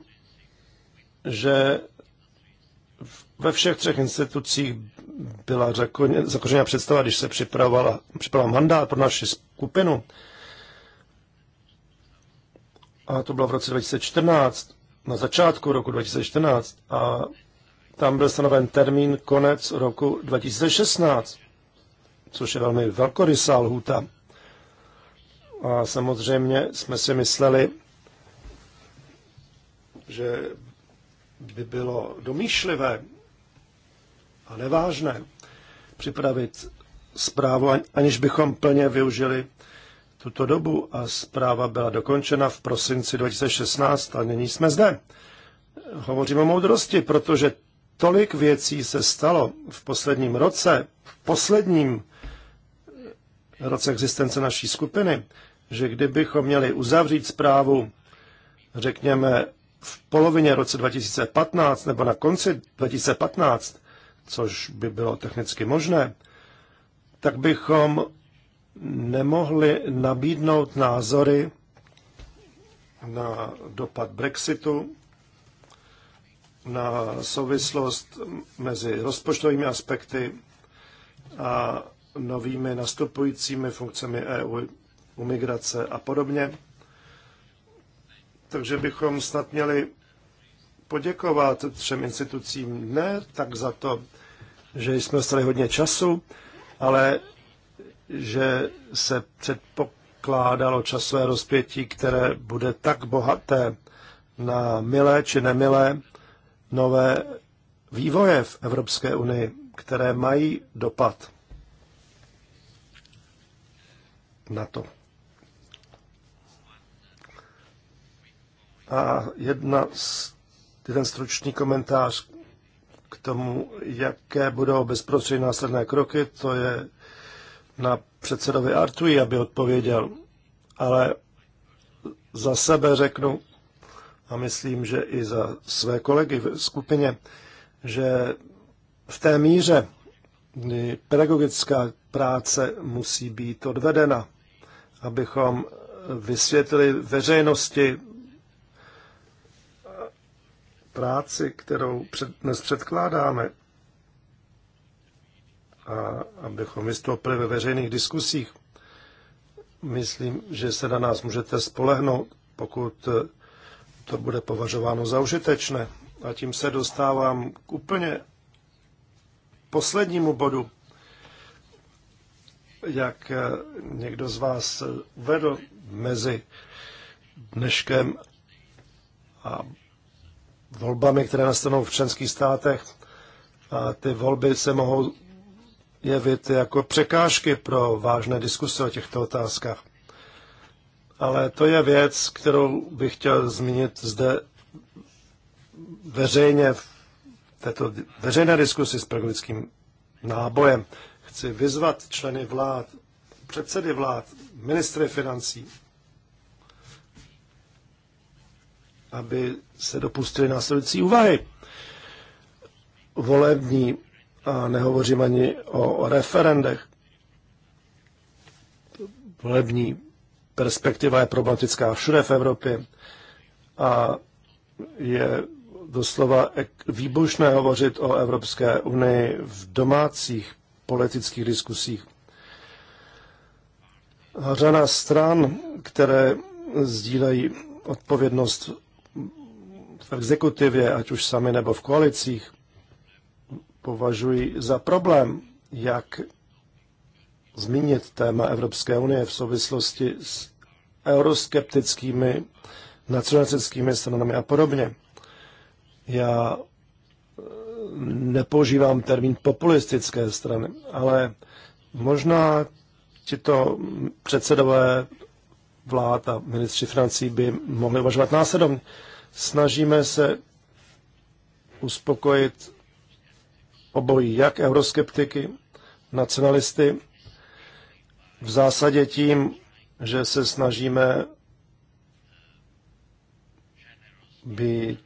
že ve všech třech institucích byla zakořeněna představa, když se připravovala připravovala mandát pro naši skupinu, a to bylo v roce 2014, na začátku roku 2014, a tam byl stanoven termín konec roku 2016, což je velmi velkorysá lhůta. A samozřejmě jsme si mysleli, že by bylo domýšlivé a nevážné připravit zprávu, aniž bychom plně využili tuto dobu a zpráva byla dokončena v prosinci 2016 a nyní jsme zde. Hovořím o moudrosti, protože tolik věcí se stalo v posledním roce, v posledním roce existence naší skupiny, že kdybychom měli uzavřít zprávu, řekněme, v polovině roce 2015 nebo na konci 2015, což by bylo technicky možné, tak bychom nemohli nabídnout názory na dopad Brexitu, na souvislost mezi rozpočtovými aspekty a novými nastupujícími funkcemi EU u migrace a podobně. Takže bychom snad měli poděkovat třem institucím ne tak za to, že jsme dostali hodně času, ale že se předpokládalo časové rozpětí, které bude tak bohaté na milé či nemilé nové vývoje v Evropské unii, které mají dopad na to. A jedna, jeden stručný komentář k tomu, jaké budou bezprostřední následné kroky, to je na předsedovi Artui, aby odpověděl, ale za sebe řeknu, a myslím, že i za své kolegy v skupině, že v té míře kdy pedagogická práce musí být odvedena, abychom vysvětlili veřejnosti práci, kterou před, dnes předkládáme, a abychom vystoupili ve veřejných diskusích. Myslím, že se na nás můžete spolehnout, pokud to bude považováno za užitečné. A tím se dostávám k úplně poslednímu bodu. Jak někdo z vás vedl mezi dneškem a volbami, které nastanou v členských státech, a ty volby se mohou jevit jako překážky pro vážné diskuse o těchto otázkách. Ale to je věc, kterou bych chtěl zmínit zde veřejně v této veřejné diskusi s pedagogickým nábojem. Chci vyzvat členy vlád, předsedy vlád, ministry financí, aby se dopustili následující úvahy. Volební a nehovořím ani o referendech. Volební perspektiva je problematická všude v Evropě a je doslova výbušné hovořit o Evropské unii v domácích politických diskusích. Řada stran, které sdílejí odpovědnost v exekutivě, ať už sami nebo v koalicích, považuji za problém, jak zmínit téma Evropské unie v souvislosti s euroskeptickými nacionalistickými stranami a podobně. Já eh, nepoužívám termín populistické strany, ale možná tito předsedové vlád a ministři financí by mohli uvažovat následovně. Snažíme se uspokojit obojí, jak euroskeptiky, nacionalisty, v zásadě tím, že se snažíme být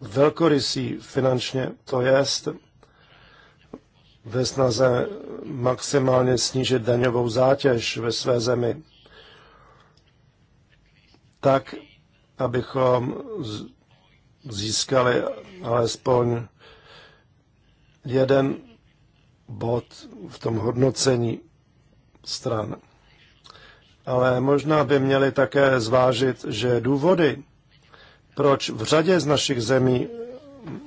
velkorysí finančně, to jest ve snaze maximálně snížit daňovou zátěž ve své zemi, tak, abychom získali alespoň jeden bod v tom hodnocení stran. Ale možná by měli také zvážit, že důvody, proč v řadě z našich zemí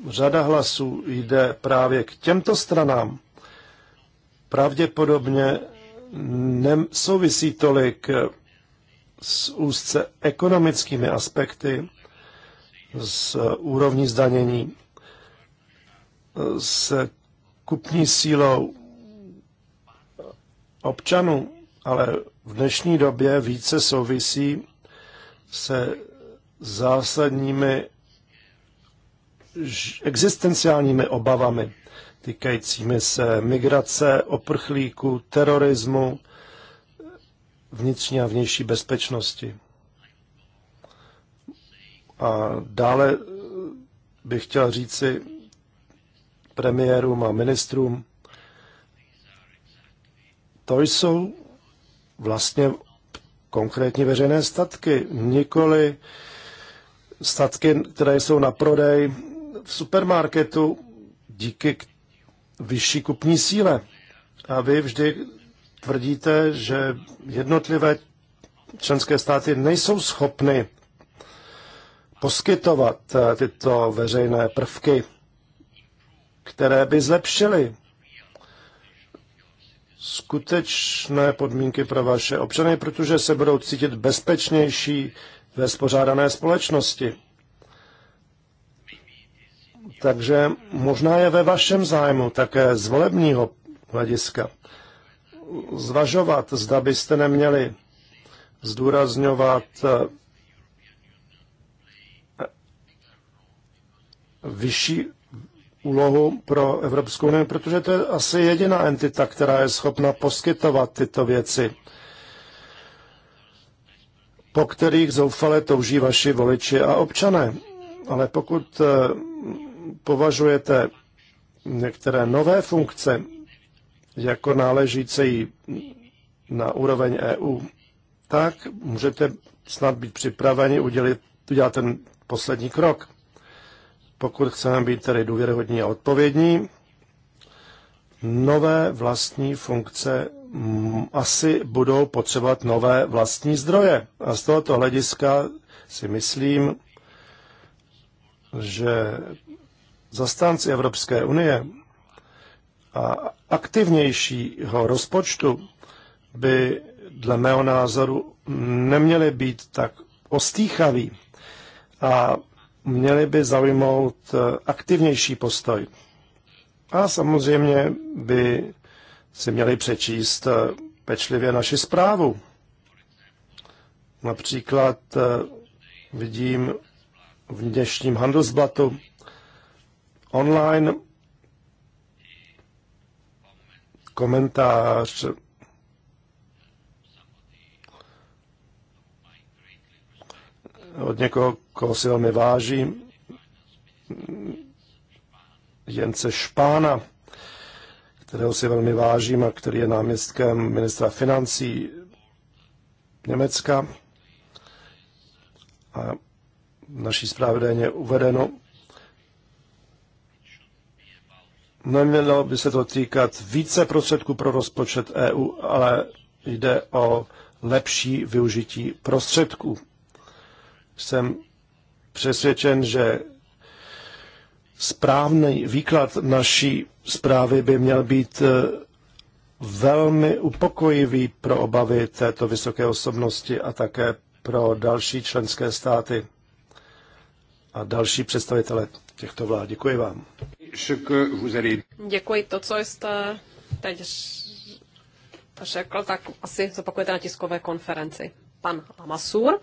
řada hlasů jde právě k těmto stranám, pravděpodobně nesouvisí tolik s úzce ekonomickými aspekty, s úrovní zdanění s kupní sílou občanů, ale v dnešní době více souvisí se zásadními existenciálními obavami týkajícími se migrace, oprchlíků, terorismu, vnitřní a vnější bezpečnosti. A dále bych chtěl říci, premiérům a ministrům. To jsou vlastně konkrétní veřejné statky, nikoli statky, které jsou na prodej v supermarketu díky vyšší kupní síle. A vy vždy tvrdíte, že jednotlivé členské státy nejsou schopny poskytovat eh, tyto veřejné prvky které by zlepšily skutečné podmínky pro vaše občany, protože se budou cítit bezpečnější ve spořádané společnosti. Takže možná je ve vašem zájmu také z volebního hlediska zvažovat, zda byste neměli zdůrazňovat eh, vyšší úlohu pro Evropskou unii, protože to je asi jediná entita, která je schopna poskytovat tyto věci, po kterých zoufale touží vaši voliči a občané. Ale pokud eh, považujete některé nové funkce jako náležící na úroveň EU, tak můžete snad být připraveni udělit, udělat ten poslední krok pokud chceme být tedy důvěryhodní a odpovědní, nové vlastní funkce asi budou potřebovat nové vlastní zdroje. A z tohoto hlediska si myslím, že zastánci Evropské unie a aktivnějšího rozpočtu by dle mého názoru neměli být tak ostýchaví a měli by zaujmout eh, aktivnější postoj. A samozřejmě by si měli přečíst eh, pečlivě naši zprávu. Například eh, vidím v dnešním Handelsblatu online komentář od někoho, koho si velmi vážím, Jence Špána, kterého si velmi vážím a který je náměstkem ministra financí Německa. A v naší zprávě je uvedeno, Nemělo by se to týkat více prostředků pro rozpočet EU, ale jde o lepší využití prostředků jsem přesvědčen, že správný výklad naší zprávy by měl být eh, velmi upokojivý pro obavy této vysoké osobnosti a také pro další členské státy a další představitele těchto vlád. Děkuji vám. Děkuji to, co jste teď řekl, tak asi zopakujete na tiskové konferenci. Pan Lamasur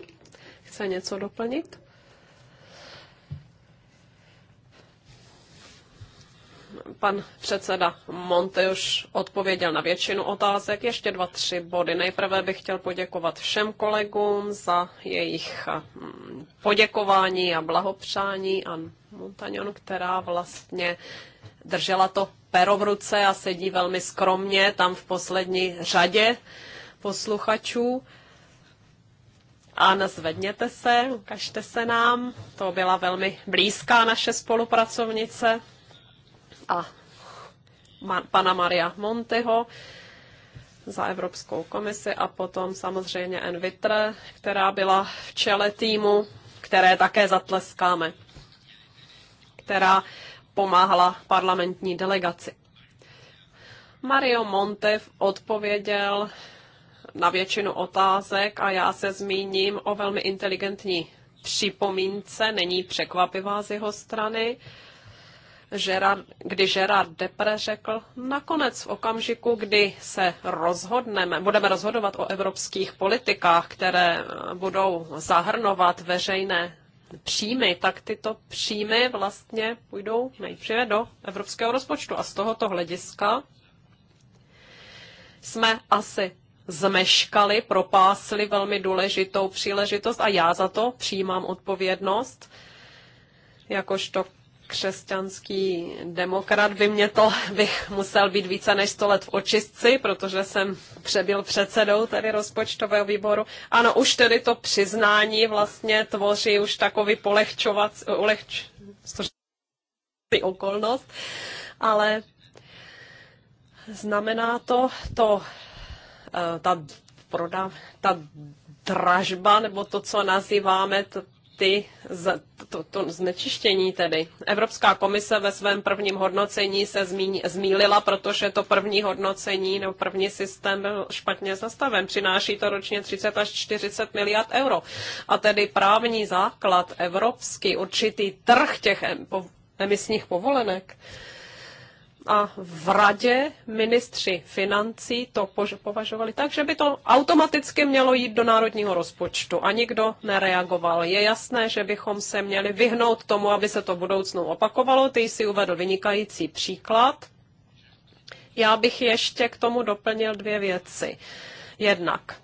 chce něco doplnit? Pan předseda Monte už odpověděl na většinu otázek. Ještě dva, tři body. Nejprve bych chtěl poděkovat všem kolegům za jejich mm, poděkování a blahopřání a Montagnon, která vlastně držela to pero v ruce a sedí velmi skromně tam v poslední řadě posluchačů. A zvedněte se, ukažte se nám. To byla velmi blízká naše spolupracovnice a pana Maria Monteho za Evropskou komisi a potom samozřejmě Envitre, která byla v čele týmu, které také zatleskáme, která pomáhala parlamentní delegaci. Mario Montev odpověděl na většinu otázek a já se zmíním o velmi inteligentní připomínce, není překvapivá z jeho strany, Gerard, kdy Gerard Depre řekl, nakonec v okamžiku, kdy se rozhodneme, budeme rozhodovat o evropských politikách, které eh, budou zahrnovat veřejné příjmy, tak tyto příjmy vlastně půjdou nejdříve do evropského rozpočtu. A z tohoto hlediska jsme asi zmeškali, propásli velmi důležitou příležitost a já za to přijímám odpovědnost. Jakožto křesťanský demokrat by mě to, bych musel být více než 100 let v očistci, protože jsem přebyl předsedou tedy rozpočtového výboru. Ano, už tedy to přiznání vlastně tvoří už takový polehčovat, ulehč, okolnost, ale znamená to to Eh, ta, proda, ta dražba, nebo to, co nazýváme to, ty, to, to znečištění tedy. Evropská komise ve svém prvním hodnocení se zmí, zmílila, protože to první hodnocení nebo první systém byl špatně zastaven. Přináší to ročně 30 až 40 miliard euro. A tedy právní základ evropský, určitý trh těch emisních povolenek, a v radě ministři financí to považovali tak, že by to automaticky mělo jít do národního rozpočtu a nikdo nereagoval. Je jasné, že bychom se měli vyhnout tomu, aby se to budoucnu opakovalo. Ty jsi uvedl vynikající příklad. Já bych ještě k tomu doplnil dvě věci. Jednak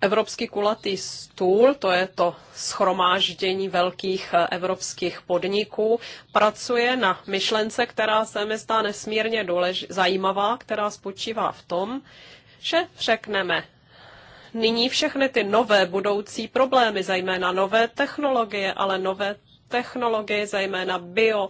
Evropský kulatý stůl, to je to schromáždění velkých eh, evropských podniků, pracuje na myšlence, která se mi zdá nesmírně důlež- zajímavá, která spočívá v tom, že řekneme, nyní všechny ty nové budoucí problémy, zejména nové technologie, ale nové technologii, zejména bio,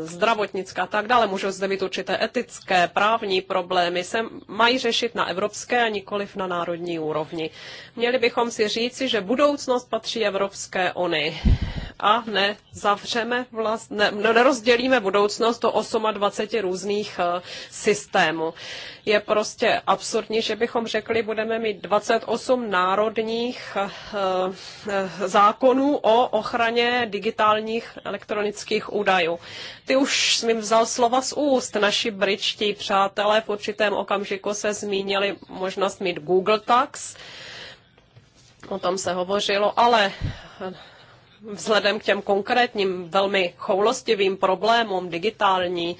zdravotnická a tak dále. Můžou zde být určité etické, právní problémy, se mají řešit na evropské a nikoliv na národní úrovni. Měli bychom si říci, že budoucnost patří Evropské unii a nezavřeme vlastně, ne, nerozdělíme budoucnost do 28 různých eh, systémů. Je prostě absurdní, že bychom řekli, budeme mít 28 národních eh, eh, zákonů o ochraně digitálních elektronických údajů. Ty už jsem vzal slova z úst. Naši bričtí přátelé v určitém okamžiku se zmínili možnost mít Google Tax, o tom se hovořilo, ale vzhledem k těm konkrétním velmi choulostivým problémům digitální,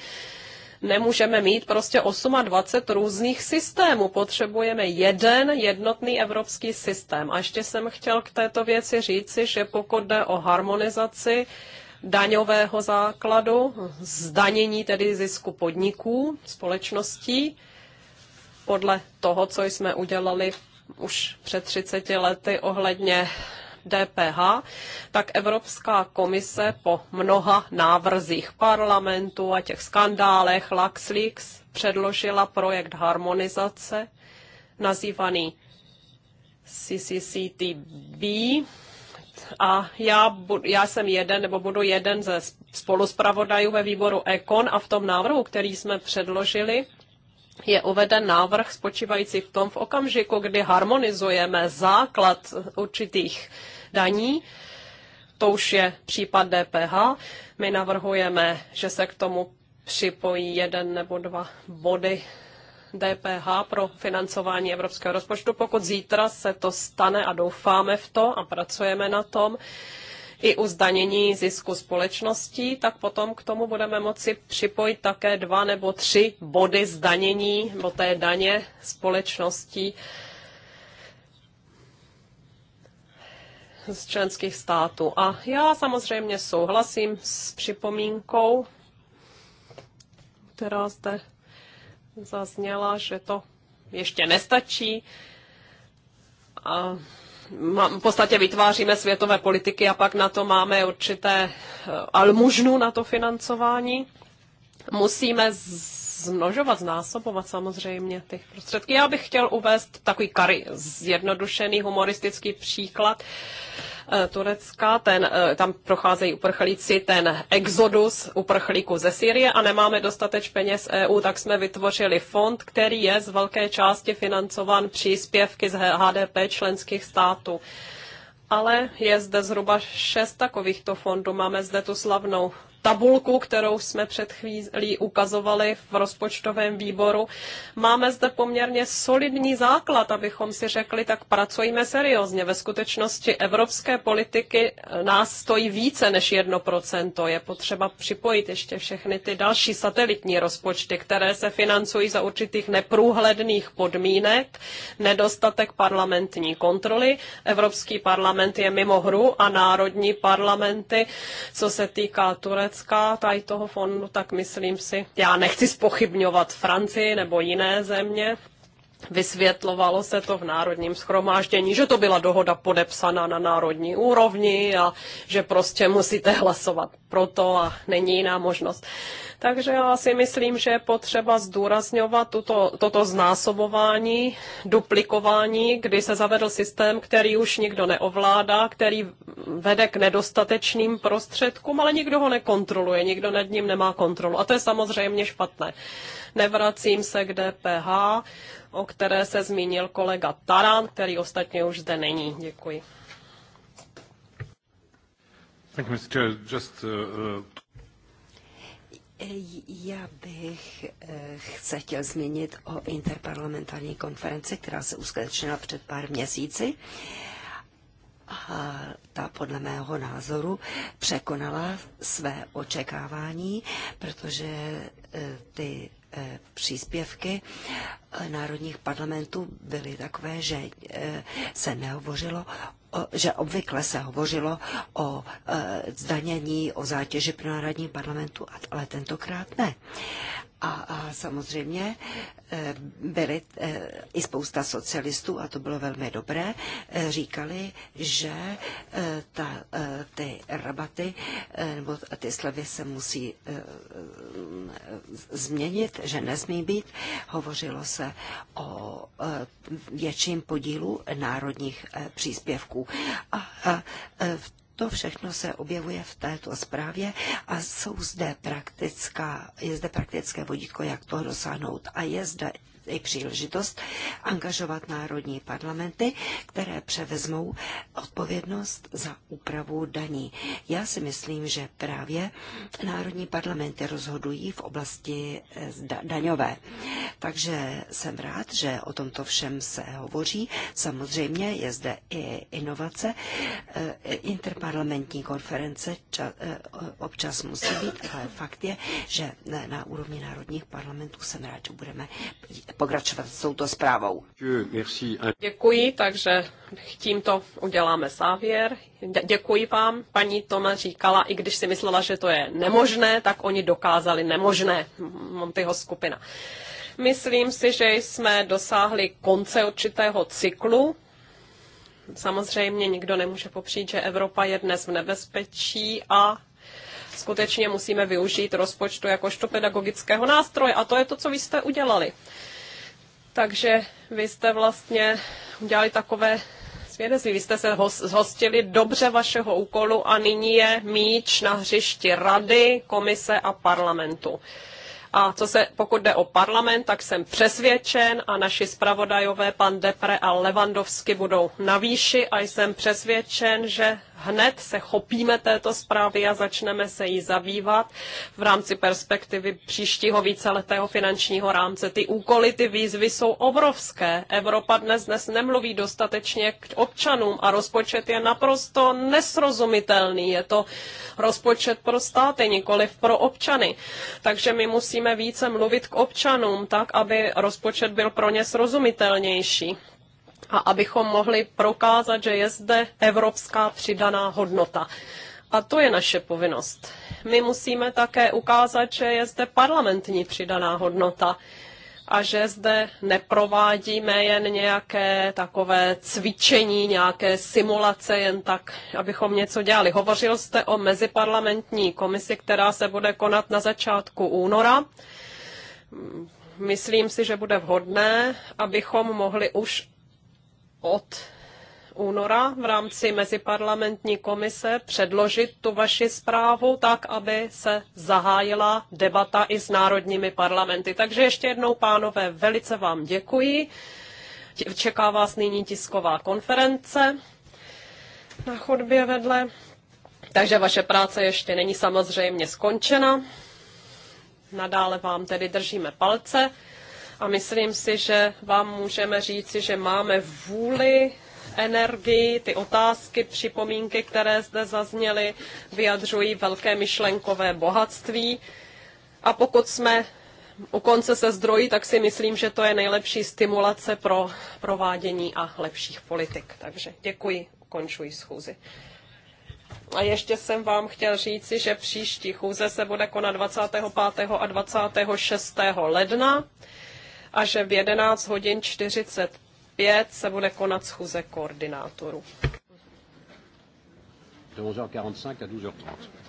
nemůžeme mít prostě 28 různých systémů. Potřebujeme jeden jednotný evropský systém. A ještě jsem chtěl k této věci říci, že pokud jde o harmonizaci daňového základu, zdanění tedy zisku podniků, společností, podle toho, co jsme udělali už před 30 lety ohledně DPH, tak Evropská komise po mnoha návrzích parlamentu a těch skandálech LuxLeaks předložila projekt harmonizace nazývaný CCCTB, a já, já jsem jeden, nebo budu jeden ze spoluspravodajů ve výboru Econ a v tom návrhu, který jsme předložili, je uveden návrh spočívající v tom v okamžiku, kdy harmonizujeme základ určitých daní, to už je případ DPH. My navrhujeme, že se k tomu připojí jeden nebo dva body DPH pro financování evropského rozpočtu. Pokud zítra se to stane a doufáme v to a pracujeme na tom, i u zdanění zisku společností, tak potom k tomu budeme moci připojit také dva nebo tři body zdanění nebo té daně společností z členských států. A já samozřejmě souhlasím s připomínkou, která zde zazněla, že to ještě nestačí. A v podstatě vytváříme světové politiky a pak na to máme určité eh, almužnu na to financování. Musíme z zmnožovat, znásobovat samozřejmě ty prostředky. Já bych chtěl uvést takový kary, zjednodušený humoristický příklad. Eh, Turecka, ten, eh, tam procházejí uprchlíci, ten exodus uprchlíků ze Syrie a nemáme dostateč peněz EU, tak jsme vytvořili fond, který je z velké části financovan příspěvky z HDP členských států ale je zde zhruba šest takovýchto fondů. Máme zde tu slavnou tabulku, kterou jsme před chvílí ukazovali v rozpočtovém výboru. Máme zde poměrně solidní základ, abychom si řekli, tak pracujeme seriózně. Ve skutečnosti evropské politiky eh, nás stojí více než 1%. Je potřeba připojit ještě všechny ty další satelitní rozpočty, které se financují za určitých neprůhledných podmínek, nedostatek parlamentní kontroly. Evropský parlament je mimo hru a národní parlamenty, co se týká Turecka, Německa, tady toho fondu, tak myslím si, já nechci spochybňovat Francii nebo jiné země, Vysvětlovalo se to v národním schromáždění, že to byla dohoda podepsaná na národní úrovni a že prostě musíte hlasovat pro to a není jiná možnost. Takže já si myslím, že je potřeba zdůrazňovat tuto, toto znásobování, duplikování, kdy se zavedl systém, který už nikdo neovládá, který vede k nedostatečným prostředkům, ale nikdo ho nekontroluje, nikdo nad ním nemá kontrolu. A to je samozřejmě špatné. Nevracím se k DPH o které se zmínil kolega Tarán, který ostatně už zde není. Děkuji. Uh, uh, já bych eh, se chtěl zmínit o interparlamentární konferenci, která se uskutečnila před pár měsíci. A ta podle mého názoru překonala své očekávání, protože eh, ty Eh, příspěvky eh, národních parlamentů byly takové, že eh, se nehovořilo že obvykle se hovořilo o zdanění, o zátěži pro národní parlamentu, ale tentokrát ne. A, a samozřejmě e, byli e, i spousta socialistů, a to bylo velmi dobré, e, říkali, že ta, ty rabaty nebo ty slevy se musí změnit, že nesmí být. Hovořilo se o větším podílu národních příspěvků. A, a v to všechno se objevuje v této zprávě a jsou zde praktická, je zde praktické vodítko, jak to dosáhnout. A je zde i příležitost angažovat národní parlamenty, které převezmou odpovědnost za úpravu daní. Já si myslím, že právě národní parlamenty rozhodují v oblasti eh, daňové. Takže jsem rád, že o tomto všem se hovoří. Samozřejmě je zde i inovace. Eh, interparlamentní konference eh, občas musí být, ale fakt je, že na úrovni národních parlamentů jsem rád, že budeme pokračovat s touto zprávou. Děkuji, takže tímto uděláme závěr. Děkuji vám. Paní Toma říkala, i když si myslela, že to je nemožné, tak oni dokázali nemožné. Montyho skupina. Myslím si, že jsme dosáhli konce určitého cyklu. Samozřejmě nikdo nemůže popřít, že Evropa je dnes v nebezpečí a skutečně musíme využít rozpočtu jakožto pedagogického nástroje. A to je to, co vy jste udělali. Takže vy jste vlastně udělali takové svědectví. Vy jste se zhostili dobře vašeho úkolu a nyní je míč na hřišti rady, komise a parlamentu. A co se, pokud jde o parlament, tak jsem přesvědčen a naši zpravodajové pan Depre a Levandovsky budou na výši a jsem přesvědčen, že hned se chopíme této zprávy a začneme se jí zabývat v rámci perspektivy příštího víceletého finančního rámce. Ty úkoly, ty výzvy jsou obrovské. Evropa dnes, dnes nemluví dostatečně k občanům a rozpočet je naprosto nesrozumitelný. Je to rozpočet pro státy, nikoliv pro občany. Takže my musíme více mluvit k občanům tak, aby rozpočet byl pro ně srozumitelnější a abychom mohli prokázat, že je zde evropská přidaná hodnota. A to je naše povinnost. My musíme také ukázat, že je zde parlamentní přidaná hodnota a že zde neprovádíme jen nějaké takové cvičení, nějaké simulace, jen tak, abychom něco dělali. Hovořil jste o meziparlamentní komisi, která se bude konat na začátku února. Myslím si, že bude vhodné, abychom mohli už od února v rámci meziparlamentní komise předložit tu vaši zprávu tak, aby se zahájila debata i s národními parlamenty. Takže ještě jednou, pánové, velice vám děkuji. Čeká vás nyní tisková konference na chodbě vedle. Takže vaše práce ještě není samozřejmě skončena. Nadále vám tedy držíme palce. A myslím si, že vám můžeme říci, že máme vůli energii, ty otázky, připomínky, které zde zazněly, vyjadřují velké myšlenkové bohatství. A pokud jsme u konce se zdrojí, tak si myslím, že to je nejlepší stimulace pro provádění a lepších politik. Takže děkuji, ukončuji schůzi. A ještě jsem vám chtěl říci, že příští chůze se bude konat 25. a 26. ledna a že v 11 hodin 45 se bude konat schůze koordinátorů. h 45 à 12h30.